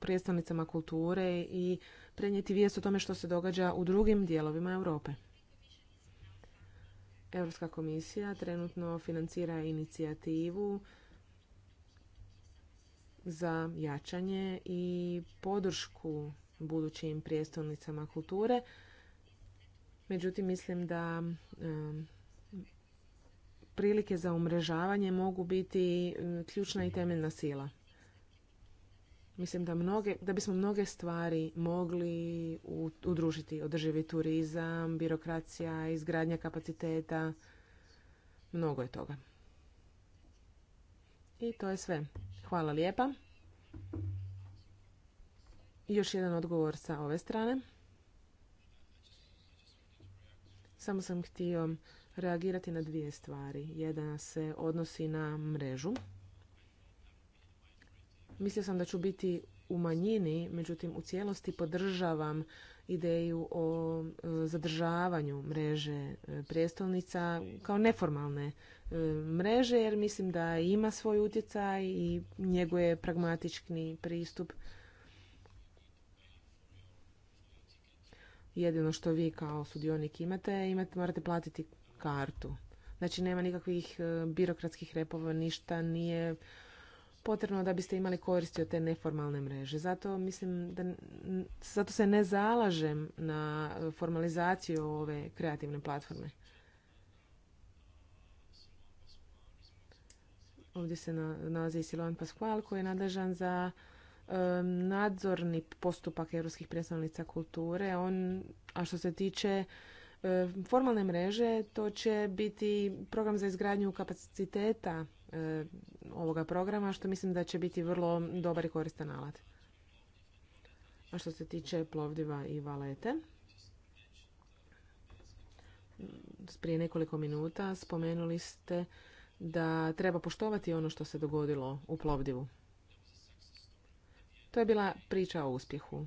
predstavnicama kulture i prenijeti vijest o tome što se događa u drugim dijelovima Europe. Europska komisija trenutno financira inicijativu za jačanje i podršku budućim prijestolnicama kulture. Međutim, mislim da prilike za umrežavanje mogu biti e, ključna i temeljna sila. Mislim da, mnoge, da bismo mnoge stvari mogli udružiti. Održivi turizam, birokracija, izgradnja kapaciteta. Mnogo je toga. I to je sve. Hvala lijepa. Još jedan odgovor sa ove strane. Samo sam htio reagirati na dvije stvari. Jedan se odnosi na mrežu. Mislio sam da ću biti u manjini, međutim u cijelosti podržavam ideju o e, zadržavanju mreže e, prijestolnica kao neformalne e, mreže jer mislim da ima svoj utjecaj i je pragmatični pristup. Jedino što vi kao sudionik imate, imate morate platiti kartu. Znači nema nikakvih e, birokratskih repova, ništa nije potrebno da biste imali koristi od te neformalne mreže. Zato mislim da zato se ne zalažem na e, formalizaciju ove kreativne platforme. Ovdje se nalazi i Silvan Pasqual koji je nadležan za e, nadzorni postupak europskih predstavnica kulture. On, a što se tiče E, formalne mreže, to će biti program za izgradnju kapaciteta e, ovoga programa, što mislim da će biti vrlo dobar i koristan alat. A što se tiče plovdiva i valete, prije nekoliko minuta spomenuli ste da treba poštovati ono što se dogodilo u plovdivu. To je bila priča o uspjehu.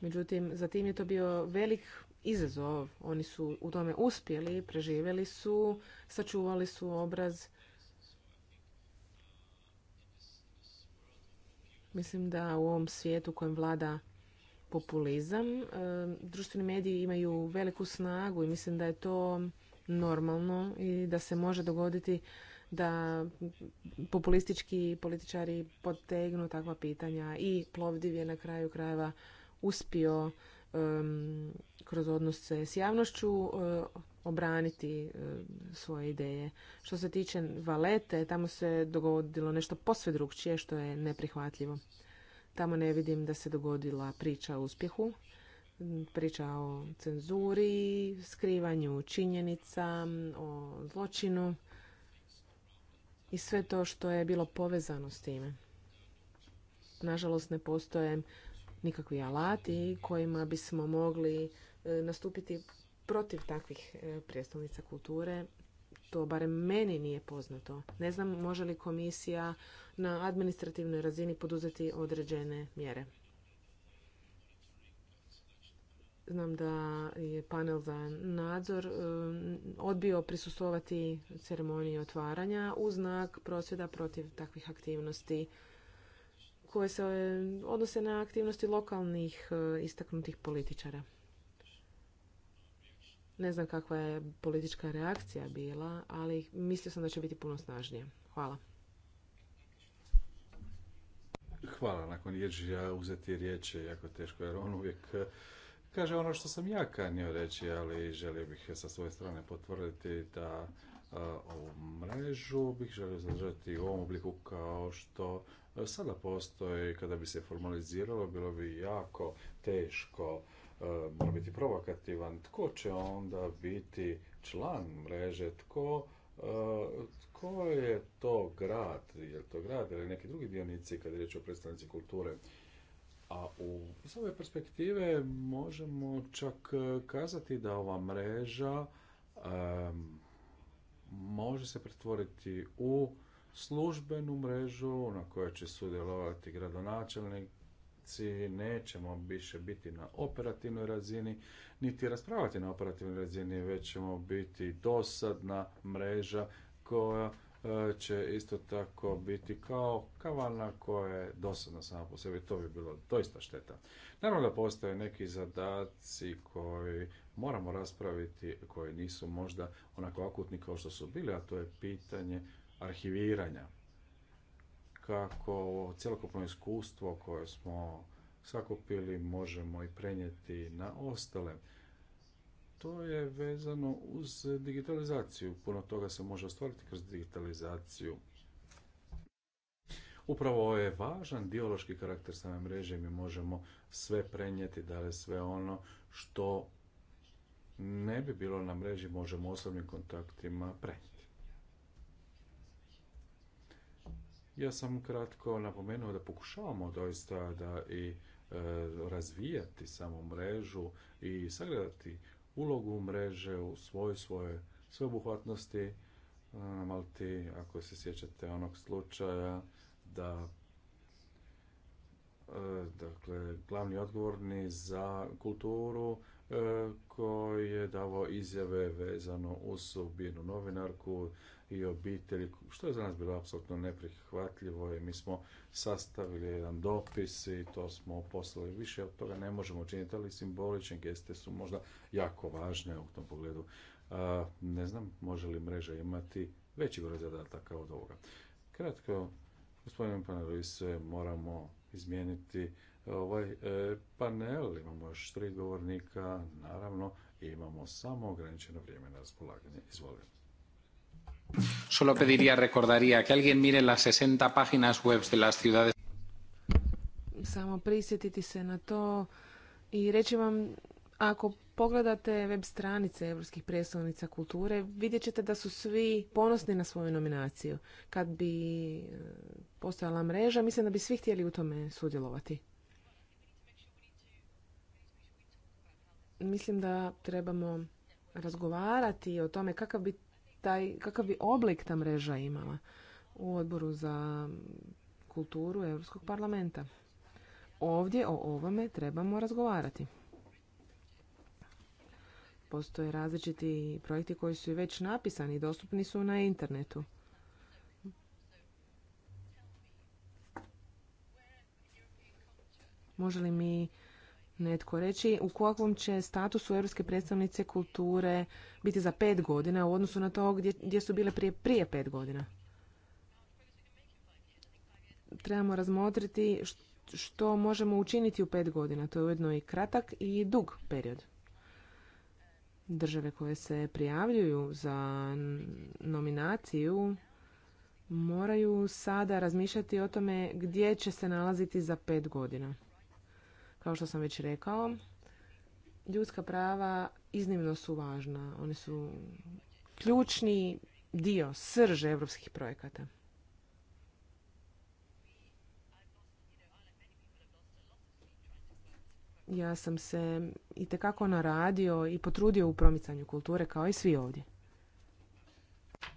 Međutim, za tim je to bio velik izazov. Oni su u tome uspjeli, preživjeli su, sačuvali su obraz. Mislim da u ovom svijetu u kojem vlada populizam, e, društveni mediji imaju veliku snagu i mislim da je to normalno i da se može dogoditi da populistički političari potegnu takva pitanja i Plovdiv je na kraju krajeva uspio kroz odnose s javnošću e, obraniti e, svoje ideje. Što se tiče valete, tamo se dogodilo nešto posve drugčije što je neprihvatljivo. Tamo ne vidim da se dogodila priča o uspjehu, priča o cenzuri, skrivanju činjenica, o zločinu i sve to što je bilo povezano s time. Nažalost, ne postoje nikakvi alati kojima bismo mogli E, nastupiti protiv takvih e, prijestolnica kulture. To barem meni nije poznato. Ne znam može li komisija na administrativnoj razini poduzeti određene mjere. Znam da je panel za nadzor e, odbio prisustovati ceremoniji otvaranja u znak prosvjeda protiv takvih aktivnosti koje se odnose na aktivnosti lokalnih istaknutih političara. Ne znam kakva je politička reakcija bila, ali mislio sam da će biti puno snažnije. Hvala. Hvala, nakon Jeđija uzeti riječ je jako teško jer on uvijek eh, kaže ono što sam ja kanio reći, ali želio bih sa svoje strane potvrditi da eh, ovu mrežu bih želio zadržati u ovom obliku kao što eh, sada postoji. Kada bi se formaliziralo, bilo bi jako teško E, mora biti provokativan. Tko će onda biti član mreže? Tko e, tko je to grad, je li to grad ili neki drugi dionici kada je riječ o predstavnici kulture. A u, iz ove perspektive možemo čak e, kazati da ova mreža može se pretvoriti u službenu mrežu na kojoj će sudjelovati gradonačelnik, nećemo više biti na operativnoj razini, niti raspravati na operativnoj razini, već ćemo biti dosadna mreža koja e, će isto tako biti kao kavana koja je dosadna sama po sebi. To bi bilo doista šteta. Naravno da postoje neki zadaci koji moramo raspraviti, koji nisu možda onako akutni kao što su bili, a to je pitanje arhiviranja kako cjelokupno iskustvo koje smo sakupili možemo i prenijeti na ostale. To je vezano uz digitalizaciju. Puno toga se može ostvariti kroz digitalizaciju. Upravo je ovaj važan biološki karakter same mreže. Mi možemo sve prenijeti, da sve ono što ne bi bilo na mreži možemo osobnim kontaktima prenijeti. Ja sam kratko napomenuo da pokušavamo doista da i e, razvijati samu mrežu i sagledati ulogu mreže u svojoj svoje sveobuhvatnosti. Na e, Malti, ako se sjećate onog slučaja da e, dakle, glavni odgovorni za kulturu koji je davao izjave vezano uz ubijenu novinarku i obitelji, što je za nas bilo apsolutno neprihvatljivo i mi smo sastavili jedan dopis i to smo poslali više, od toga ne možemo učiniti, ali simbolične geste su možda jako važne u tom pogledu. ne znam, može li mreža imati veći broj zadataka od ovoga. Kratko, gospodine panelise, moramo izmijeniti ovaj e, panel, imamo još tri govornika, naravno, i imamo samo ograničeno vrijeme na raspolaganje. Izvolite. Solo pediría, recordaría, que alguien mire las 60 páginas web de las ciudades. Samo prisjetiti se na to i reći vam, ako pogledate web stranice evropskih predstavnica kulture, vidjet ćete da su svi ponosni na svoju nominaciju. Kad bi e, postojala mreža, mislim da bi svi htjeli u tome sudjelovati. Mislim da trebamo razgovarati o tome kakav bi taj, kakav bi oblik ta mreža imala u odboru za kulturu Europskog parlamenta. Ovdje o ovome trebamo razgovarati. Postoje različiti projekti koji su već napisani i dostupni su na internetu. Može li mi netko reći u kakvom će statusu europske predstavnice kulture biti za pet godina u odnosu na to gdje, gdje su bile prije, prije pet godina. Trebamo razmotriti što možemo učiniti u pet godina. To je ujedno i kratak i dug period. Države koje se prijavljuju za nominaciju moraju sada razmišljati o tome gdje će se nalaziti za pet godina. Kao što sam već rekao, ljudska prava iznimno su važna. Oni su ključni dio, srž evropskih projekata. Ja sam se i tekako naradio i potrudio u promicanju kulture kao i svi ovdje.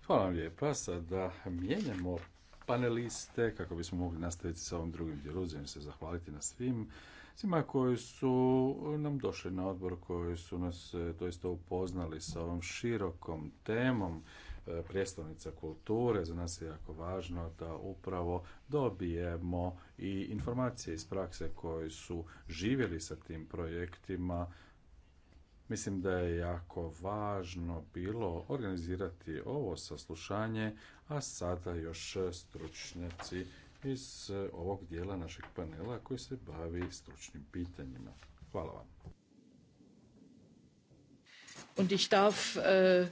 Hvala vam lijepa. Sada mijenjamo paneliste kako bismo mogli nastaviti sa ovom drugim dijelu. se zahvaliti na svim svima koji su nam došli na odbor, koji su nas e, doista upoznali sa ovom širokom temom e, predstavnica kulture. Za nas je jako važno da upravo dobijemo i informacije iz prakse koji su živjeli sa tim projektima, Mislim da je jako važno bilo organizirati ovo saslušanje, a sada još stručnjaci iz eh, ovog dijela našeg panela koji se bavi stručnim pitanjima. Hvala vam. Und ich darf, uh...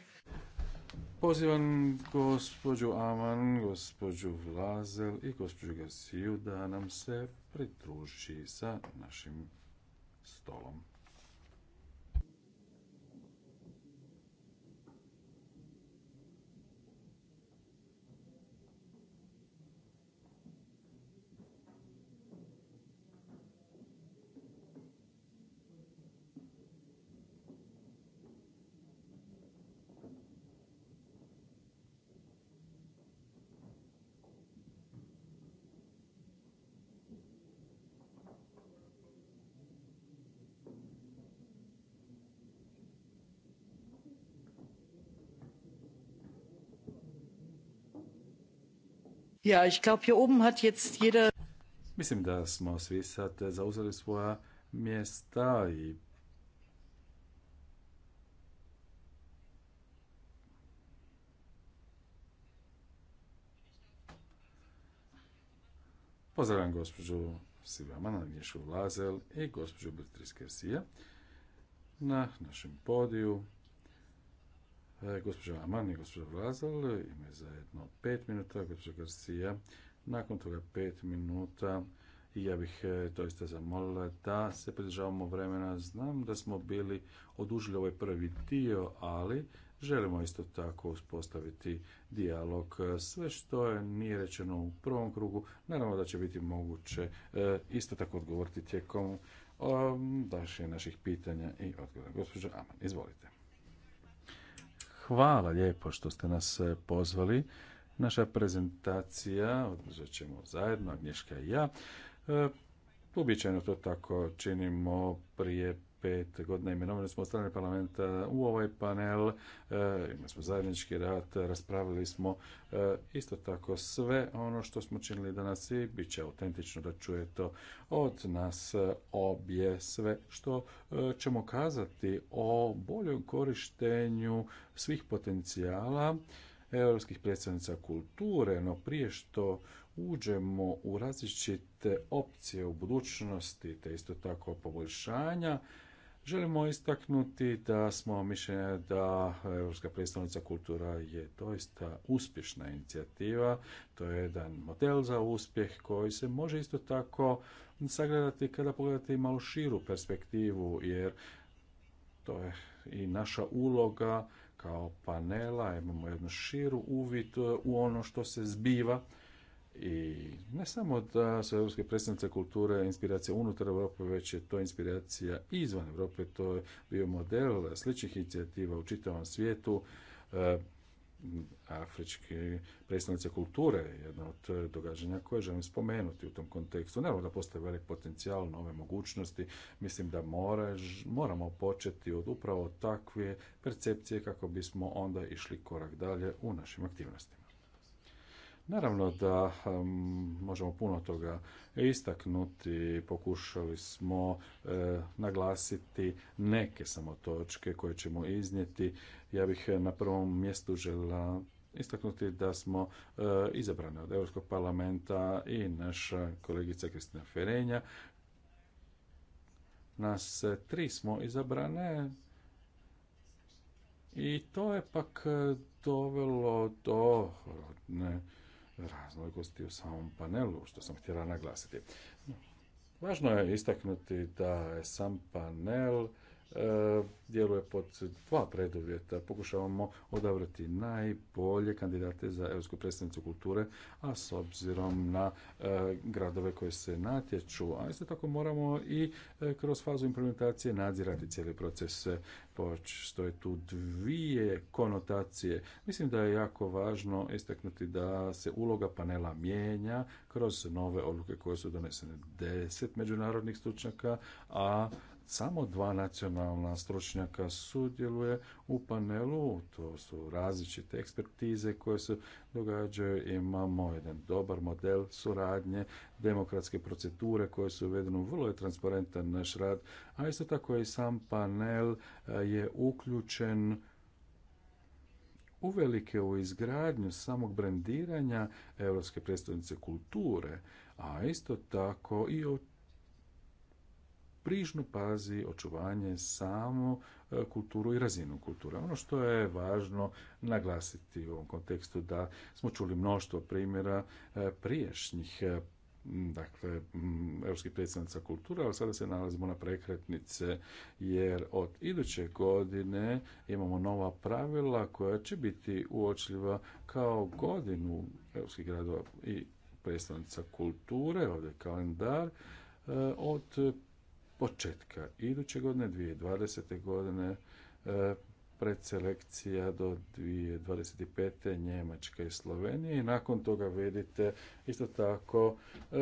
Pozivam gospođu Aman, gospođu Vlazel i gospođu Gasiju da nam se pridruži sa našim stolom. Ja, ich glaube, hier oben hat jetzt jeder... Mislim da smo svi sad zauzeli svoja mjesta i Pozdravljam gospođu Sivamana Nješu Lazel i gospođu Bertriske Sija na našem podiju. E, gospođa Aman i gospođa Vlazal imaju zajedno pet minuta, gospođa Garcia nakon toga pet minuta i ja bih e, doista zamolila da se pridržavamo vremena. Znam da smo bili odužili ovaj prvi dio, ali želimo isto tako uspostaviti dijalog. E, sve što je nije rečeno u prvom krugu, naravno da će biti moguće isto tako odgovoriti tijekom daše naših pitanja i odgovora. Gospođa Aman, izvolite. Hvala lijepo što ste nas e, pozvali. Naša prezentacija, održat ćemo zajedno, Agnješka i ja. E, uobičajeno to tako činimo prije pet godine imenovani smo od strane parlamenta u ovaj panel, e, imali smo zajednički rad, raspravili smo e, isto tako sve ono što smo činili danas i bit će autentično da čuje to od nas obje sve što e, ćemo kazati o boljem korištenju svih potencijala europskih predstavnica kulture, no prije što uđemo u različite opcije u budućnosti, te isto tako poboljšanja Želimo istaknuti da smo mišljenja da Europska predstavnica kultura je doista uspješna inicijativa. To je jedan model za uspjeh koji se može isto tako sagledati kada pogledate i malo širu perspektivu, jer to je i naša uloga kao panela, imamo jednu širu uvid u ono što se zbiva i ne samo da su europske predstavnice kulture inspiracija unutar Europe, već je to inspiracija izvan Europe. To je bio model sličnih inicijativa u čitavom svijetu. E, afričke predstavnice kulture je jedna od događanja koje želim spomenuti u tom kontekstu. Naravno da postoji velik potencijal, nove mogućnosti. Mislim da moramo početi od upravo takve percepcije kako bismo onda išli korak dalje u našim aktivnostima. Naravno da možemo puno toga istaknuti, pokušali smo e, naglasiti neke samo točke koje ćemo iznijeti. Ja bih e, na prvom mjestu žela istaknuti da smo izabrane izabrani od Europskog parlamenta i naša kolegica Kristina Ferenja. Nas e, tri smo izabrane i to je pak dovelo do raznolikosti u samom panelu, što sam htjela naglasiti. Važno je istaknuti da je sam panel E, djeluje pod dva preduvjeta. Pokušavamo odabrati najbolje kandidate za Europsku predstavnicu kulture, a s obzirom na e, gradove koje se natječu, a isto tako moramo i e, kroz fazu implementacije nadzirati cijeli proces je tu dvije konotacije. Mislim da je jako važno istaknuti da se uloga panela mijenja kroz nove odluke koje su donesene. Deset međunarodnih stručnjaka, a samo dva nacionalna stručnjaka sudjeluje u panelu, to su različite ekspertize koje se događaju, imamo jedan dobar model suradnje, demokratske procedure koje su uvedene, vrlo je transparentan naš rad, a isto tako i sam panel e, je uključen uvelike u izgradnju samog brendiranja Europske predstavnice kulture, a isto tako i u prižnu pazi očuvanje samo e, kulturu i razinu kulture. Ono što je važno naglasiti u ovom kontekstu da smo čuli mnoštvo primjera e, priješnjih e, dakle, europskih predstavnica kulture, ali sada se nalazimo na prekretnice, jer od iduće godine imamo nova pravila koja će biti uočljiva kao godinu europskih gradova i predstavnica kulture, ovdje je kalendar, od početka iduće godine, 2020. godine, e, predselekcija do 2025. Njemačka i Slovenija i nakon toga vidite isto tako e,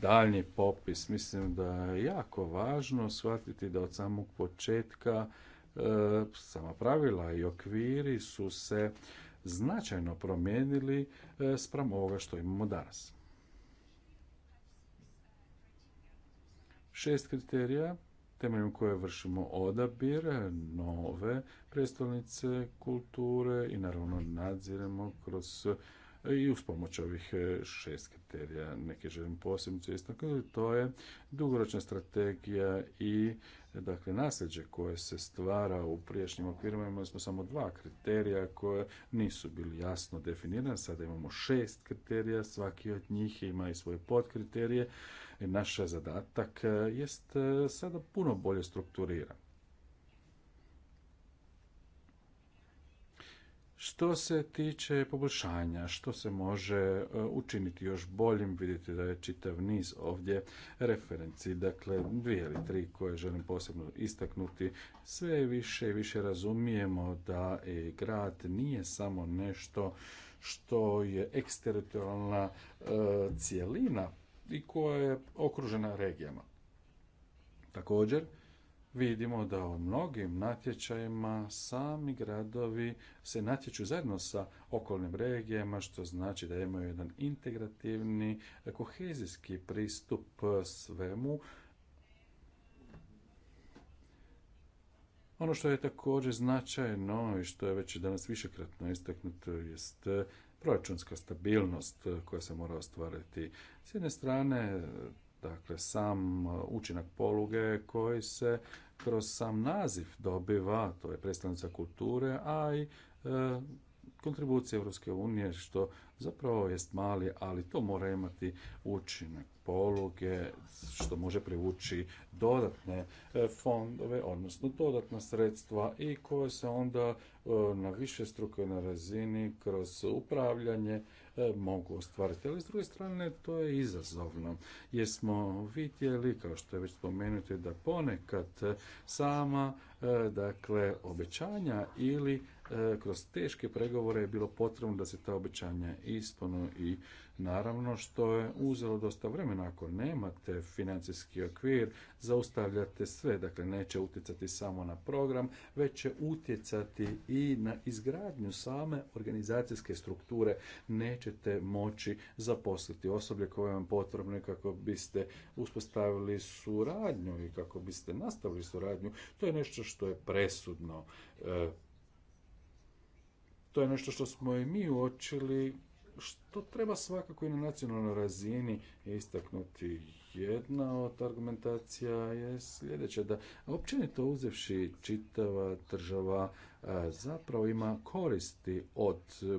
daljnji popis. Mislim da je jako važno shvatiti da od samog početka e, sama pravila i okviri su se značajno promijenili spram ovoga što imamo danas. šest kriterija temeljem koje vršimo odabir nove predstavnice kulture i naravno nadziremo kroz i uz pomoć ovih e, šest kriterija neke želim posebno istaknuti to je dugoročna strategija i dakle nasljeđe koje se stvara u prijašnjim okvirima imali smo samo dva kriterija koje nisu bili jasno definirane. sada imamo šest kriterija svaki od njih ima i svoje podkriterije naš zadatak e, jest e, sada puno bolje strukturiran. Što se tiče poboljšanja, što se može e, učiniti još boljim, vidite da je čitav niz ovdje referenci, dakle dvije ili tri koje želim posebno istaknuti. Sve više i više razumijemo da grad nije samo nešto što je eksteritorijalna cjelina. cijelina i koja je okružena regijama. Također, vidimo da u mnogim natječajima sami gradovi se natječu zajedno sa okolnim regijama, što znači da imaju jedan integrativni, kohezijski pristup svemu. Ono što je također značajno i što je već danas višekratno istaknuto jest proračunska stabilnost e, koja se mora ostvariti. S jedne strane, e, dakle, sam e, učinak poluge koji se kroz sam naziv dobiva, to je predstavnica kulture, a i kontribucije Europske unije, što zapravo jest mali, ali to mora imati učinak poluge što može privući dodatne e, fondove, odnosno dodatna sredstva i koje se onda e, na više na razini kroz upravljanje e, mogu ostvariti. Ali s druge strane to je izazovno jer smo vidjeli, kao što je već spomenuto, da ponekad sama dakle obećanja ili kroz teške pregovore je bilo potrebno da se ta obećanja ispuno i Naravno što je uzelo dosta vremena, ako nemate financijski okvir, zaustavljate sve, dakle neće utjecati samo na program, već će utjecati i na izgradnju same organizacijske strukture. Nećete moći zaposliti osoblje koje vam potrebno kako biste uspostavili suradnju i kako biste nastavili suradnju. To je nešto što je presudno. E, to je nešto što smo i mi uočili što treba svakako i na nacionalnoj razini istaknuti jedna od argumentacija je sljedeća da općenito uzevši čitava država E, zapravo ima koristi od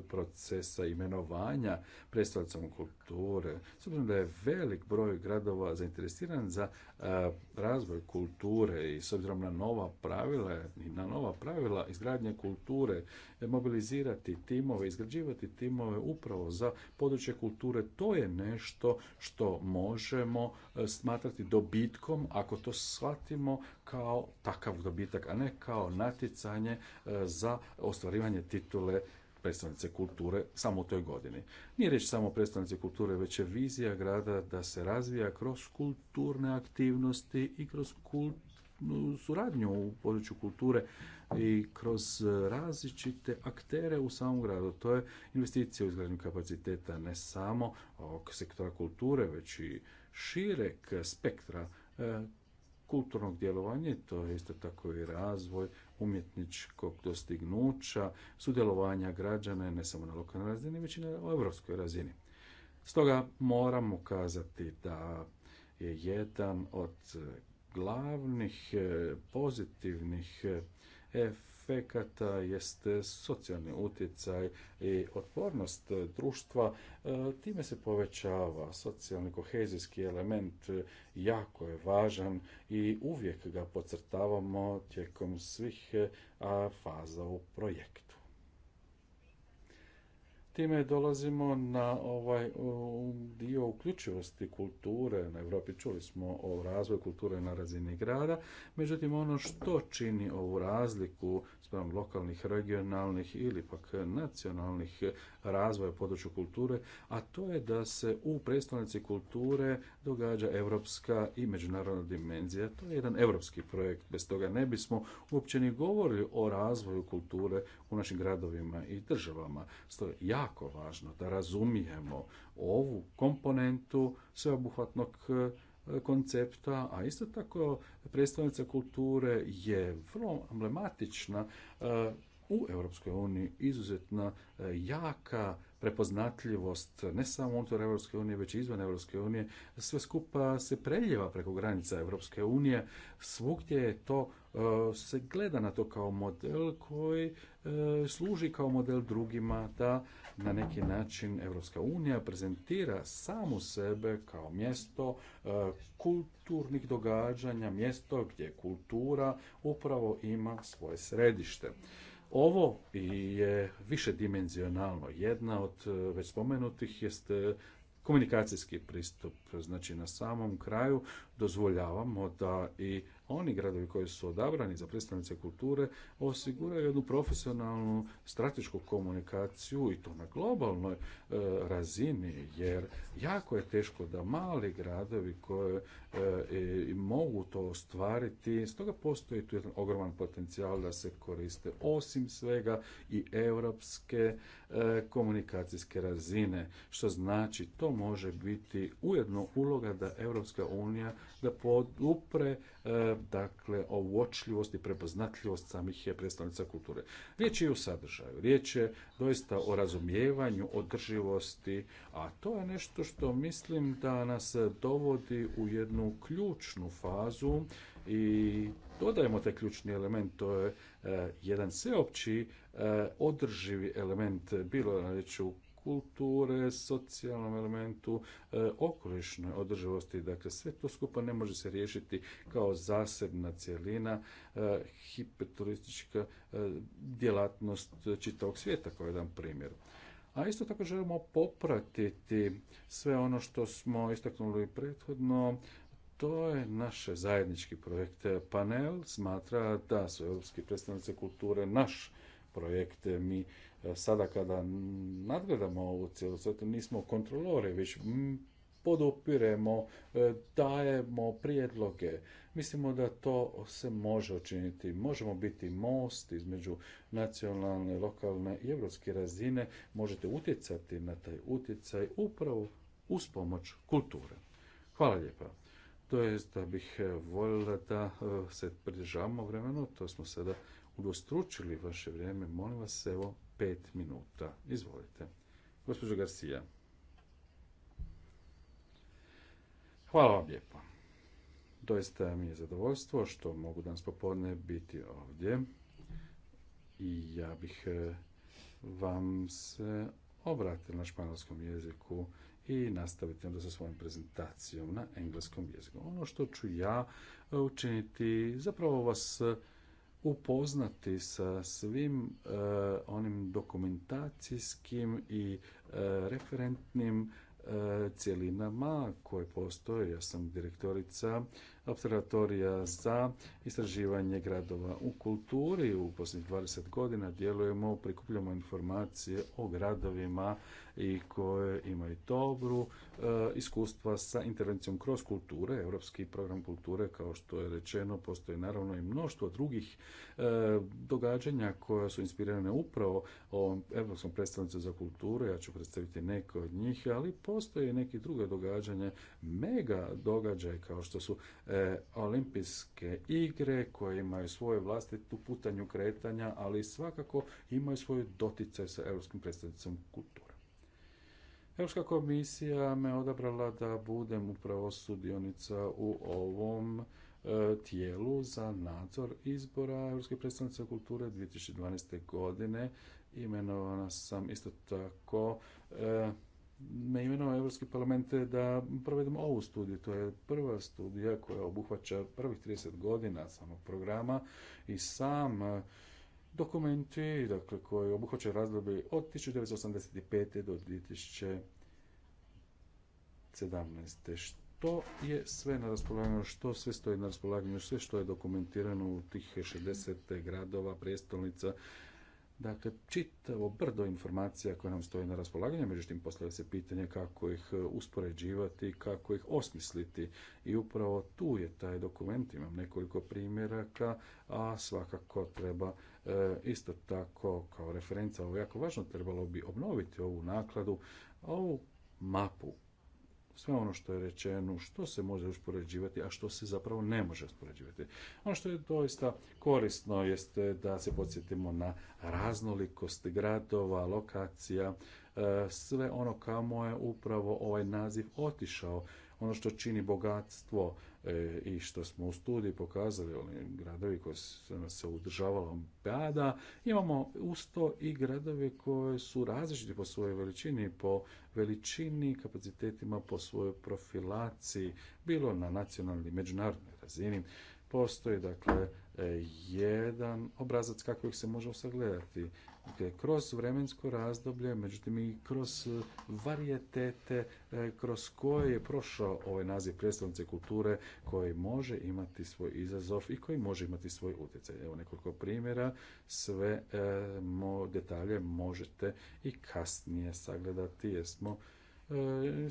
procesa imenovanja predstavnicom kulture. S obzirom da je velik broj gradova zainteresiran za e, razvoj kulture i s obzirom na nova pravila i na nova pravila izgradnje kulture, e, mobilizirati timove, izgrađivati timove upravo za područje kulture, to je nešto što možemo smatrati dobitkom ako to shvatimo kao takav dobitak, a ne kao natjecanje e, za ostvarivanje titule predstavnice kulture samo u toj godini. Nije riječ samo predstavnice kulture, već je vizija grada da se razvija kroz kulturne aktivnosti i kroz suradnju u području kulture i kroz različite aktere u samom gradu. To je investicija u izgradnju kapaciteta ne samo sektora kulture, već i šireg spektra e, kulturnog djelovanja, to je isto tako i razvoj umjetničkog dostignuća, sudjelovanja građana ne samo na lokalnoj razini, već i na europskoj razini. Stoga moramo ukazati da je jedan od glavnih eh, pozitivnih ef. Eh, aspekata jest socijalni utjecaj i otpornost društva. E, time se povećava socijalni kohezijski element, e, jako je važan i uvijek ga podcrtavamo tijekom svih e, faza u projektu. Time dolazimo na ovaj dio uključivosti kulture na Europi. Čuli smo o razvoju kulture na razini grada, međutim ono što čini ovu razliku spram lokalnih, regionalnih ili pak nacionalnih razvoja u području kulture, a to je da se u predstavnici kulture događa europska i međunarodna dimenzija. To je jedan europski projekt, bez toga ne bismo uopće ni govorili o razvoju kulture u našim gradovima i državama. to je jako važno da razumijemo ovu komponentu sveobuhvatnog e, koncepta, a isto tako predstavnica kulture je vrlo emblematična e, u Europskoj uniji izuzetna e, jaka prepoznatljivost ne samo unutar Europske unije, već i izvan Europske unije. Sve skupa se preljeva preko granica Europske unije. Svugdje je to e, se gleda na to kao model koji e, služi kao model drugima da na neki način Europska unija prezentira samu sebe kao mjesto kulturnih događanja, mjesto gdje kultura upravo ima svoje središte. Ovo je više dimenzionalno. Jedna od e, već spomenutih jest e, komunikacijski pristup. Znači na samom kraju dozvoljavamo da i oni gradovi koji su odabrani za predstavnice kulture osiguraju jednu profesionalnu stratešku komunikaciju i to na globalnoj e, razini jer jako je teško da mali gradovi koje e, mogu to ostvariti, stoga postoji tu jedan ogroman potencijal da se koriste osim svega i europske e, komunikacijske razine, što znači to može biti ujedno uloga da Europska unija da podupre E, dakle o uočljivosti i prepoznatljivost samih je predstavnica kulture. Riječ je u sadržaju, riječ je doista o razumijevanju održivosti, a to je nešto što mislim da nas dovodi u jednu ključnu fazu i dodajemo taj ključni element, to je e, jedan sveopći e, održivi element, bilo na reći kulture, socijalnom elementu, e, okolišnoj održivosti. Dakle, sve to skupa ne može se riješiti kao zasebna cijelina, e, hiperturistička e, djelatnost čitavog svijeta, kao jedan primjer. A isto tako želimo popratiti sve ono što smo istaknuli prethodno, to je naš zajednički projekt. Panel smatra da su europski predstavnici kulture naš projekt. Mi sada kada nadgledamo ovu cijelu zato nismo kontrolori, već podupiremo, e, dajemo prijedloge. Mislimo da to se može učiniti. Možemo biti most između nacionalne, lokalne i evropske razine. Možete utjecati na taj utjecaj upravo uz pomoć kulture. Hvala lijepa. To je da bih e, voljela da e, se pridržavamo vremenu, to smo sada udostručili vaše vrijeme. Molim vas, evo, pet minuta. Izvolite. Gospođo Garcia. Hvala vam lijepo. Doista mi je zadovoljstvo što mogu danas popodne biti ovdje. I ja bih e, vam se obratio na španjolskom jeziku i nastaviti onda sa svojom prezentacijom na engleskom jeziku. Ono što ću ja e, učiniti, zapravo vas upoznati sa svim e, onim dokumentacijskim i e, referentnim e, cjelinama koje postoje. Ja sam direktorica observatorija za istraživanje gradova u kulturi. U posljednjih 20 godina djelujemo, prikupljamo informacije o gradovima i koje imaju dobru e, iskustva sa intervencijom kroz kulture, Europski program kulture, kao što je rečeno, postoji naravno i mnoštvo drugih e, događanja koja su inspirirane upravo o Europskom predstavnicu za kulturu, ja ću predstaviti neke od njih, ali postoje i neki druge događanje, mega događaje kao što su e, E, olimpijske igre koje imaju svoju vlastitu putanju kretanja, ali svakako imaju svoju doticaj sa europskim predstavnicom kulture. Europska komisija me odabrala da budem upravo sudionica u ovom e, tijelu za nadzor izbora Europske predstavnice kulture 2012. godine. Imenovana sam isto tako e, me imenovao Europski parlament da provedemo ovu studiju. To je prva studija koja obuhvaća prvih 30 godina samog programa i sam e, dokumenti dakle, koji obuhvaća razdoblje od 1985. do 2017. Što je sve na raspolaganju, što sve stoji na raspolaganju, sve što je dokumentirano u tih 60 gradova, prestolnica Dakle, čitavo brdo informacija koje nam stoji na raspolaganju, međutim, postavlja se pitanje kako ih e, uspoređivati, kako ih osmisliti. I upravo tu je taj dokument, imam nekoliko primjeraka, a svakako treba e, isto tako kao referenca, ovo jako važno, trebalo bi obnoviti ovu nakladu, ovu mapu sve ono što je rečeno, što se može uspoređivati, a što se zapravo ne može uspoređivati. Ono što je doista korisno jeste da se podsjetimo na raznolikost gradova, lokacija, e, sve ono kamo je upravo ovaj naziv otišao ono što čini bogatstvo e, i što smo u studiji pokazali, oni gradovi koji se se udržavalo, pada, imamo usto i gradovi koji su različiti po svojoj veličini, po veličini kapacitetima, po svojoj profilaciji, bilo na nacionalnoj ili međunarodnoj razini. Postoji dakle e, jedan obrazac kako ih se može sagledati kroz vremensko razdoblje, međutim i kroz e, varijetete e, kroz koje je prošao ovaj naziv predstavnice kulture koji može imati svoj izazov i koji može imati svoj utjecaj. Evo nekoliko primjera, sve e, detalje možete i kasnije sagledati jer smo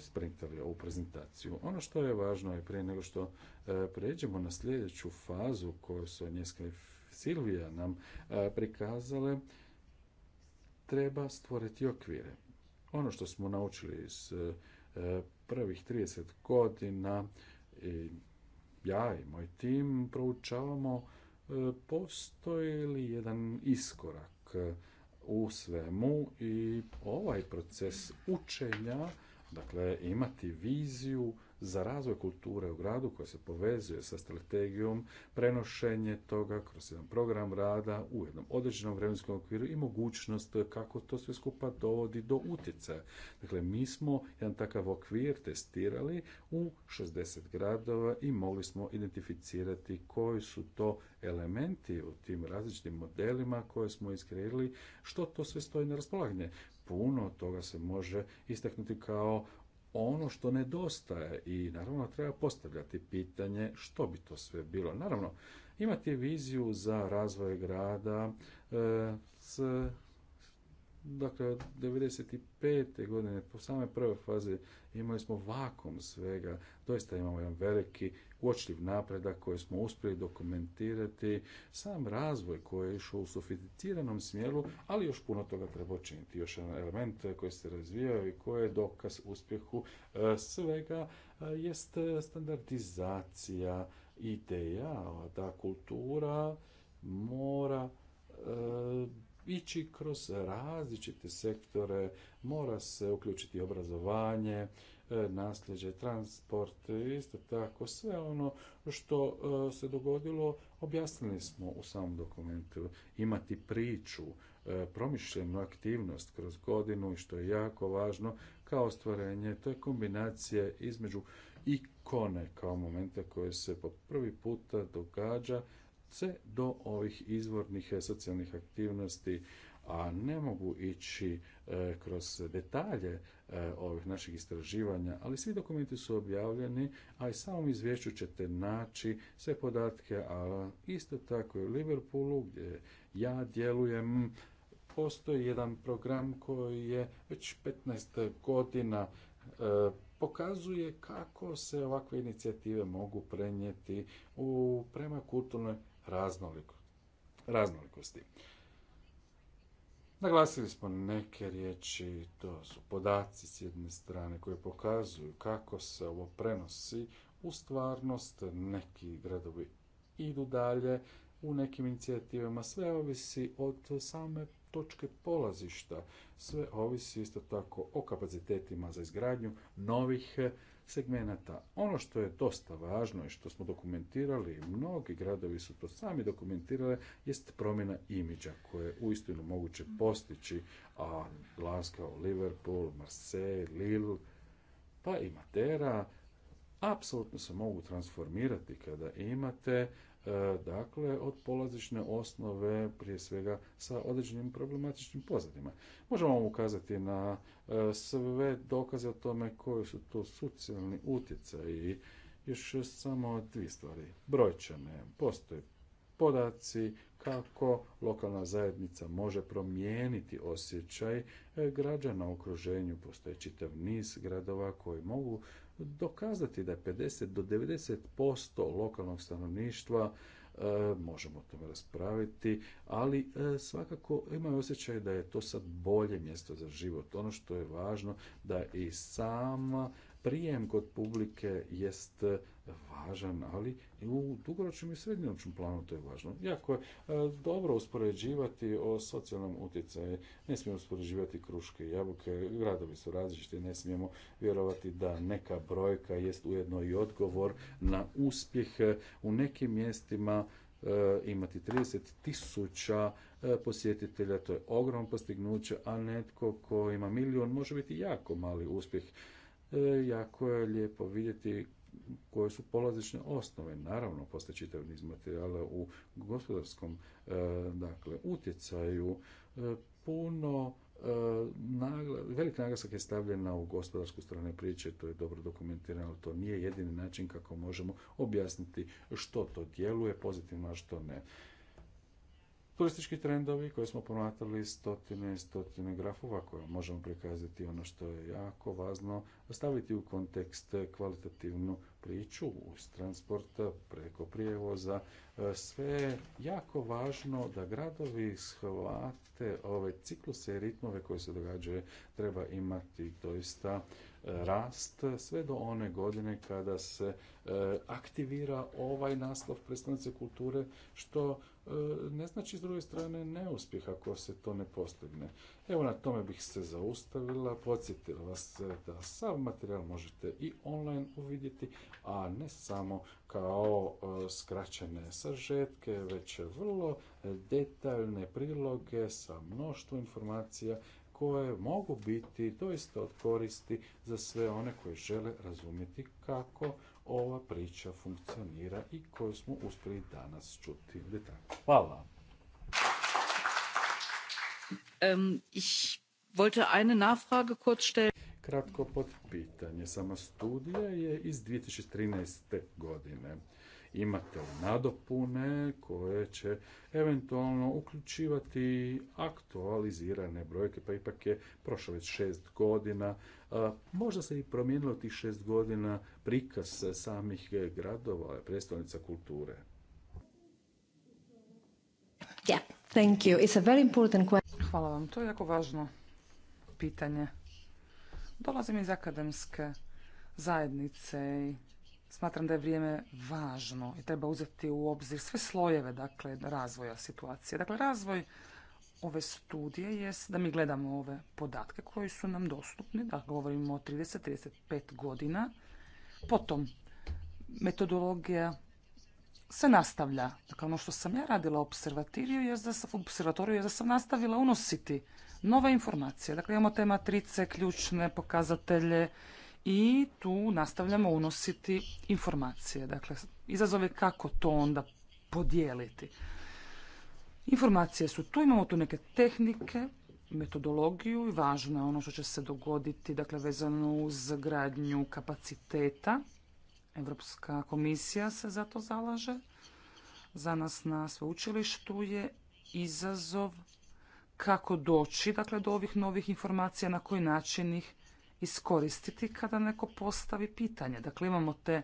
sprintali ovu prezentaciju. Ono što je važno je prije nego što pređemo na sljedeću fazu koju su Njeska Silvija nam prikazale, treba stvoriti okvire. Ono što smo naučili iz e, e, prvih 30 godina, ja i moj tim proučavamo e, postoji li jedan iskorak u svemu i ovaj proces učenja, dakle imati viziju za razvoj kulture u gradu koja se povezuje sa strategijom, prenošenje toga kroz jedan program rada u jednom određenom vremenskom okviru i mogućnost kako to sve skupa dovodi do utjecaja. Dakle, mi smo jedan takav okvir testirali u 60 gradova i mogli smo identificirati koji su to elementi u tim različitim modelima koje smo iskreirali, što to sve stoji na raspolaganje puno toga se može istaknuti kao ono što nedostaje i naravno treba postavljati pitanje što bi to sve bilo. Naravno, imati viziju za razvoj grada e, s dakle, 95. godine, po same prve faze, imali smo vakum svega, doista imamo jedan veliki uočljiv napredak koji smo uspjeli dokumentirati, sam razvoj koji je išao u sofisticiranom smjeru, ali još puno toga treba učiniti. Još jedan element koji se razvija i koji je dokaz uspjehu e, svega e, jest standardizacija ideja, da kultura mora e, ići kroz različite sektore, mora se uključiti obrazovanje, e, nasljeđe, transport, isto tako sve ono što e, se dogodilo objasnili smo u samom dokumentu. Imati priču, e, promišljenu aktivnost kroz godinu i što je jako važno kao ostvarenje, to je kombinacija između ikone kao momenta koje se po prvi puta događa se do ovih izvornih e, socijalnih aktivnosti, a ne mogu ići e, kroz detalje e, ovih naših istraživanja, ali svi dokumenti su objavljeni, a i samom izvješću ćete naći sve podatke, a isto tako i u Liverpoolu gdje ja djelujem, postoji jedan program koji je već 15 godina pokazuje kako se ovakve inicijative mogu prenijeti u prema kulturnoj raznolikosti. Naglasili smo neke riječi, to su podaci s jedne strane koji pokazuju kako se ovo prenosi u stvarnost. Neki gradovi idu dalje u nekim inicijativama, sve ovisi od same točke polazišta. Sve ovisi isto tako o kapacitetima za izgradnju novih segmenata. Ono što je dosta važno i što smo dokumentirali, mnogi gradovi su to sami dokumentirali, jest promjena imidža koje je uistinu moguće postići, a Glasgow, Liverpool, Marseille, Lille, pa i Matera, apsolutno se mogu transformirati kada imate E, dakle od polazične osnove prije svega sa određenim problematičnim pozadima. Možemo ukazati na e, sve dokaze o tome koji su to socijalni utjecaji. i još samo dvije stvari. Brojčane, postoje podaci kako lokalna zajednica može promijeniti osjećaj e, građana u okruženju. Postoje čitav niz gradova koji mogu dokazati da je 50 do 90% lokalnog stanovništva e, možemo o tome raspraviti, ali e, svakako imaju osjećaj da je to sad bolje mjesto za život. Ono što je važno da i sam prijem kod publike jest važan, ali i u dugoročnom i srednjoročnom planu to je važno. Jako je e, dobro uspoređivati o socijalnom utjecaju, ne smijemo uspoređivati kruške i jabuke, gradovi su različiti, ne smijemo vjerovati da neka brojka jest ujedno i odgovor na uspjeh u nekim mjestima e, imati 30 tisuća e, posjetitelja, to je ogrom postignuće, a netko ko ima milijun može biti jako mali uspjeh. Jako je lijepo vidjeti koje su polazične osnove. Naravno, postoje čitav niz materijala u gospodarskom e, dakle, utjecaju. E, puno e, Nagla, velik naglasak je stavljen na u gospodarsku stranu priče, to je dobro dokumentirano, to nije jedini način kako možemo objasniti što to djeluje pozitivno, a što ne turistički trendovi koje smo promatrali stotine i stotine grafova koje možemo prikazati ono što je jako važno staviti u kontekst kvalitativnu priču uz transport preko prijevoza. E, sve je jako važno da gradovi shvate ove cikluse i ritmove koje se događaju. Treba imati doista rast sve do one godine kada se e, aktivira ovaj naslov predstavnice kulture, što e, ne znači s druge strane neuspjeh ako se to ne postigne. Evo na tome bih se zaustavila, podsjetila vas da sav materijal možete i online uvidjeti, a ne samo kao e, skraćene sažetke, već vrlo detaljne priloge sa mnoštvo informacija koje mogu biti doista od koristi za sve one koji žele razumjeti kako ova priča funkcionira i koju smo uspjeli danas čuti Hvala. ich wollte eine Kratko pod pitanje. Sama studija je iz 2013. godine. Imate nadopune koje će eventualno uključivati aktualizirane brojke, pa ipak je prošlo već šest godina. Možda se i promijenilo tih šest godina prikaz samih gradova, predstavnica kulture. thank Hvala vam, to je jako važno pitanje. Dolazim iz akademske zajednice i Smatram da je vrijeme važno i treba uzeti u obzir sve slojeve dakle, razvoja situacije. Dakle, razvoj ove studije je da mi gledamo ove podatke koji su nam dostupni, da govorimo o 30-35 godina. Potom, metodologija se nastavlja. Dakle, ono što sam ja radila u observatoriju je da sam, observatoriju je da sam nastavila unositi nove informacije. Dakle, imamo te matrice, ključne pokazatelje, i tu nastavljamo unositi informacije. Dakle, izazove kako to onda podijeliti. Informacije su tu, imamo tu neke tehnike, metodologiju i važno je ono što će se dogoditi, dakle vezano uz gradnju kapaciteta. Europska komisija se za to zalaže. Za nas na sveučilištu je izazov kako doći dakle, do ovih novih informacija, na koji način ih iskoristiti kada neko postavi pitanje. Dakle, imamo te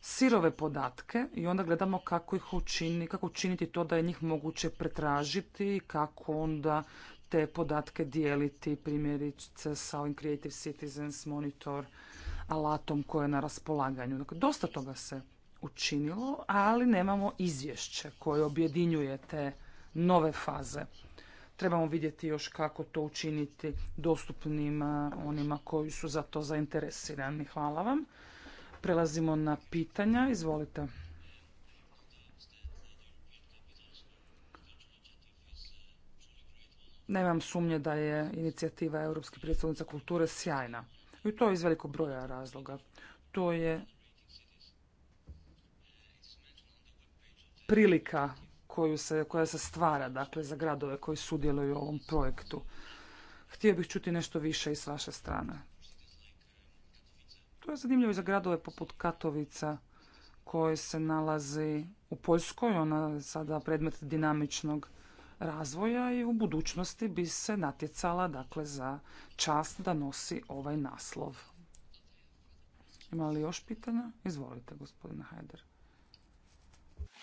sirove podatke i onda gledamo kako ih učini, kako učiniti to da je njih moguće pretražiti i kako onda te podatke dijeliti primjerice sa ovim Creative Citizens Monitor alatom koje je na raspolaganju. Dakle, dosta toga se učinilo, ali nemamo izvješće koje objedinjuje te nove faze. Trebamo vidjeti još kako to učiniti dostupnim onima koji su za to zainteresirani. Hvala vam. Prelazimo na pitanja. Izvolite. Nemam sumnje da je inicijativa Europske predstavnice kulture sjajna. I to je iz velikog broja razloga. To je prilika koju se, koja se stvara dakle, za gradove koji sudjeluju u ovom projektu. Htio bih čuti nešto više i s vaše strane. To je zanimljivo i za gradove poput Katovica koje se nalazi u Poljskoj. Ona je sada predmet dinamičnog razvoja i u budućnosti bi se natjecala dakle, za čast da nosi ovaj naslov. Ima li još pitanja? Izvolite, gospodine Hajder.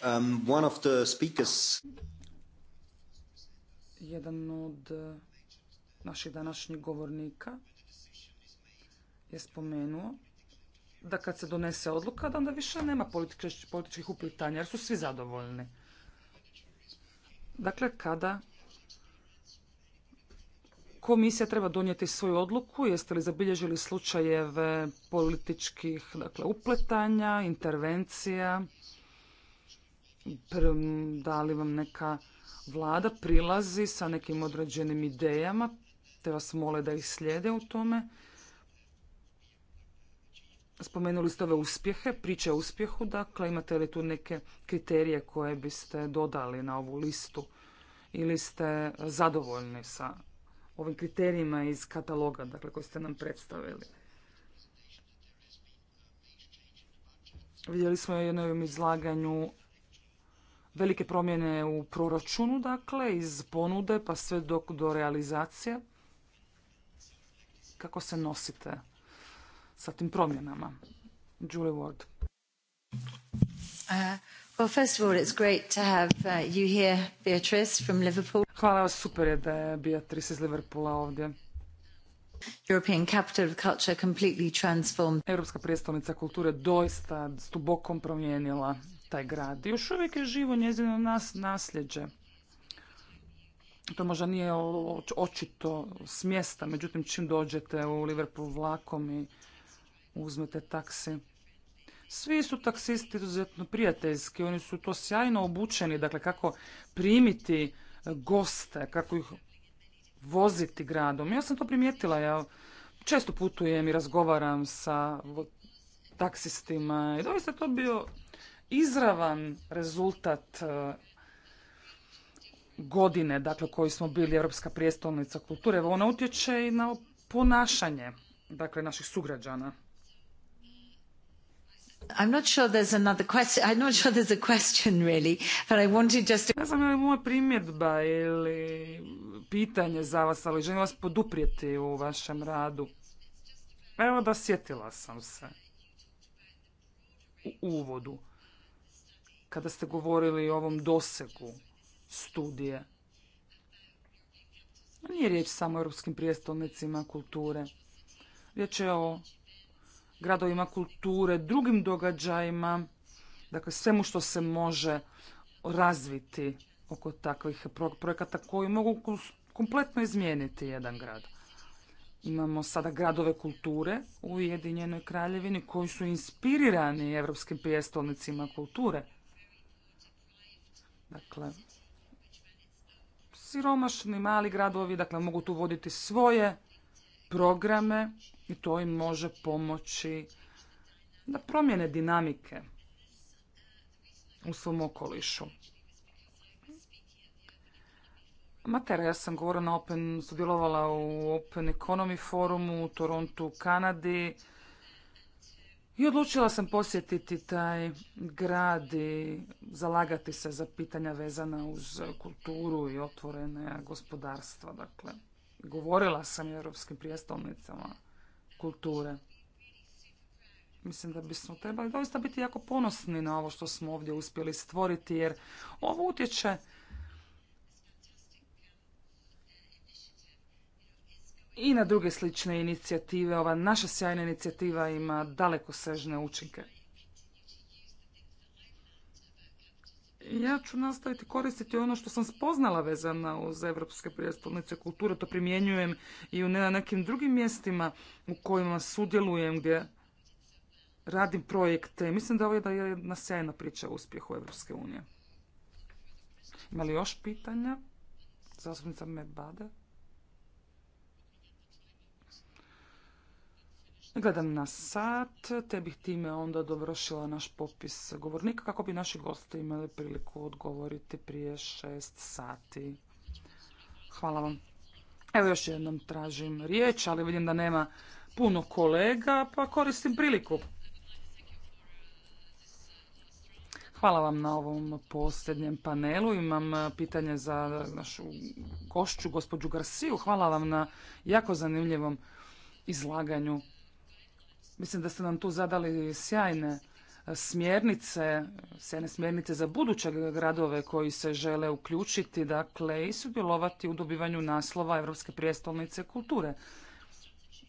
Um, Jedan od eh, naših današnjih govornika je spomenuo da kad se donese odluka, da onda više nema političkih uplitanja, jer su svi zadovoljni. Dakle, kada komisija treba donijeti svoju odluku, jeste li zabilježili slučajeve političkih dakle, upletanja, intervencija, da li vam neka vlada prilazi sa nekim određenim idejama, te vas mole da ih slijede u tome. Spomenuli ste ove uspjehe, priče o uspjehu, dakle imate li tu neke kriterije koje biste dodali na ovu listu ili ste zadovoljni sa ovim kriterijima iz kataloga dakle, koji ste nam predstavili? Vidjeli smo u jednom izlaganju velike promjene u proračunu, dakle, iz ponude pa sve do, do realizacije. Kako se nosite sa tim promjenama? Julie Ward. Uh, Hvala super je da je Beatrice iz Liverpoola ovdje. European Capital of Europska prijestolnica kulture doista s dubokom promijenila taj grad. Još uvijek je živo njezino nas nasljeđe. To možda nije očito s mjesta, međutim čim dođete u Liverpool vlakom i uzmete taksi. Svi su taksisti izuzetno prijateljski, oni su to sjajno obučeni, dakle kako primiti goste, kako ih voziti gradom. Ja sam to primijetila, ja često putujem i razgovaram sa taksistima i doista to bio izravan rezultat e, godine, dakle koji smo bili Europska prijestolnica kulture, ona utječe i na ponašanje dakle naših sugrađana. I'm not sure there's another question. I'm not sure there's a question really, but I wanted just Ne znam je li moja primjedba ili pitanje za vas, ali želim vas poduprijeti u vašem radu. Evo da sjetila sam se u uvodu kada ste govorili o ovom dosegu studije. Nije riječ samo o europskim prijestolnicima kulture. Riječ je o gradovima kulture, drugim događajima, dakle svemu što se može razviti oko takvih projekata koji mogu kompletno izmijeniti jedan grad. Imamo sada gradove kulture u Ujedinjenoj kraljevini koji su inspirirani europskim prijestolnicima kulture. Dakle, siromašni mali gradovi, dakle, mogu tu voditi svoje programe i to im može pomoći da promjene dinamike u svom okolišu. Matera, ja sam govorila na Open, sudjelovala u Open Economy forumu u Torontu, u Kanadi. I odlučila sam posjetiti taj grad i zalagati se za pitanja vezana uz kulturu i otvorene gospodarstva. Dakle, govorila sam i europskim prijestolnicama kulture. Mislim da bismo trebali doista biti jako ponosni na ovo što smo ovdje uspjeli stvoriti, jer ovo utječe i na druge slične inicijative. Ova naša sjajna inicijativa ima daleko sežne učinke. Ja ću nastaviti koristiti ono što sam spoznala vezana uz Evropske prijestolnice kulture. To primjenjujem i u nekim drugim mjestima u kojima sudjelujem, gdje radim projekte. Mislim da ovo je jedna sjajna priča o uspjehu Evropske unije. Ima li još pitanja? Zastupnica me bade. Gledam na sat, te bih time onda dovršila naš popis govornika kako bi naši gosti imali priliku odgovoriti prije šest sati. Hvala vam. Evo još jednom tražim riječ, ali vidim da nema puno kolega, pa koristim priliku. Hvala vam na ovom posljednjem panelu. Imam pitanje za našu gošću, gospođu Garsiju. Hvala vam na jako zanimljivom izlaganju. Mislim da ste nam tu zadali sjajne e, smjernice, sjajne smjernice za buduće gradove koji se žele uključiti, dakle, i sudjelovati u dobivanju naslova Europske prijestolnice kulture.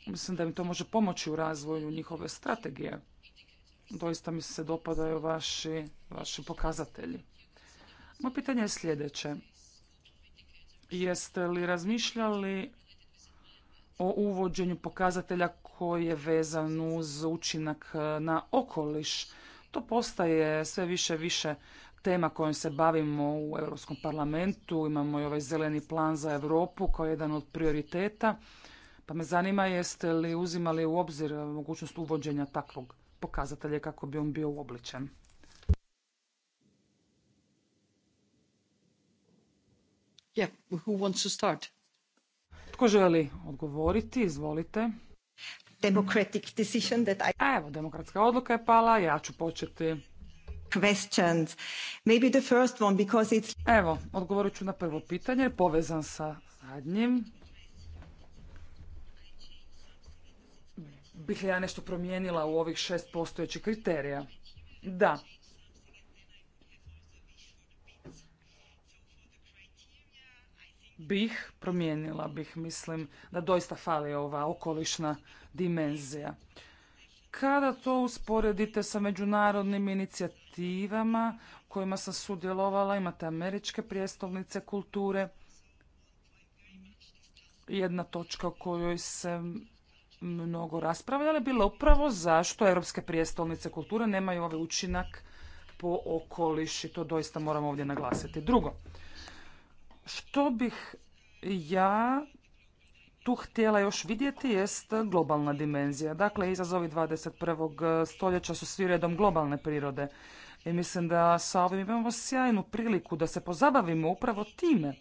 Mislim da im to može pomoći u razvoju njihove strategije. Doista mi se dopadaju vaši, vaši pokazatelji. Moje pitanje je sljedeće. Jeste li razmišljali o uvođenju pokazatelja koji je vezan uz učinak e, na okoliš. To postaje sve više više tema kojom se bavimo u Europskom parlamentu. Imamo i ovaj zeleni plan za Europu kao jedan od prioriteta. Pa me zanima jeste li uzimali u obzir mogućnost uvođenja takvog pokazatelja kako bi on bio uobličen. Yeah, who wants to start? Tko želi odgovoriti? Izvolite. Democratic decision that Evo, demokratska odluka je pala, ja ću početi. Questions. Maybe the first one Evo, odgovorit ću na prvo pitanje, povezan sa zadnjim. Bih li ja nešto promijenila u ovih šest postojećih kriterija? Da, bih, promijenila bih, mislim, da doista fali ova okolišna dimenzija. Kada to usporedite sa međunarodnim inicijativama kojima sam sudjelovala, imate američke prijestolnice kulture, jedna točka o kojoj se mnogo raspravljala je bila upravo zašto europske prijestolnice kulture nemaju ovaj učinak po okoliš i to doista moramo ovdje naglasiti. Drugo, što bih ja tu htjela još vidjeti jest globalna dimenzija. Dakle, izazovi 21. stoljeća su svi redom globalne prirode. I mislim da sa ovim imamo sjajnu priliku da se pozabavimo upravo time.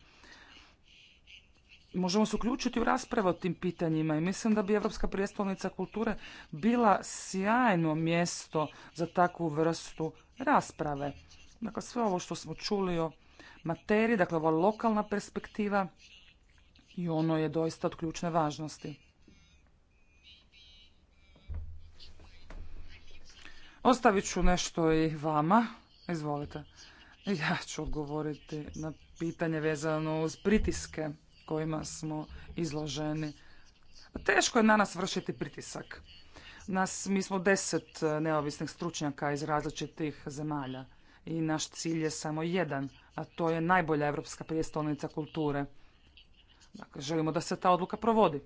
Možemo se uključiti u rasprave o tim pitanjima i mislim da bi Europska prijestolnica kulture bila sjajno mjesto za takvu vrstu rasprave. Dakle, sve ovo što smo čuli o materiji, dakle ova lokalna perspektiva i ono je doista od ključne važnosti. Ostavit ću nešto i vama. Izvolite. Ja ću odgovoriti na pitanje vezano uz pritiske kojima smo izloženi. Teško je na nas vršiti pritisak. Nas, mi smo deset neovisnih stručnjaka iz različitih zemalja i naš cilj je samo jedan – a to je najbolja evropska prijestolnica kulture. Dakle, želimo da se ta odluka provodi.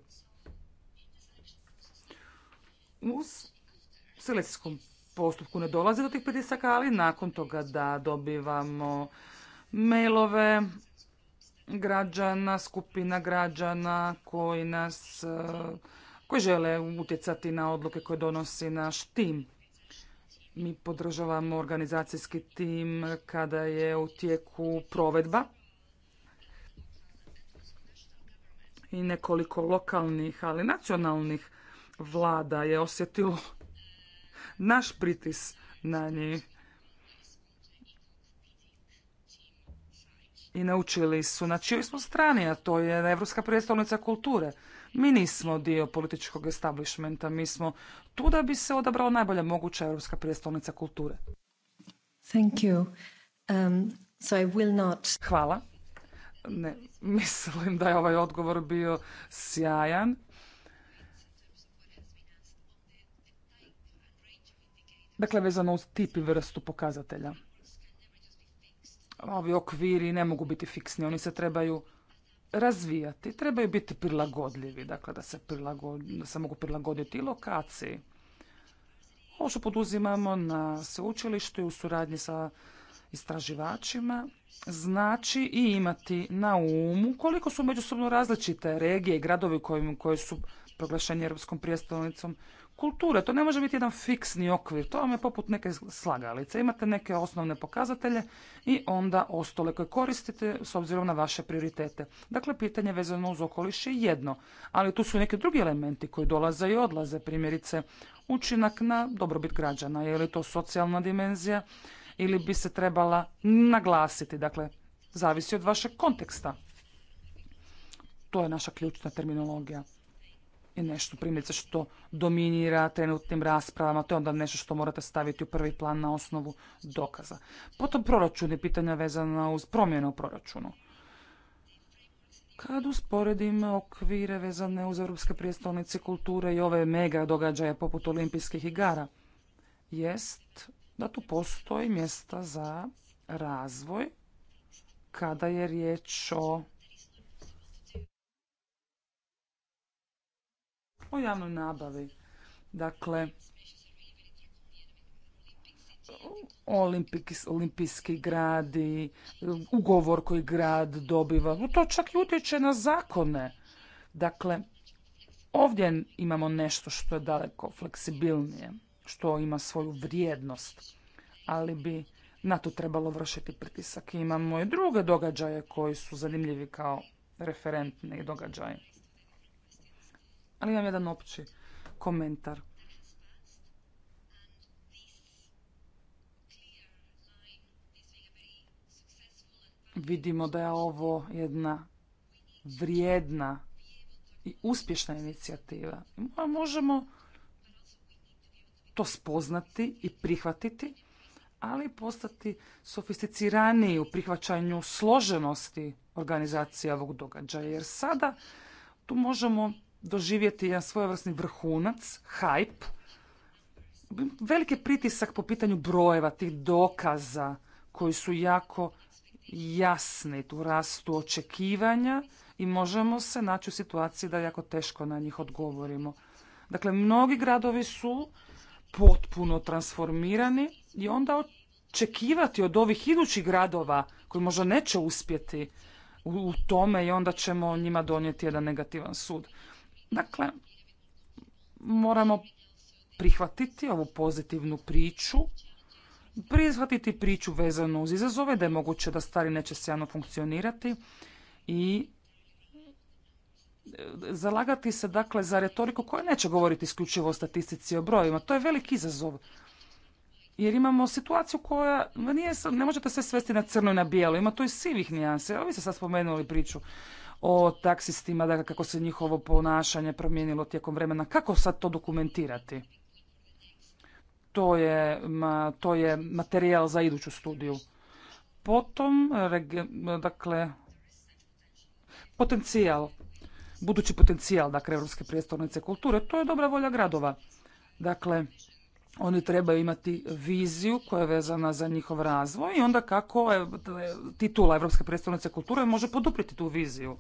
U selekcijskom postupku ne dolazi do tih pritisaka, ali nakon toga da dobivamo mailove građana, skupina građana koji nas eh, koji žele utjecati na odluke koje donosi naš tim. Mi podržavamo organizacijski tim kada je u tijeku provedba i nekoliko lokalnih, ali nacionalnih vlada je osjetilo naš pritis na njih. I naučili su na čijoj smo strani, a to je Evropska predstavnica kulture. Mi nismo dio političkog establishmenta, mi smo tu da bi se odabrala najbolja moguća europska prijestolnica kulture. Thank you. Um, so I will not... Hvala. mislim da je ovaj odgovor bio sjajan. Dakle, vezano uz tip i vrstu pokazatelja. Ovi okviri ne mogu biti fiksni, oni se trebaju razvijati. Trebaju biti prilagodljivi, dakle da se, se mogu prilagoditi i lokaciji. Ovo što poduzimamo na sveučilištu i u suradnji sa istraživačima znači i imati na umu koliko su međusobno različite regije i gradovi koje koji su proglašenje Europskom prijestolnicom kulture. To ne može biti jedan fiksni okvir, to vam je poput neke slagalice. Imate neke osnovne pokazatelje i onda ostale koje koristite s obzirom na vaše prioritete. Dakle, pitanje vezano uz okoliš je jedno, ali tu su neki drugi elementi koji dolaze i odlaze, primjerice učinak na dobrobit građana, je li to socijalna dimenzija ili bi se trebala naglasiti, dakle, zavisi od vašeg konteksta. To je naša ključna terminologija i nešto primjerice što dominira trenutnim raspravama, to je onda nešto što morate staviti u prvi plan na osnovu dokaza. Potom proračun je pitanja vezana uz promjene u proračunu. Kad usporedim okvire vezane uz Europske prijestolnice kulture i ove mega događaje poput olimpijskih igara, jest da tu postoji mjesta za razvoj kada je riječ o o javnoj nabavi. Dakle, olimpijski, olimpijski gradi, ugovor koji grad dobiva, to čak i utječe na zakone. Dakle, ovdje imamo nešto što je daleko fleksibilnije, što ima svoju vrijednost, ali bi na to trebalo vršiti pritisak. Imamo i druge događaje koji su zanimljivi kao referentni događaji. Ali imam jedan opći komentar. Vidimo da je ovo jedna vrijedna i uspješna inicijativa. Možemo to spoznati i prihvatiti, ali postati sofisticiraniji u prihvaćanju složenosti organizacije ovog događaja. Jer sada tu možemo doživjeti jedan svojevrsni vrhunac, hype, veliki pritisak po pitanju brojeva tih dokaza koji su jako jasni, tu rastu očekivanja i možemo se naći u situaciji da jako teško na njih odgovorimo. Dakle, mnogi gradovi su potpuno transformirani i onda očekivati od ovih idućih gradova koji možda neće uspjeti u tome i onda ćemo njima donijeti jedan negativan sud. Dakle, moramo prihvatiti ovu pozitivnu priču, prihvatiti priču vezanu uz izazove, da je moguće da stvari neće sjajno funkcionirati i e, zalagati se dakle za retoriku koja neće govoriti isključivo o statistici i o brojevima. To je veliki izazov. Jer imamo situaciju koja nije, ne možete se svesti na crno i na bijelo. Ima tu i sivih nijanse. Ovi ste sad spomenuli priču o taksistima, da dakle, kako se njihovo ponašanje promijenilo tijekom vremena. Kako sad to dokumentirati? To je, to je materijal za iduću studiju. Potom, dakle, potencijal, budući potencijal, dakle, Europske prijestolnice kulture, to je dobra volja gradova. Dakle, oni trebaju imati viziju koja je vezana za njihov razvoj i onda kako je titula Evropske predstavnice kulture može poduprijeti tu viziju.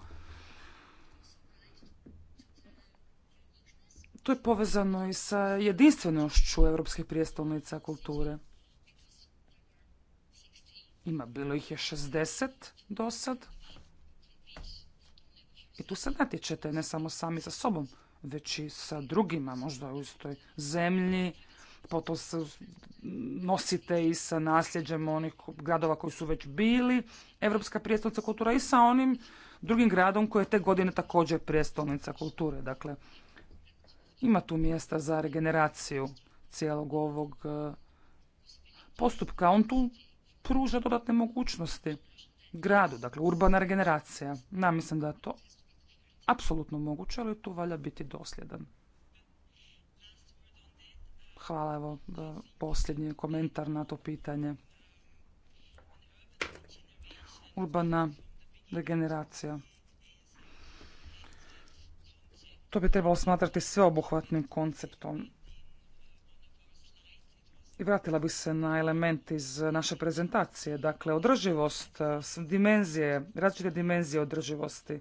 To je povezano i sa jedinstvenošću Evropskih prijestolnica kulture. Ima, bilo ih je 60 do sad. I tu se natječete ne samo sami sa sobom, već i sa drugima, možda u istoj zemlji, potom nosite i sa nasljeđem onih gradova koji su već bili Evropska prijestolnica kultura i sa onim drugim gradom koji je te godine također prijestolnica kulture. Dakle, ima tu mjesta za regeneraciju cijelog ovog e, postupka. On tu pruža dodatne mogućnosti gradu, dakle urbana regeneracija. Ja mislim da je to apsolutno moguće, ali tu valja biti dosljedan. Hvala, evo, e, posljednji komentar na to pitanje. Urbana degeneracija. To bi trebalo smatrati sveobuhvatnim konceptom. I vratila bi se na element iz naše prezentacije. Dakle, održivost, e, dimenzije, različite dimenzije održivosti.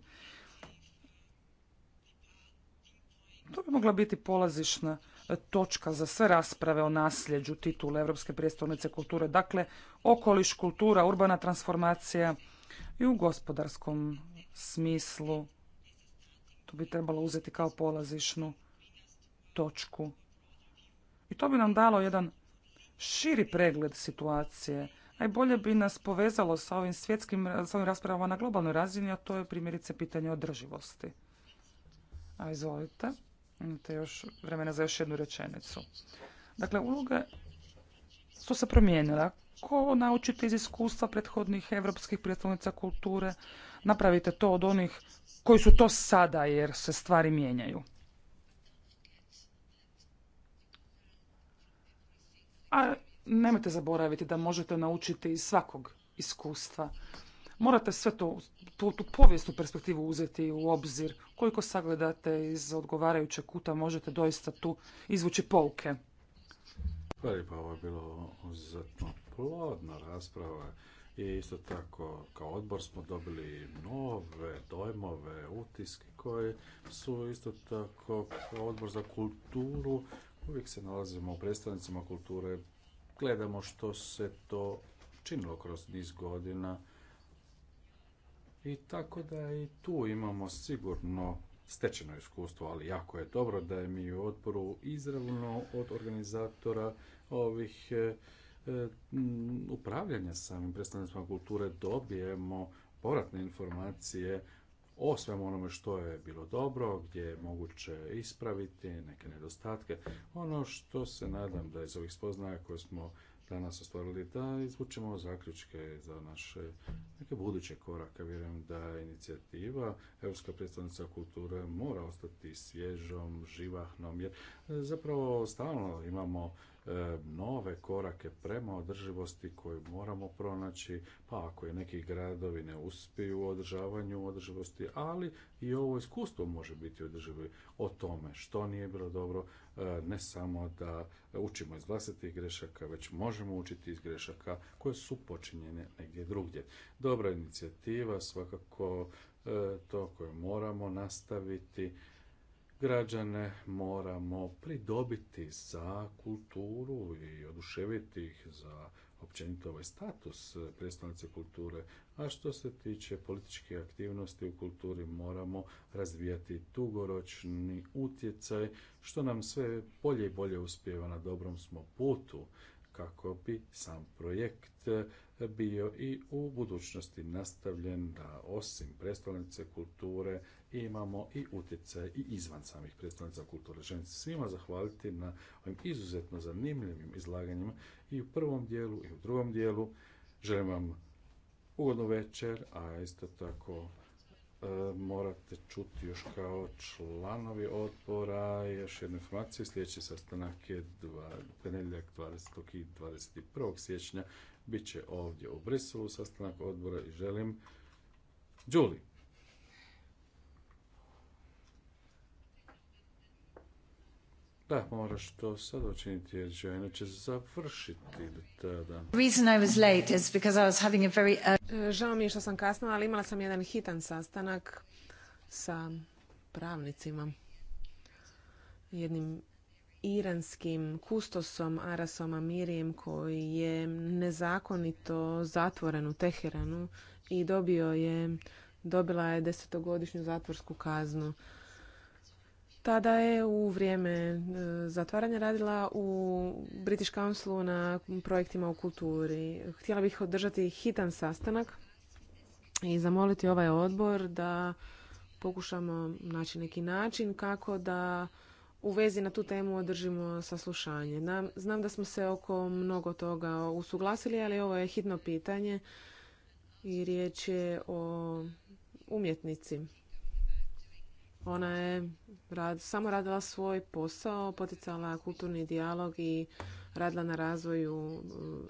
To bi mogla biti polazišna točka za sve rasprave o nasljeđu titule Europske prijestolnice kulture. Dakle, okoliš, kultura, urbana transformacija i u gospodarskom smislu. To bi trebalo uzeti kao polazišnu točku. I to bi nam dalo jedan širi pregled situacije. Najbolje bi nas povezalo sa ovim svjetskim sa ovim raspravama na globalnoj razini, a to je primjerice pitanje održivosti. A izvolite. Imate još vremena za još jednu rečenicu. Dakle, uloge su se promijenile. Ako naučite iz iskustva prethodnih evropskih predstavnica kulture, napravite to od onih koji su to sada jer se stvari mijenjaju. A nemojte zaboraviti da možete naučiti iz svakog iskustva. Morate sve to, tu, tu povijesnu perspektivu uzeti u obzir. Koliko sagledate iz odgovarajućeg kuta, možete doista tu izvući pouke. Hvala lijepa, ovo je bilo izuzetno plodna rasprava i isto tako kao odbor smo dobili nove dojmove, utiske koje su isto tako kao odbor za kulturu. Uvijek se nalazimo u predstavnicima kulture, gledamo što se to činilo kroz niz godina i tako da i tu imamo sigurno stečeno iskustvo, ali jako je dobro da je mi u odboru izravno od organizatora ovih e, e, upravljanja samim predstavnicima kulture dobijemo povratne informacije o svemu onome što je bilo dobro, gdje je moguće ispraviti neke nedostatke. Ono što se nadam da iz ovih spoznaja koje smo danas ostvarili da izvučemo zaključke za naše neke buduće korake. Vjerujem da inicijativa Europska predstavnica kulture mora ostati svježom, živahnom, jer zapravo stalno imamo E, nove korake prema održivosti koje moramo pronaći, pa ako je neki gradovi ne uspiju u održavanju održivosti, ali i ovo iskustvo može biti održivo o tome što nije bilo dobro, e, ne samo da učimo iz vlastitih grešaka, već možemo učiti iz grešaka koje su počinjene negdje drugdje. Dobra inicijativa, svakako e, to koje moramo nastaviti građane moramo pridobiti za kulturu i oduševiti ih za općenito ovaj status predstavnice kulture, a što se tiče političke aktivnosti u kulturi moramo razvijati dugoročni utjecaj, što nam sve bolje i bolje uspijeva na dobrom smo putu kako bi sam projekt bio i u budućnosti nastavljen da osim predstavnice kulture imamo i utjecaj i izvan samih predstavnica kulture. Želim se svima zahvaliti na ovim izuzetno zanimljivim izlaganjima i u prvom dijelu i u drugom dijelu. Želim vam ugodnu večer, a isto tako e, morate čuti još kao članovi odbora još jednu informaciju. Sljedeći sastanak je dva, 20. i 21. siječnja bit će ovdje u Briselu sastanak odbora i želim Đuli. Da, moraš to sad učiniti jer ću inače završiti do tada. I was late because e, Žao mi je što sam kasnila, ali imala sam jedan hitan sastanak sa pravnicima. Jednim iranskim kustosom Arasom Amirijem koji je nezakonito zatvoren u Teheranu i dobio je, dobila je desetogodišnju zatvorsku kaznu. Tada je u vrijeme e, zatvaranja radila u British Councilu na projektima u kulturi. Htjela bih održati hitan sastanak i zamoliti ovaj odbor da pokušamo naći neki način kako da u vezi na tu temu održimo saslušanje. Znam da smo se oko mnogo toga usuglasili, ali ovo je hitno pitanje i riječ je o umjetnici. Ona je rad, samo radila svoj posao, poticala kulturni dijalog i radila na razvoju uh,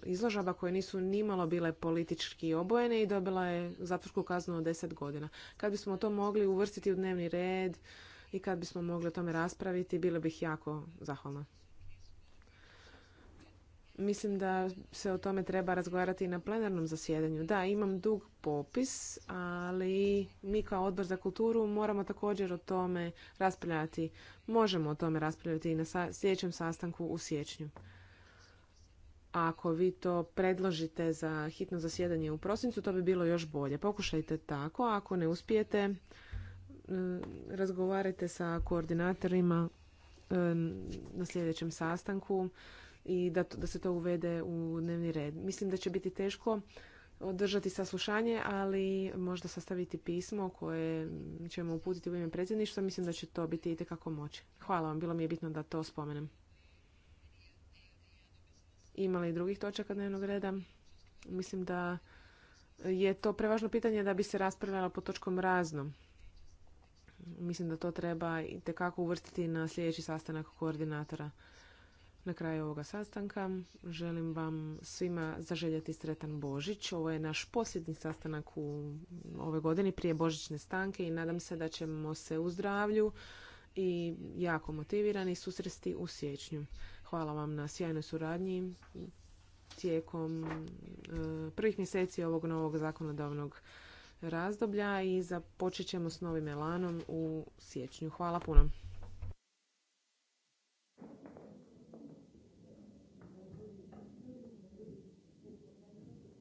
izložaba koje nisu nimalo bile politički obojene i dobila je zatvorsku kaznu od 10 godina. Kad bismo to mogli uvrstiti u dnevni red, i kad bismo mogli o tome raspraviti, bilo bih jako zahvalna. Mislim da se o tome treba razgovarati i na plenarnom zasjedanju. Da, imam dug popis, ali mi kao odbor za kulturu moramo također o tome raspravljati. Možemo o tome raspravljati i na sljedećem sastanku u siječnju. Ako vi to predložite za hitno zasjedanje u prosincu, to bi bilo još bolje. Pokušajte tako, ako ne uspijete, E, razgovarajte sa koordinatorima e, na sljedećem sastanku i da, da se to uvede u dnevni red. Mislim da će biti teško održati saslušanje, ali možda sastaviti pismo koje ćemo uputiti u ime predsjedništva. Mislim da će to biti itekako moći. Hvala vam, bilo mi je bitno da to spomenem. Ima li drugih točaka dnevnog reda? Mislim da je to prevažno pitanje da bi se raspravljalo po točkom raznom. Mislim da to treba i tekako uvrstiti na sljedeći sastanak koordinatora. Na kraju ovoga sastanka želim vam svima zaželjeti sretan Božić. Ovo je naš posljednji sastanak u ove godini prije Božićne stanke i nadam se da ćemo se u zdravlju i jako motivirani susresti u siječnju. Hvala vam na sjajnoj suradnji tijekom e, prvih mjeseci ovog novog zakonodavnog razdoblja i započet ćemo s novim elanom u siječnju. Hvala puno.